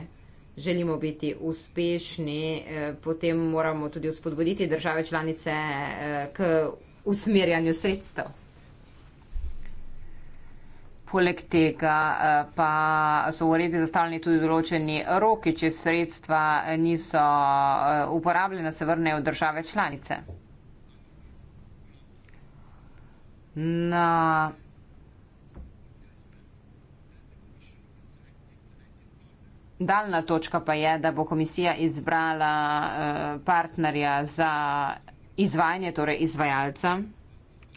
Speaker 3: želimo biti uspešni, eh, potem moramo tudi uspodbuditi države članice eh, k usmerjanju sredstev. Poleg tega eh, pa so v uredbi zastavljeni tudi določeni roki, če sredstva niso uporabljena, se vrnejo v države članice. na Daljna točka pa je, da bo komisija izbrala eh, partnerja za izvajanje, torej izvajalca.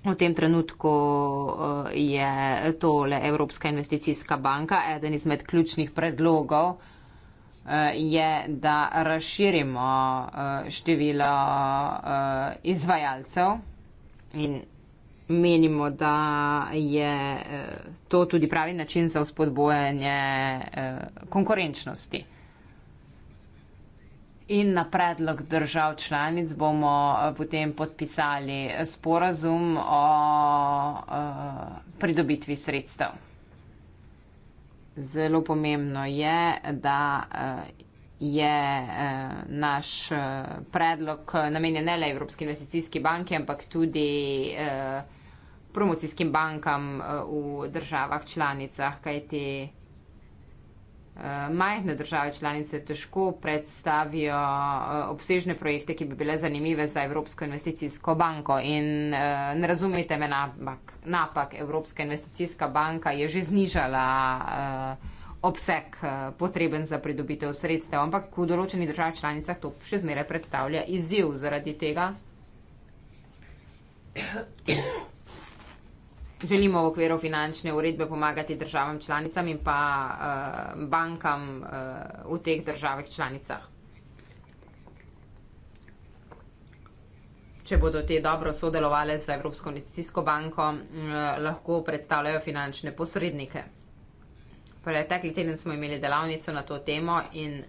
Speaker 3: V tem trenutku eh, je tole Evropska investicijska banka. Eden izmed ključnih predlogov eh, je, da razširimo število izvajalcev in izvajalcev menimo, da je eh, to tudi pravi način za vzpodbojanje eh, konkurenčnosti. In na predlog držav članic bomo eh, potem podpisali sporazum o pridobitvi sredstev. Zelo pomembno je, da je naš predlog namenjen ne le Evropski investicijski banki, ampak tudi promocijskim bankam eh, v državah članicah, kajti eh, majhne države članice težko predstavijo eh, obsežne projekte, ki bi bile zanimive za Evropsko investicijsko banko. In ne razumete me napak, napak Evropska investicijska banka je že znižala obseg potreben za pridobitev sredstev, ampak v določenih državah članicah to še zmeraj predstavlja izziv zaradi tega želimo v okviru finančne uredbe pomagati državam članicam in pa uh, bankam uh, v teh državah članicah. Če bodo te dobro sodelovali z Evropsko investicijsko banko, eh, lahko predstavljajo finančne posrednike. Pretekli teden smo imeli delavnico na to temo in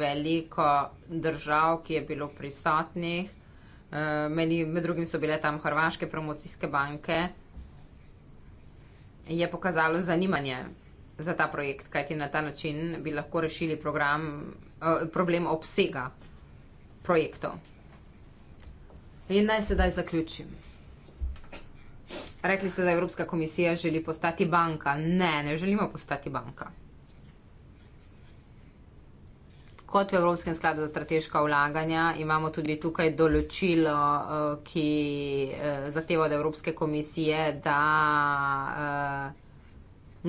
Speaker 3: veliko držav, ki je bilo prisotnih, med drugim so bile tam hrvaške promocijske banke, je pokazalo zanimanje za ta projekt, kajti na ta način bi lahko rešili program, eh, problem obsega projektov. In naj sedaj zaključim. Rekli ste, da Evropska komisija želi postati banka. Ne, ne želimo postati banka kot v Evropskem skladu za strateška vlaganja, imamo tudi tukaj določilo, eh, ki eh, zahteva od Evropske komisije, da eh,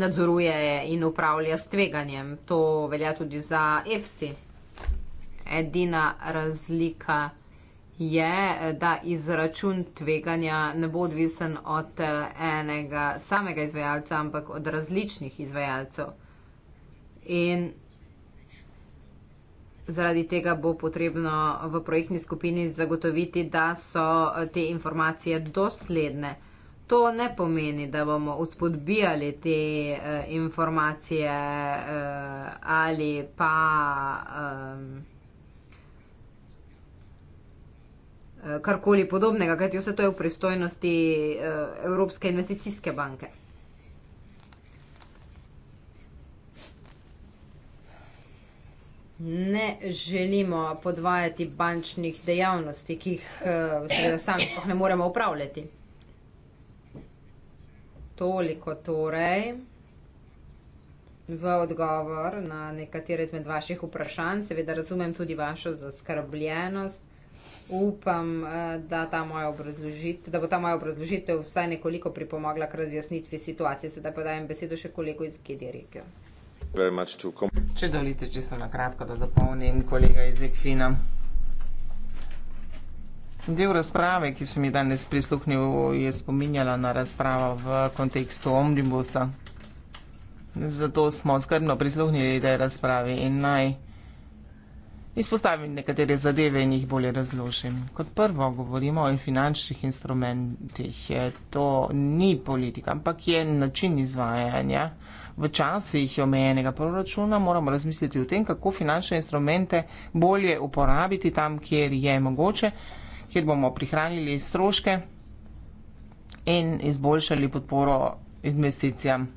Speaker 3: nadzoruje in upravlja s tveganjem. To velja tudi za EFSI. Edina razlika je, da izračun tveganja ne bo odvisen od enega samega izvajalca, ampak od različnih izvajalcev. In Zaradi tega bo potrebno v projektni skupini zagotoviti, da so eh, te informacije dosledne. To ne pomeni, da bomo uspodbijali te e, informacije e, ali pa e, karkoli podobnega, kajti vse to je v pristojnosti e, Evropske investicijske banke. ne želimo podvajati bančnih dejavnosti, ki jih eh, seveda sami sploh ne moremo upravljati. Toliko torej v odgovor na nekatere izmed vaših vprašanj. Seveda razumem tudi vašo zaskrbljenost. Upam, eh, da, ta moja da bo ta moja obrazložitev vsaj nekoliko pripomogla k razjasnitvi situacije. Sedaj pa dajem besedo še kolegu iz Gedi Rikijo
Speaker 2: very much to come. Če dolite čisto na kratko, da dopolnim kolega iz Ekfina. Del razprave, ki se mi danes prisluhnil, je spominjala na razpravo v kontekstu omnibusa. Zato smo skrbno prisluhnili tej razpravi in naj Izpostavim nekatere zadeve in jih bolje razložim. Kot prvo, govorimo o finančnih instrumentih. To ni politika, ampak je način izvajanja. V časih omejenega proračuna moramo razmisliti o tem, kako finančne instrumente bolje uporabiti tam, kjer je mogoče, kjer bomo prihranili stroške in izboljšali podporo investicijam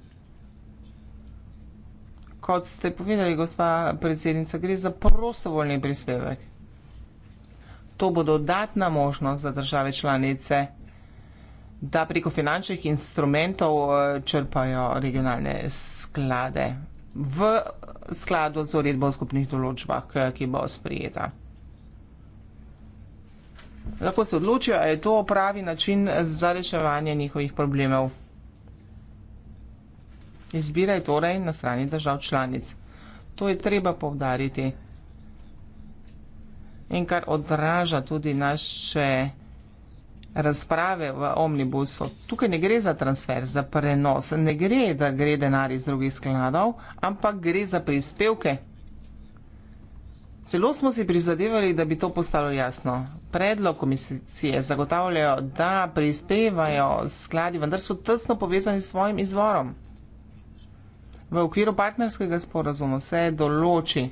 Speaker 2: kot ste povedali, gospa predsednica, gre za prostovoljni prispevek. To bo dodatna možnost za države članice, da preko finančnih instrumentov eh, črpajo regionalne sklade v skladu z uredbo o skupnih določbah, eh, ki bo sprijeta. Lahko se odločijo, ali je to pravi način za reševanje njihovih problemov. Izbira je torej na strani držav članic. To je treba povdariti in kar odraža tudi naše razprave v omnibusu. Tukaj ne gre za transfer, za prenos, ne gre, da gre denar iz drugih skladov, ampak gre za prispevke. Celo smo si prizadevali, da bi to postalo jasno. Predlog komisije zagotavljajo, da prispevajo skladi, vendar so tesno povezani s svojim izvorom v okviru partnerskega sporazuma se določi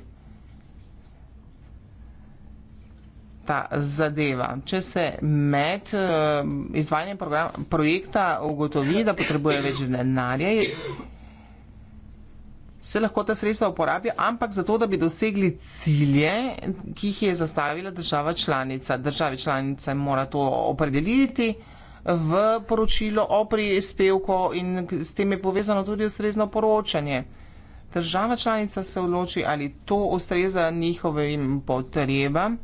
Speaker 2: ta zadeva. Če se med eh, izvajanjem projekta ugotovi, da potrebuje več denarja, se lahko ta sredstva uporabijo, ampak zato, da bi dosegli cilje, ki jih je zastavila država članica. Državi članice mora to opredeliti in v poročilo o prispevku in s tem je povezano tudi ustrezno poročanje. Država članica se odloči, ali to ustreza njihovim potrebam.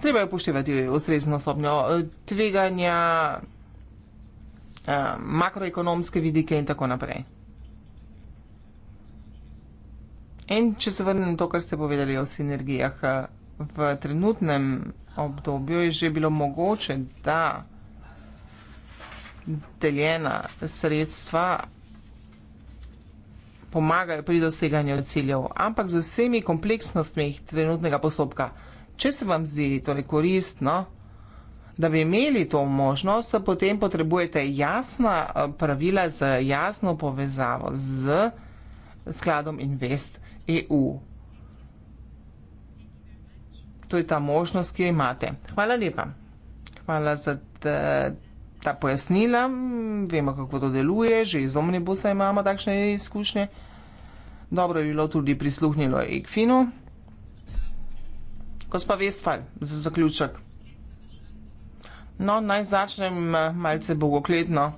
Speaker 2: Treba je upoštevati ustrezno stopnjo eh, tveganja, eh, makroekonomske vidike in tako naprej. In če se vrnem to, kar ste povedali o sinergijah, eh, v trenutnem obdobju je že bilo mogoče, da deljena sredstva pomagajo pri doseganju ciljev, ampak z vsemi kompleksnostmi trenutnega postopka. Če se vam zdi torej koristno, da bi imeli to možnost, potem potrebujete jasna eh, pravila z jasno povezavo z skladom Invest EU. To je ta možnost, ki jo imate. Hvala lepa. Hvala za te ta pojasnila, vemo, kako to deluje, že iz omnibusa imamo takšne izkušnje. Dobro je bilo tudi prisluhnilo Ekfinu. Gospa Vesfal, za zaključek. No, naj začnem eh, malce bogokletno.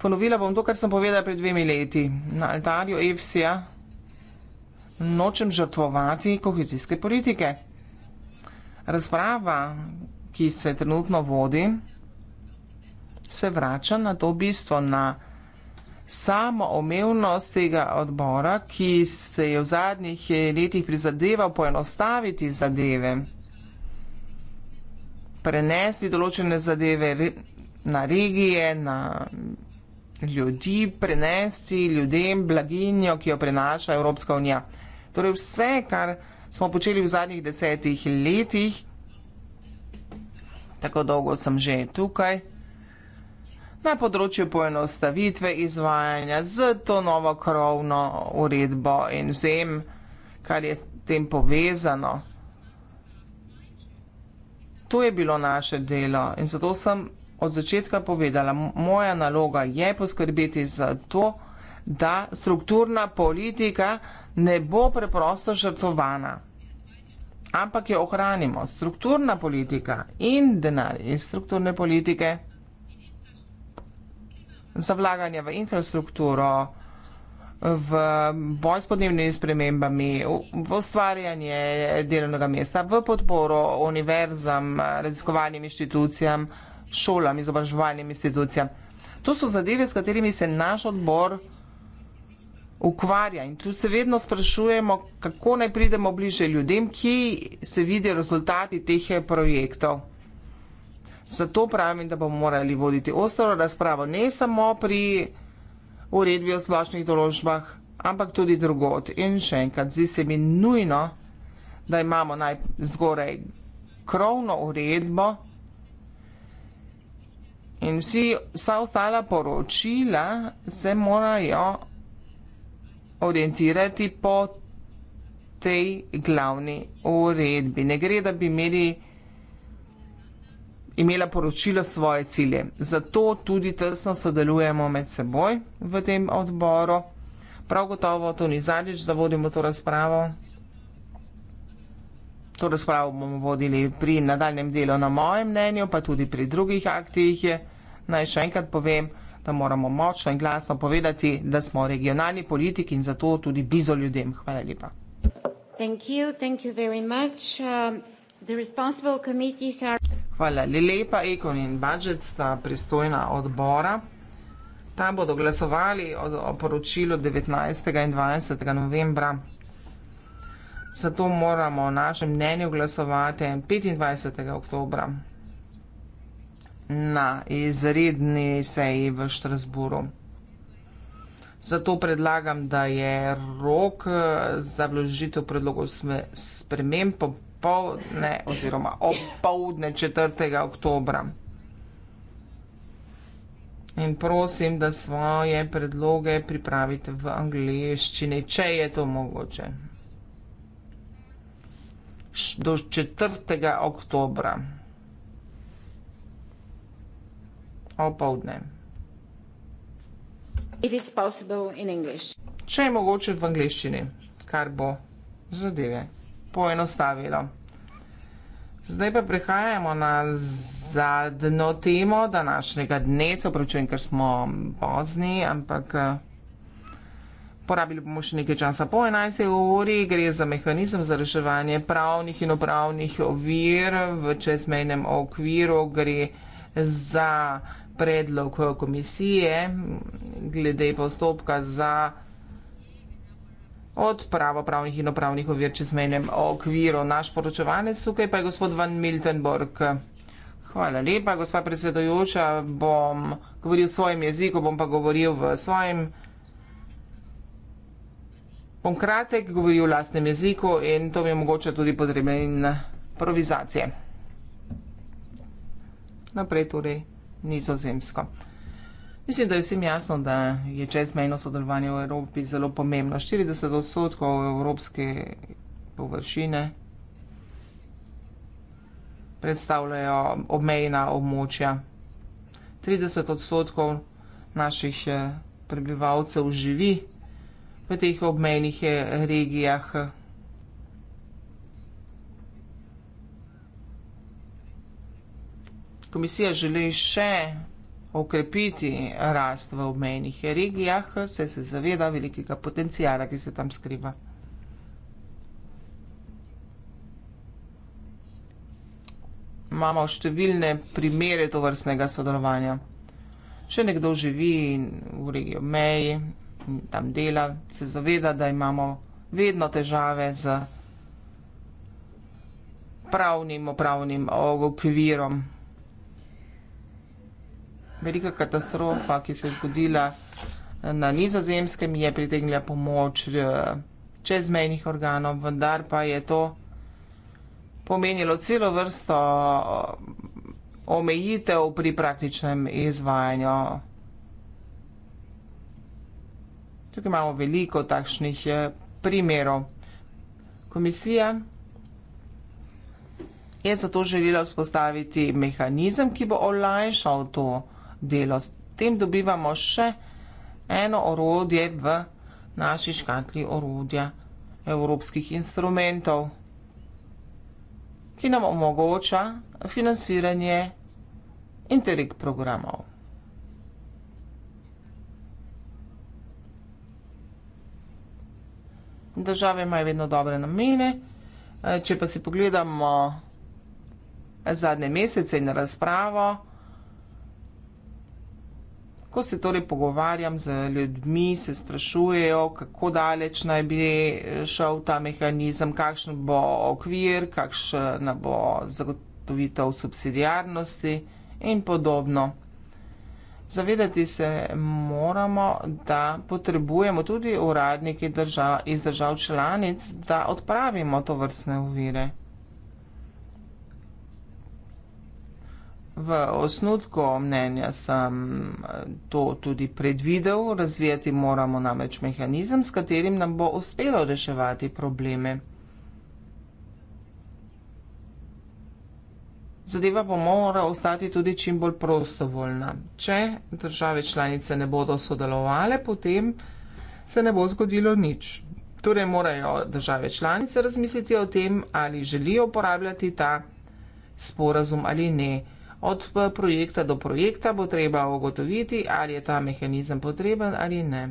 Speaker 2: Ponovila bom to, kar sem povedala pred dvemi leti. Na altarju EFSI-ja nočem žrtvovati kohezijske politike. Razprava, ki se trenutno vodi, se vrača na to bistvo, na samo omevnost tega odbora, ki se je v zadnjih letih prizadeval poenostaviti zadeve, prenesti določene zadeve na regije, na ljudi, prenesti ljudem blaginjo, ki jo prenaša Evropska unija. Torej vse, kar smo počeli v zadnjih desetih letih, tako dolgo sem že tukaj. Na področju poenostavitve izvajanja z to novo krovno uredbo in vsem, kar je s tem povezano. To je bilo naše delo in zato sem od začetka povedala, moja naloga je poskrbeti za to, da strukturna politika ne bo preprosto žrtovana ampak jo ohranimo. Strukturna politika in denar iz strukturne politike za vlaganje v infrastrukturo, v boj s podnebnimi spremembami, v ustvarjanje delovnega mesta, v podporo univerzam, raziskovalnim inštitucijam, šolam, izobraževalnim institucijam. To so zadeve, s katerimi se naš odbor ukvarja ukvarja. In tu se vedno sprašujemo, kako naj pridemo bliže ljudem, ki se vidijo rezultati teh projektov. Zato pravim, da bomo morali voditi ostro razpravo ne samo pri uredbi o splošnih določbah, ampak tudi drugot. In še enkrat, zdi se mi nujno, da imamo najzgorej krovno uredbo in vsi, vsa ostala poročila se morajo orientirati po tej glavni uredbi. Ne gre, da bi imeli imela poročilo svoje cilje. Zato tudi tesno sodelujemo med seboj v tem odboru. Prav gotovo to ni zadnjič, da vodimo to razpravo. To razpravo bomo vodili pri nadaljem delu na mojem mnenju, pa tudi pri drugih aktih. Naj še enkrat povem, da da moramo močno in glasno povedati, da smo regionalni politik in zato tudi blizu ljudem. Hvala lepa.
Speaker 1: Thank you, thank you um, are...
Speaker 2: Hvala lepa, Ekon in Budget sta pristojna odbora. Tam bodo glasovali o, o poročilu 19. in 20. novembra. Zato moramo o našem mnenju glasovati 25. oktobra na izredni seji v Štrasburu. Zato predlagam, da je rok eh, za vložitev predlogov sprememb popovdne oziroma opovdne 4. oktobra. In prosim, da svoje predloge pripravite v angliščini, če je to mogoče. Do 4. oktobra. opoldne. Če je mogoče v angliščini, kar bo zadeve poenostavilo. Zdaj pa prehajamo na zadnjo temo današnjega dne, se opravičujem, ker smo pozni, ampak eh, porabili bomo še nekaj časa po 11. uri. Gre za mehanizem za reševanje pravnih in upravnih ovir v čezmejnem okviru, gre za predlog komisije glede postopka za odpravo pravnih in opravnih ovir čezmejnem okviru. Naš poročevanec tukaj pa je gospod Van Miltenborg. Hvala lepa, gospa predsedujoča, bom govoril v svojem jeziku, bom pa govoril v svojem. Bom kratek govoril v lastnem jeziku in to mi je mogoče tudi potrebno in improvizacije. Naprej torej nizozemsko. Mislim, da je vsem jasno, da je čezmejno sodelovanje v Evropi zelo pomembno. 40 odstotkov evropske površine predstavljajo obmejna območja. 30 odstotkov naših eh, prebivalcev živi v teh obmejnih eh, regijah. komisija želi še okrepiti rast v obmejnih regijah, se se zaveda velikega potencijala, ki se tam skriva. Imamo številne primere tovrstnega sodelovanja. Če nekdo živi v regiji obmeji, tam dela, se zaveda, da imamo vedno težave z pravnim, opravnim okvirom velika katastrofa, ki se je zgodila eh, na nizozemskem, je pritegnila pomoč eh, čezmejnih organov, vendar pa je to pomenilo celo vrsto eh, omejitev pri praktičnem izvajanju. Tukaj imamo veliko takšnih primerov. Komisija je zato želela vzpostaviti mehanizem, ki bo olajšal to vzpostavljanje delo. S tem dobivamo še eno orodje v naši škatli orodja evropskih instrumentov, ki nam omogoča financiranje Interreg programov. Države imajo vedno dobre namene. Eh, če pa si pogledamo zadnje mesece in razpravo, Ko se torej pogovarjam z ljudmi, se sprašujejo, kako daleč naj bi eh, šel ta mehanizem, kakšen bo okvir, kakšna bo zagotovitev subsidijarnosti in podobno. Zavedati se moramo, da potrebujemo tudi uradniki držav, iz držav članic, da odpravimo to vrstne uvire. V osnutku mnenja sem eh, to tudi predvidel, razvijati moramo namreč mehanizem, s katerim nam bo uspelo reševati probleme. Zadeva pa mora ostati tudi čim bolj prostovoljna. Če države članice ne bodo sodelovale, potem se ne bo zgodilo nič. Torej morajo države članice razmisliti o tem, ali želijo uporabljati ta sporazum ali ne od eh, projekta do projekta bo treba ugotoviti, ali je ta mehanizem potreben ali ne.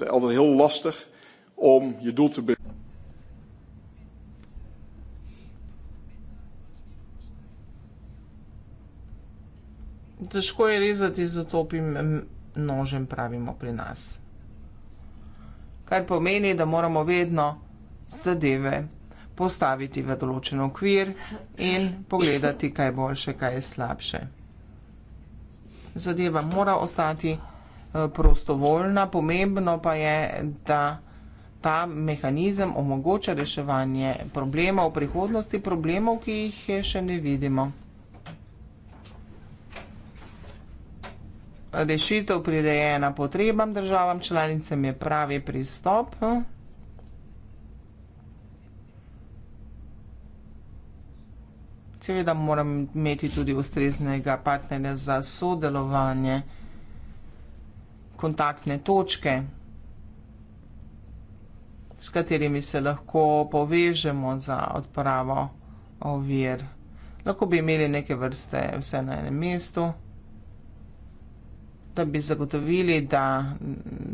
Speaker 2: Je altijd heel lastig om je doel te Težko je rezati z utopim nožem, pravimo pri nas. Kar pomeni, da moramo vedno zadeve postaviti v določen okvir in pogledati, kaj je boljše, kaj je slabše. Zadeva mora ostati eh, prostovoljna, pomembno pa je, da ta mehanizem omogoča reševanje problemov v prihodnosti, problemov, ki jih še ne vidimo. Rešitev prirejena potrebam državam članicam je pravi pristop. No? Seveda moram imeti tudi ustreznega partnerja za sodelovanje, kontaktne točke, s katerimi se lahko povežemo za odpravo ovir. Lahko bi imeli neke vrste vse na enem mestu, da bi zagotovili, da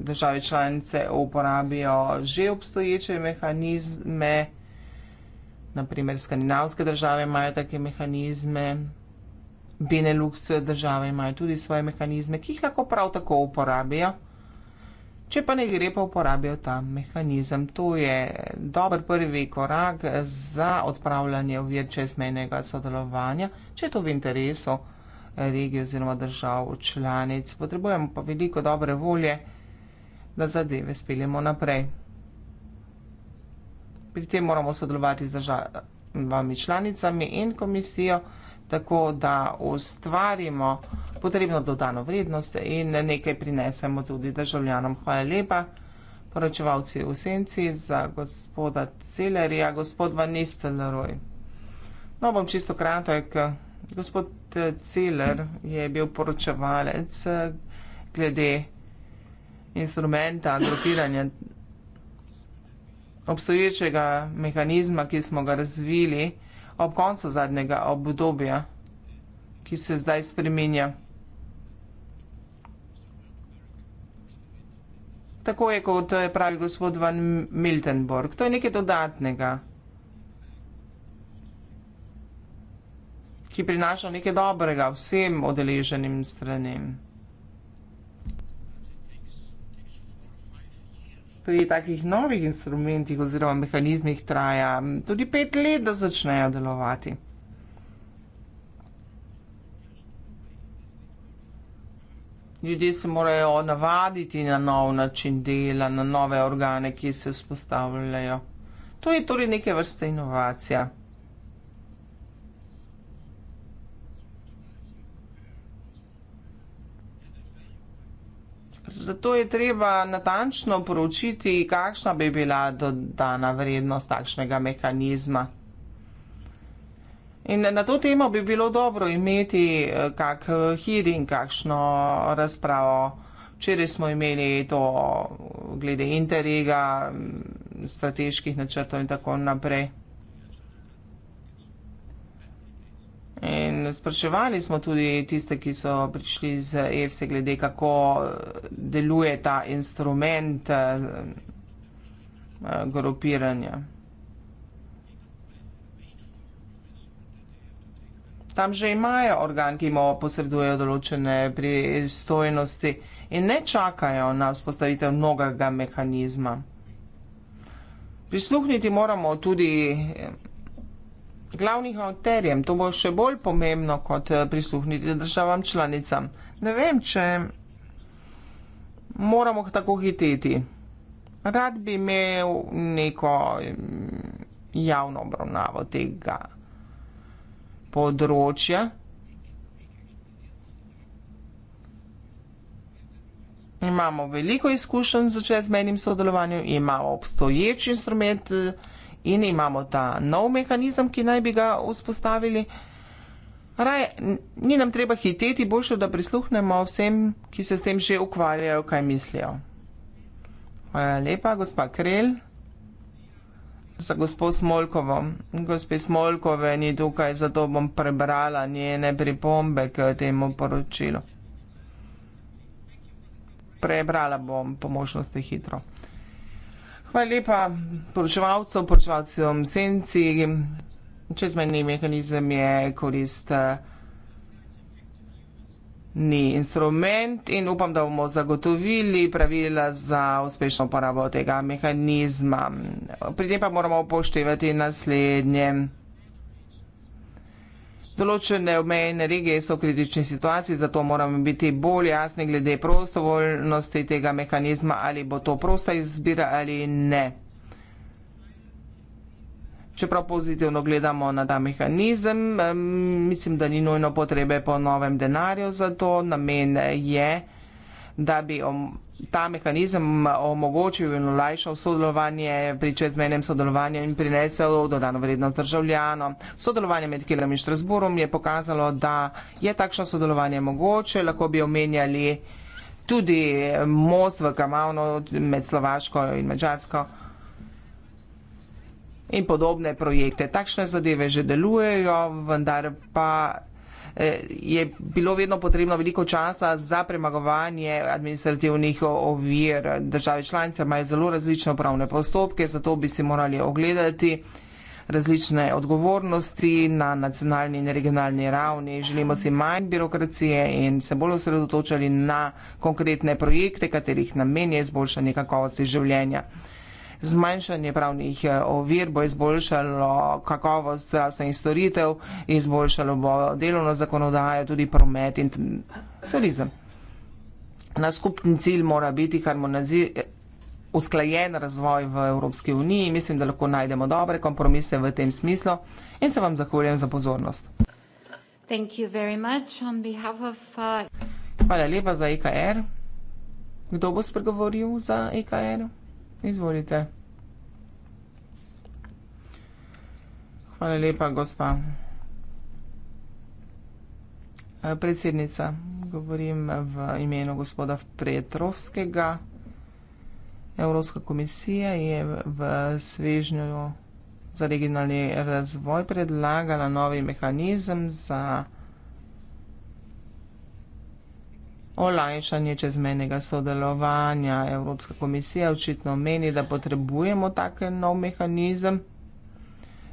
Speaker 2: države članice uporabijo že obstoječe mehanizme, naprimer skandinavske države imajo take mehanizme, Benelux države imajo tudi svoje mehanizme, ki jih lahko prav tako uporabijo. Če pa ne gre, pa uporabijo ta mehanizem. To je dober prvi korak za odpravljanje ovir čezmejnega sodelovanja, če je to v interesu regije oziroma držav članic. Potrebujemo pa veliko dobre volje, da zadeve speljemo naprej pri tem moramo sodelovati z državami članicami in komisijo, tako da ustvarimo potrebno dodano vrednost in nekaj prinesemo tudi državljanom. Hvala lepa, poročevalci v senci za gospoda Celerija, gospod Van Nistelrooy. No, bom čisto kratek. Gospod Celer je bil poročevalec glede instrumenta grupiranja obstoječega mehanizma, ki smo ga razvili ob koncu zadnjega obdobja, ki se zdaj spreminja. Tako je, kot je pravi gospod Van Miltenborg. To je nekaj dodatnega, ki prinaša nekaj dobrega vsem odeleženim stranem. pri takih novih instrumentih oziroma mehanizmih traja tudi pet let, da začnejo delovati. Ljudje se morajo navaditi na nov način dela, na nove organe, ki se vzpostavljajo. To je torej neke vrste inovacija. Zato je treba natančno poročiti, kakšna bi bila dodana vrednost takšnega mehanizma. In na to temo bi bilo dobro imeti eh, kak hearing, kakšno razpravo. Včeraj smo imeli to glede interega, strateških načrtov in tako naprej. In spraševali smo tudi tiste, ki so prišli z EFSE, glede kako deluje ta instrument eh, grupiranja. Tam že imajo organ, ki mu posredujejo določene pristojnosti in ne čakajo na vzpostavitev mnogega mehanizma. Prisluhniti moramo tudi glavnih avterjem. To bo še bolj pomembno, kot eh, prisluhniti državam članicam. Ne vem, če moramo tako hiteti. Rad bi imel neko mm, javno obravnavo tega področja. Imamo veliko izkušenj z čezmenim sodelovanjem, imamo obstoječ instrument, eh, in imamo ta nov mehanizem, ki naj bi ga vzpostavili. Raj, ni nam treba hiteti, boljše, da prisluhnemo vsem, ki se s tem že ukvarjajo, kaj mislijo. Hvala lepa, gospa Krel. Za gospod Smolkovo. Gospe Smolkove ni tukaj, zato bom prebrala njene pripombe k temu poročilu. Prebrala bom po možnosti hitro. Hvala lepa poročevalcem, poročevalcem senci. Čezmejni mehanizem je koristni eh, instrument in upam, da bomo zagotovili pravila za uspešno uporabo tega mehanizma. Pri tem pa moramo upoštevati naslednje. Določene omejene regije so v kritični situaciji, zato moramo biti bolj jasni glede prostovoljnosti tega mehanizma, ali bo to prosta izbira ali ne. Čeprav pozitivno gledamo na ta mehanizem, mislim, da ni nujno potrebe po novem denarju, zato namen je, da bi omogočili, ta mehanizem omogočil in olajšal sodelovanje pri čezmenem sodelovanju in prinesel dodano vrednost državljanom. Sodelovanje med Kilom in Štrasburom je pokazalo, da je takšno sodelovanje mogoče, lahko bi omenjali tudi most v Kamavno med Slovaško in Mačarsko in podobne projekte. Takšne zadeve že delujejo, vendar pa Eh, je bilo vedno potrebno veliko časa za premagovanje administrativnih ovir. Države članice imajo zelo različne upravne postopke, zato bi si morali ogledati različne odgovornosti na nacionalni in regionalni ravni. Želimo si manj birokracije in se bolj osredotočali na konkretne projekte, katerih namen je izboljšanje kakovosti življenja zmanjšanje pravnih eh, ovir, bo izboljšalo kakovost zdravstvenih storitev, izboljšalo bo delovno zakonodajo, tudi promet in turizem. Na skupni cilj mora biti harmonizacija usklajen razvoj v Evropski uniji. Mislim, da lahko najdemo dobre kompromise v tem smislu in se vam zahvaljujem za pozornost.
Speaker 1: Uh,
Speaker 2: Hvala lepa za EKR. Kdo bo spregovoril za EKR? Izvolite. Hvala lepa, gospa. Eh, predsednica, govorim v imenu gospoda Petrovskega. Evropska komisija je v svežnju za regionalni razvoj predlagala novi mehanizem za olajšanje čezmenega sodelovanja. Evropska komisija očitno meni, da potrebujemo take nov mehanizem,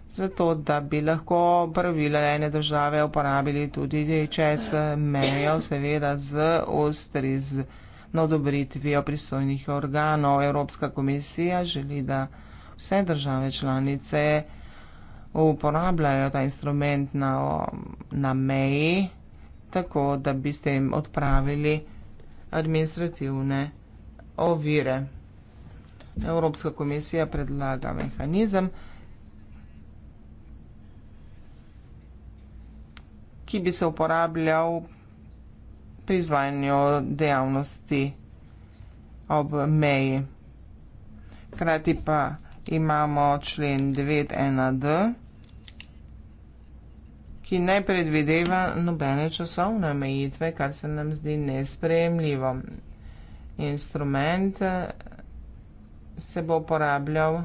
Speaker 2: zato da bi lahko pravila ene države uporabili tudi čez mejo, seveda z ostri, z nadobritvijo pristojnih organov. Evropska komisija želi, da vse države članice uporabljajo ta instrument na, na meji tako, da bi s tem odpravili administrativne ovire. Evropska komisija predlaga mehanizem, ki bi se uporabljal pri izvajanju dejavnosti ob meji. Krati pa imamo člen 9.1.d ki ne predvideva nobene časovne omejitve, kar se nam zdi nesprejemljivo. Instrument eh, se bo uporabljal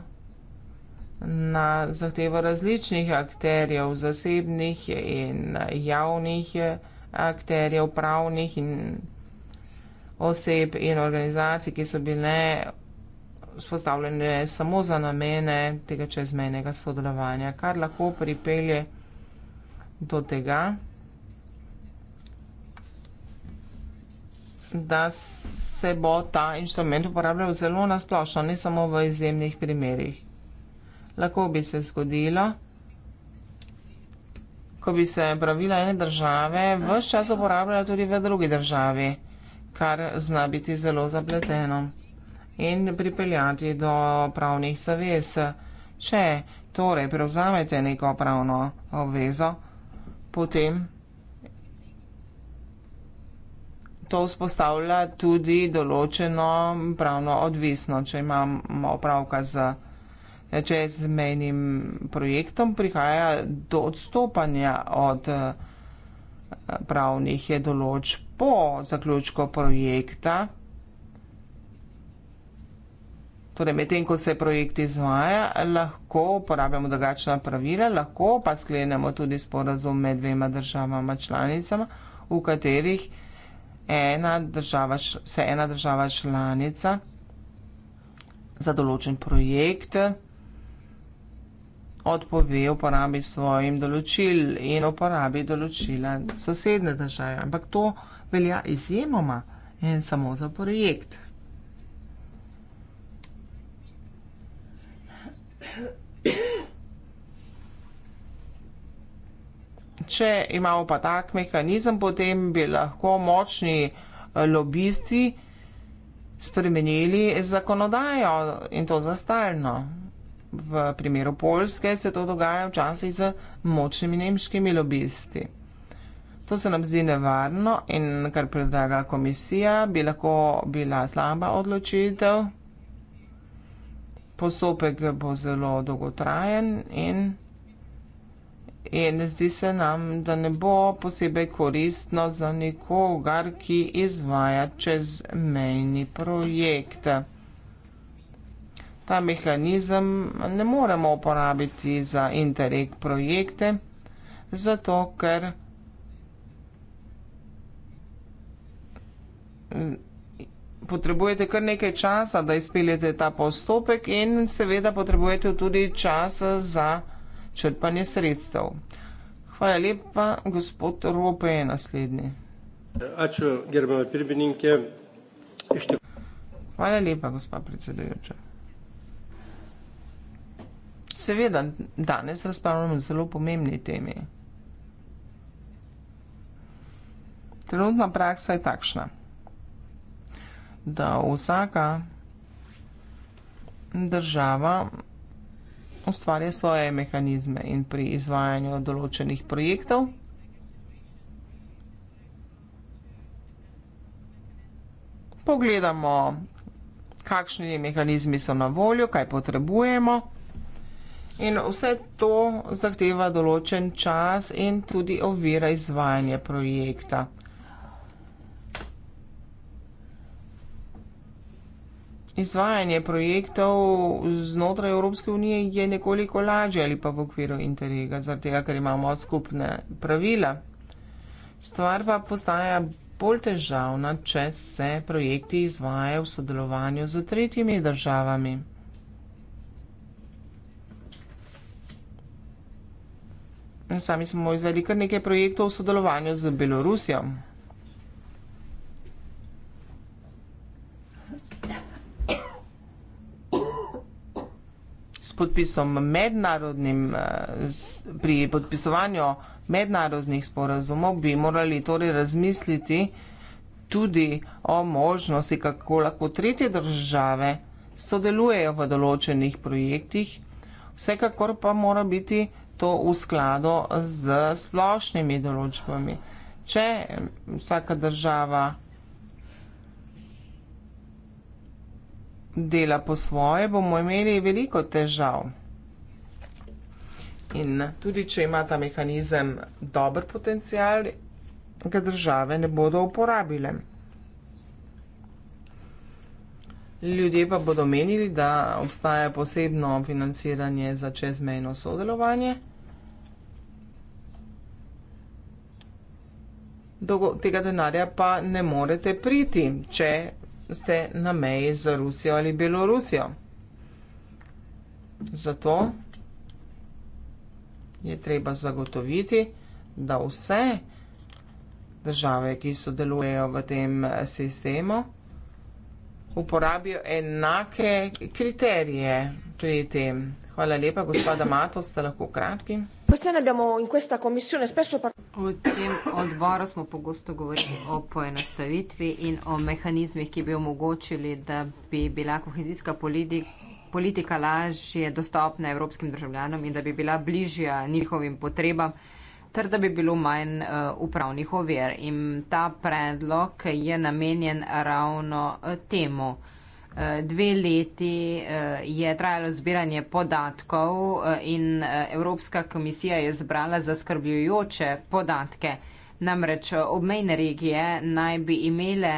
Speaker 2: na zahtevo različnih akterjev, zasebnih in javnih akterjev, pravnih in oseb in organizacij, ki so bile vzpostavljene samo za namene tega čezmejnega sodelovanja, kar lahko pripelje do tega, da se bo ta inštrument uporabljal zelo nasplošno, ne samo v izjemnih primerih. Lahko bi se zgodilo, ko bi se pravila ene države vse čas uporabljala tudi v drugi državi, kar zna biti zelo zapleteno in pripeljati do pravnih zavez. Če torej prevzamete neko pravno obvezo, potem to vzpostavlja tudi določeno pravno odvisno. Če imam opravka z čezmejnim projektom, prihaja do odstopanja od eh, pravnih določb po zaključku projekta, Torej, medtem ko se projekt izvaja, lahko uporabljamo drugačna pravila, lahko pa sklenemo tudi sporazum med dvema državama članicama, v katerih ena država, se ena država članica za določen projekt odpove uporabi svojim določil in uporabi določila sosedne države. Ampak to velja izjemoma in samo za projekt. Če imamo pa tak mehanizem, potem bi lahko močni eh, lobisti spremenili zakonodajo in to za stalno. V primeru Poljske se to dogaja včasih z močnimi nemškimi lobisti. To se nam zdi nevarno in kar predlaga komisija, bi lahko bila slaba odločitev postopek bo zelo dolgotrajen in, in zdi se nam, da ne bo posebej koristno za nikogar, ki izvaja čezmejni projekt. Ta mehanizem ne moremo uporabiti za interreg projekte, zato ker potrebujete kar nekaj časa, da izpeljete ta postopek in seveda potrebujete tudi čas za črpanje sredstev. Hvala lepa, gospod Rope je naslednji. Hvala lepa, gospa predsedujoča. Seveda, danes razpravljamo o zelo pomembni temi. Trenutna praksa je takšna da vsaka država ustvarja svoje mehanizme in pri izvajanju določenih projektov pogledamo, kakšni mehanizmi so na voljo, kaj potrebujemo in vse to zahteva določen čas in tudi ovira izvajanje projekta. Izvajanje projektov znotraj Evropske unije je nekoliko lažje ali pa v okviru interega, zaradi tega, ker imamo skupne pravila. Stvar pa postaja bolj težavna, če se projekti izvajajo v sodelovanju z tretjimi državami. Sami smo izvedli kar nekaj projektov v sodelovanju z Belorusijo. podpisom mednarodnim, eh, pri podpisovanju mednarodnih sporazumov bi morali torej razmisliti tudi o možnosti, kako lahko tretje države sodelujejo v določenih projektih, vsekakor pa mora biti to v skladu z splošnimi določbami. Če vsaka država dela po svoje, bomo imeli veliko težav. In tudi, če ima ta mehanizem dober potencial, ga države ne bodo uporabile. Ljudje pa bodo menili, da obstaja posebno financiranje za čezmejno sodelovanje. Dogo, tega denarja pa ne morete priti, če ste na meji z Rusijo ali Belorusijo. Zato je treba zagotoviti, da vse države, ki sodelujejo v tem sistemu, uporabijo enake kriterije pri tem. Hvala lepa, gospoda Mato, ste lahko
Speaker 3: kratki.
Speaker 4: Postena bomo in questa komisija spesso par... V tem
Speaker 3: odboru smo pogosto govorili o poenostavitvi in o mehanizmih, ki bi omogočili, da bi bila kohezijska politika politika lažje dostopna evropskim državljanom in da bi bila bližja njihovim potrebam, ter da bi bilo manj uh, upravnih ovir. In ta predlog je namenjen ravno uh, temu. Uh, dve leti eh, je trajalo zbiranje podatkov eh, in eh, Evropska komisija je zbrala zaskrbljujoče podatke. Namreč obmejne regije naj bi imele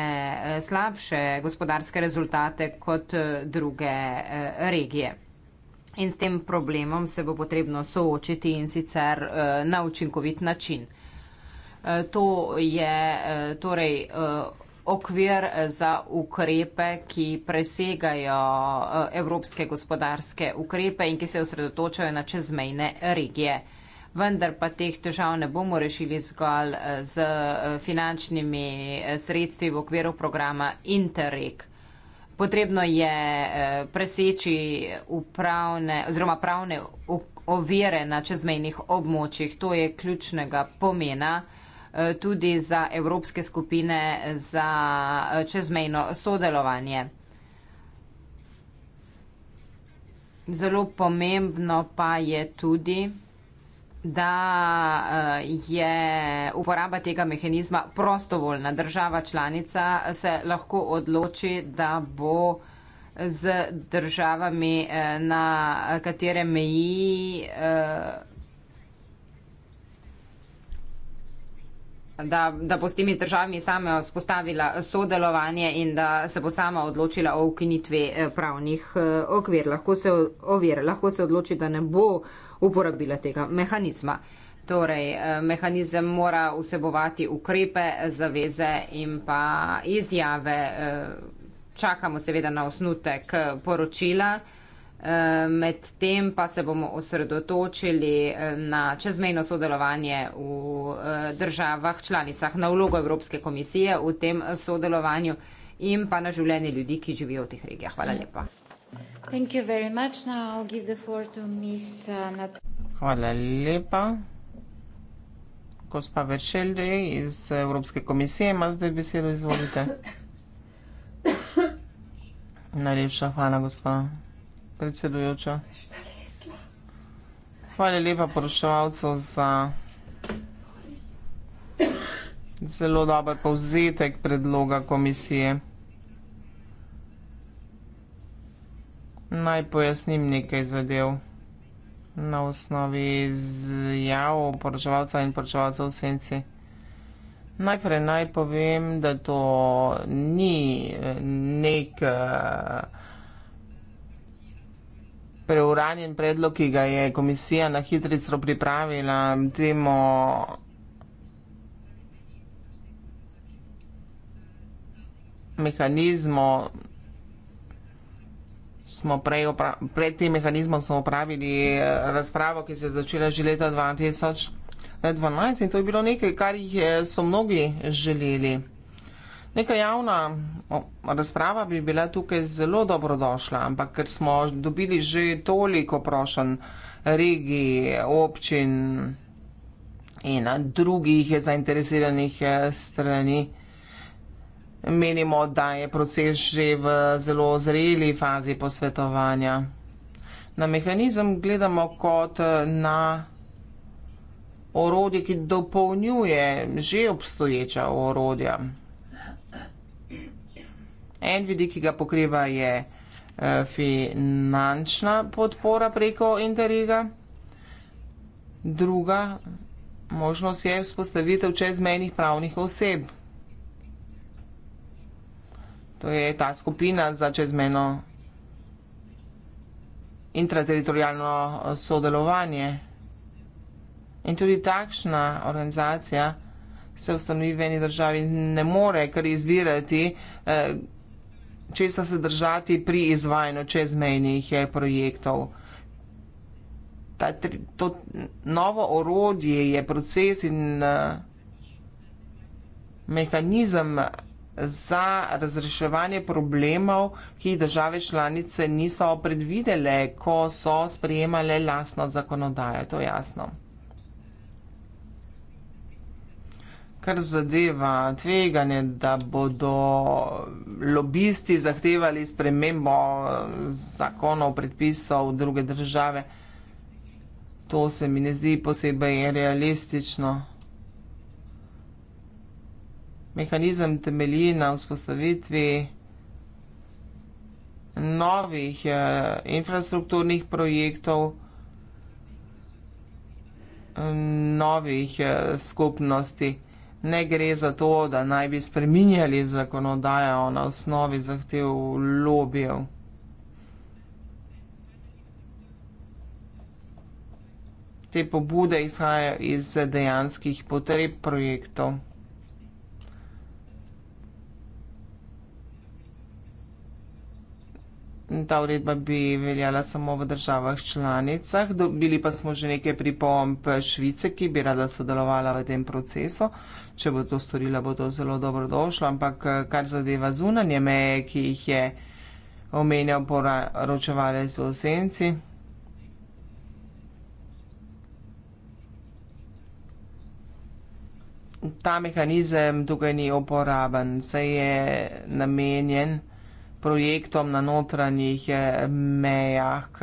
Speaker 3: slabše gospodarske rezultate kot druge regije. In s tem problemom se bo potrebno soočiti in sicer na učinkovit način. To je torej okvir eh, za ukrepe, ki presegajo eh, evropske gospodarske ukrepe in ki se osredotočajo na čezmejne regije. Vendar pa teh težav ne bomo rešili zgolj eh, z finančnimi sredstvi v okviru programa Interreg. Potrebno je preseči upravne, oziroma pravne ovire na čezmejnih območjih. To je ključnega pomena. Eh, tudi za evropske skupine za eh, čezmejno sodelovanje. Zelo pomembno pa je tudi, da eh, je uporaba tega mehanizma prostovoljna. Država članica se lahko odloči, da bo z državami, na katere meji da, da bo s temi državami sama vzpostavila sodelovanje in da se bo sama odločila o ukinitvi eh, pravnih eh, okvir. Lahko se, ovir, lahko se odloči, da ne bo uporabila tega mehanizma. Torej, eh, mehanizem mora vsebovati ukrepe, zaveze in pa izjave. Čakamo seveda na osnutek poročila. Eh, medtem pa se bomo osredotočili eh, na čezmejno sodelovanje v eh, državah članicah, na vlogo Evropske komisije v tem sodelovanju in pa na življenje ljudi, ki živijo v teh regijah. Hvala lepa.
Speaker 1: Uh,
Speaker 2: hvala lepa. Gospa Veršeldi iz Evropske komisije ima zdaj besedo, izvolite. (coughs) Najlepša hvala, gospa predsedujoča. Hvala lepa poročevalcu za zelo dober povzetek predloga komisije. Naj pojasnim nekaj zadev. Na osnovi izjav poročevalca in poročevalca v senci. Najprej naj povem, da to ni nek uh, preuranjen predlog, ki ga je komisija na hitrico pripravila temu mehanizmu, Smo prej opra pred tem mehanizmom smo opravili eh, razpravo, ki se je začela že leta 2012 in to je bilo nekaj, kar jih eh, so mnogi želeli. Neka javna razprava bi bila tukaj zelo dobrodošla, ampak ker smo dobili že toliko prošen regij, občin in drugih zainteresiranih eh, strani, menimo, da je proces že v zelo zreli fazi posvetovanja. Na mehanizem gledamo kot na orodje, ki dopolnjuje že obstoječa orodja. En vidik, ki ga pokriva, je eh, finančna podpora preko Interiga. Druga možnost je vzpostavitev čezmenih pravnih oseb. To je ta skupina za čezmeno intrateritorijalno eh, sodelovanje. In tudi takšna organizacija se ustanovi v eni državi in ne more kar izbirati, eh, česa se držati pri izvajanju čezmejnih eh, projektov. Ta, to novo orodje je proces in eh, mehanizem za razreševanje problemov, ki jih države članice niso predvidele, ko so sprejemale lastno zakonodajo. To je jasno. kar zadeva tveganje, da bodo lobisti zahtevali spremembo zakonov, predpisov druge države. To se mi ne zdi posebej realistično. Mehanizem temelji na vzpostavitvi novih eh, infrastrukturnih projektov, eh, novih eh, skupnosti ne gre za to, da naj bi spreminjali zakonodajo na osnovi zahtev lobijev. Te pobude izhajajo iz dejanskih potreb projektov. ta uredba bi veljala samo v državah članicah. Dobili pa smo že nekaj pripomp Švice, ki bi rada sodelovala v tem procesu. Če bo to storila, bo to zelo dobro došlo, ampak kar zadeva zunanje meje, ki jih je omenjal poročevalec v senci. Ta mehanizem tukaj ni uporaben, saj je namenjen projektom na notranjih eh, mejah.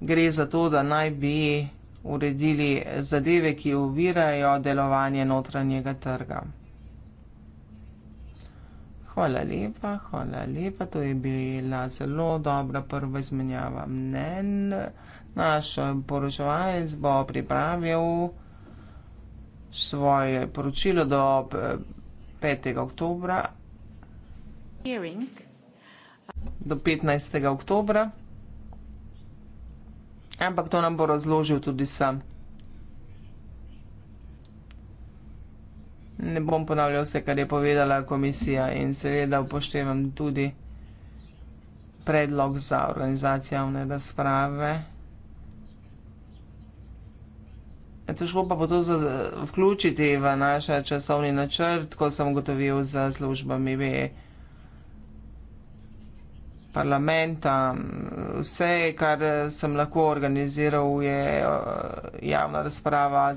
Speaker 2: Gre za to, da naj bi uredili zadeve, ki ovirajo delovanje notranjega trga. Hvala lepa, hvala lepa, to je bila zelo dobra prva izmenjava mnen. Naš poročevalec bo pripravil svoje poročilo do 5. Eh, oktobra do 15. oktobra, ampak to nam bo razložil tudi sam. Ne bom ponavljal vse, kar je povedala komisija in seveda upoštevam tudi predlog za organizacijo javne razprave. Težko pa bo to vključiti v naš časovni načrt, ko sem ugotovil za službami VE parlamenta. Vse, kar sem lahko organiziral, je eh, javna razprava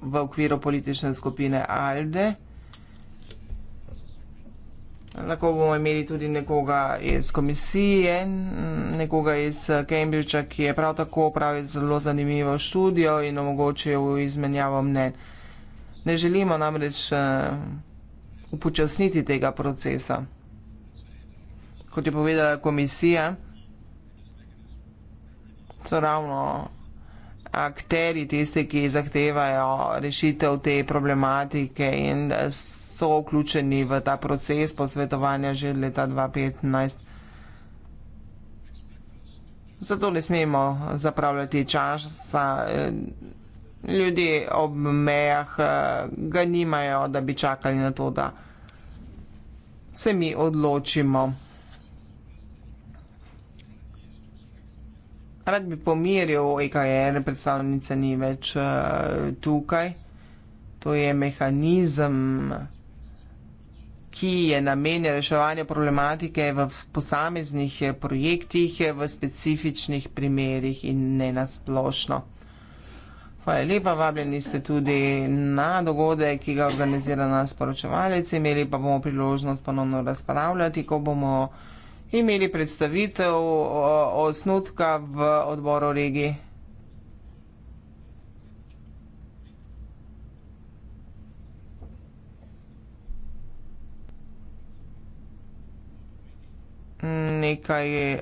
Speaker 2: v okviru politične skupine ALDE. Lahko bomo imeli tudi nekoga iz komisije, nekoga iz Cambridgea, ki je prav tako opravil zelo zanimivo študijo in omogočil izmenjavo mnen. Ne želimo namreč eh, upočasniti tega procesa kot je povedala komisija, so ravno akteri tisti, ki zahtevajo rešitev te problematike in so vključeni v ta proces posvetovanja že leta 2015. Zato ne smemo zapravljati časa. Ljudje ob mejah eh, ga nimajo, da bi čakali na to, da se mi odločimo. rad bi pomiril EKR, predstavnica ni več uh, tukaj. To je mehanizem, ki je namenjen reševanju problematike v posameznih eh, projektih, eh, v specifičnih primerjih in ne nasplošno. Hvala lepa, vabljeni ste tudi na dogode, ki ga organizira nas poročevalec. Imeli pa bomo priložnost ponovno razpravljati, ko bomo imeli predstavitev osnutka v odboru regiji. nekaj eh,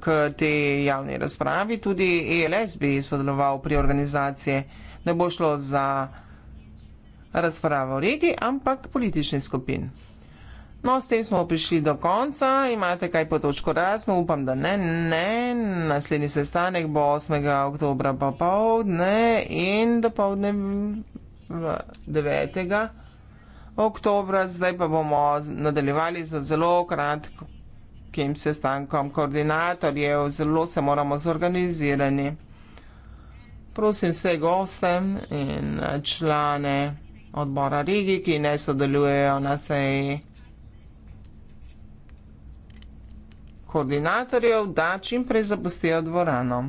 Speaker 2: k te javni razpravi. Tudi ELS bi sodeloval pri organizaciji. Ne bo šlo za razpravo regij, ampak političnih skupin. No, s tem smo prišli do konca. Imate kaj po točko razno? Upam, da ne. ne. Naslednji sestanek bo 8. oktobra pa povdne in do povdne 9. oktobra. Zdaj pa bomo nadaljevali za zelo kratkim sestankom koordinatorjev. Zelo se moramo zorganizirati. Prosim vse goste in člane odbora Rigi, ki ne sodelujejo na seji. koordinatorjev, da čim prej zapustijo dvorano.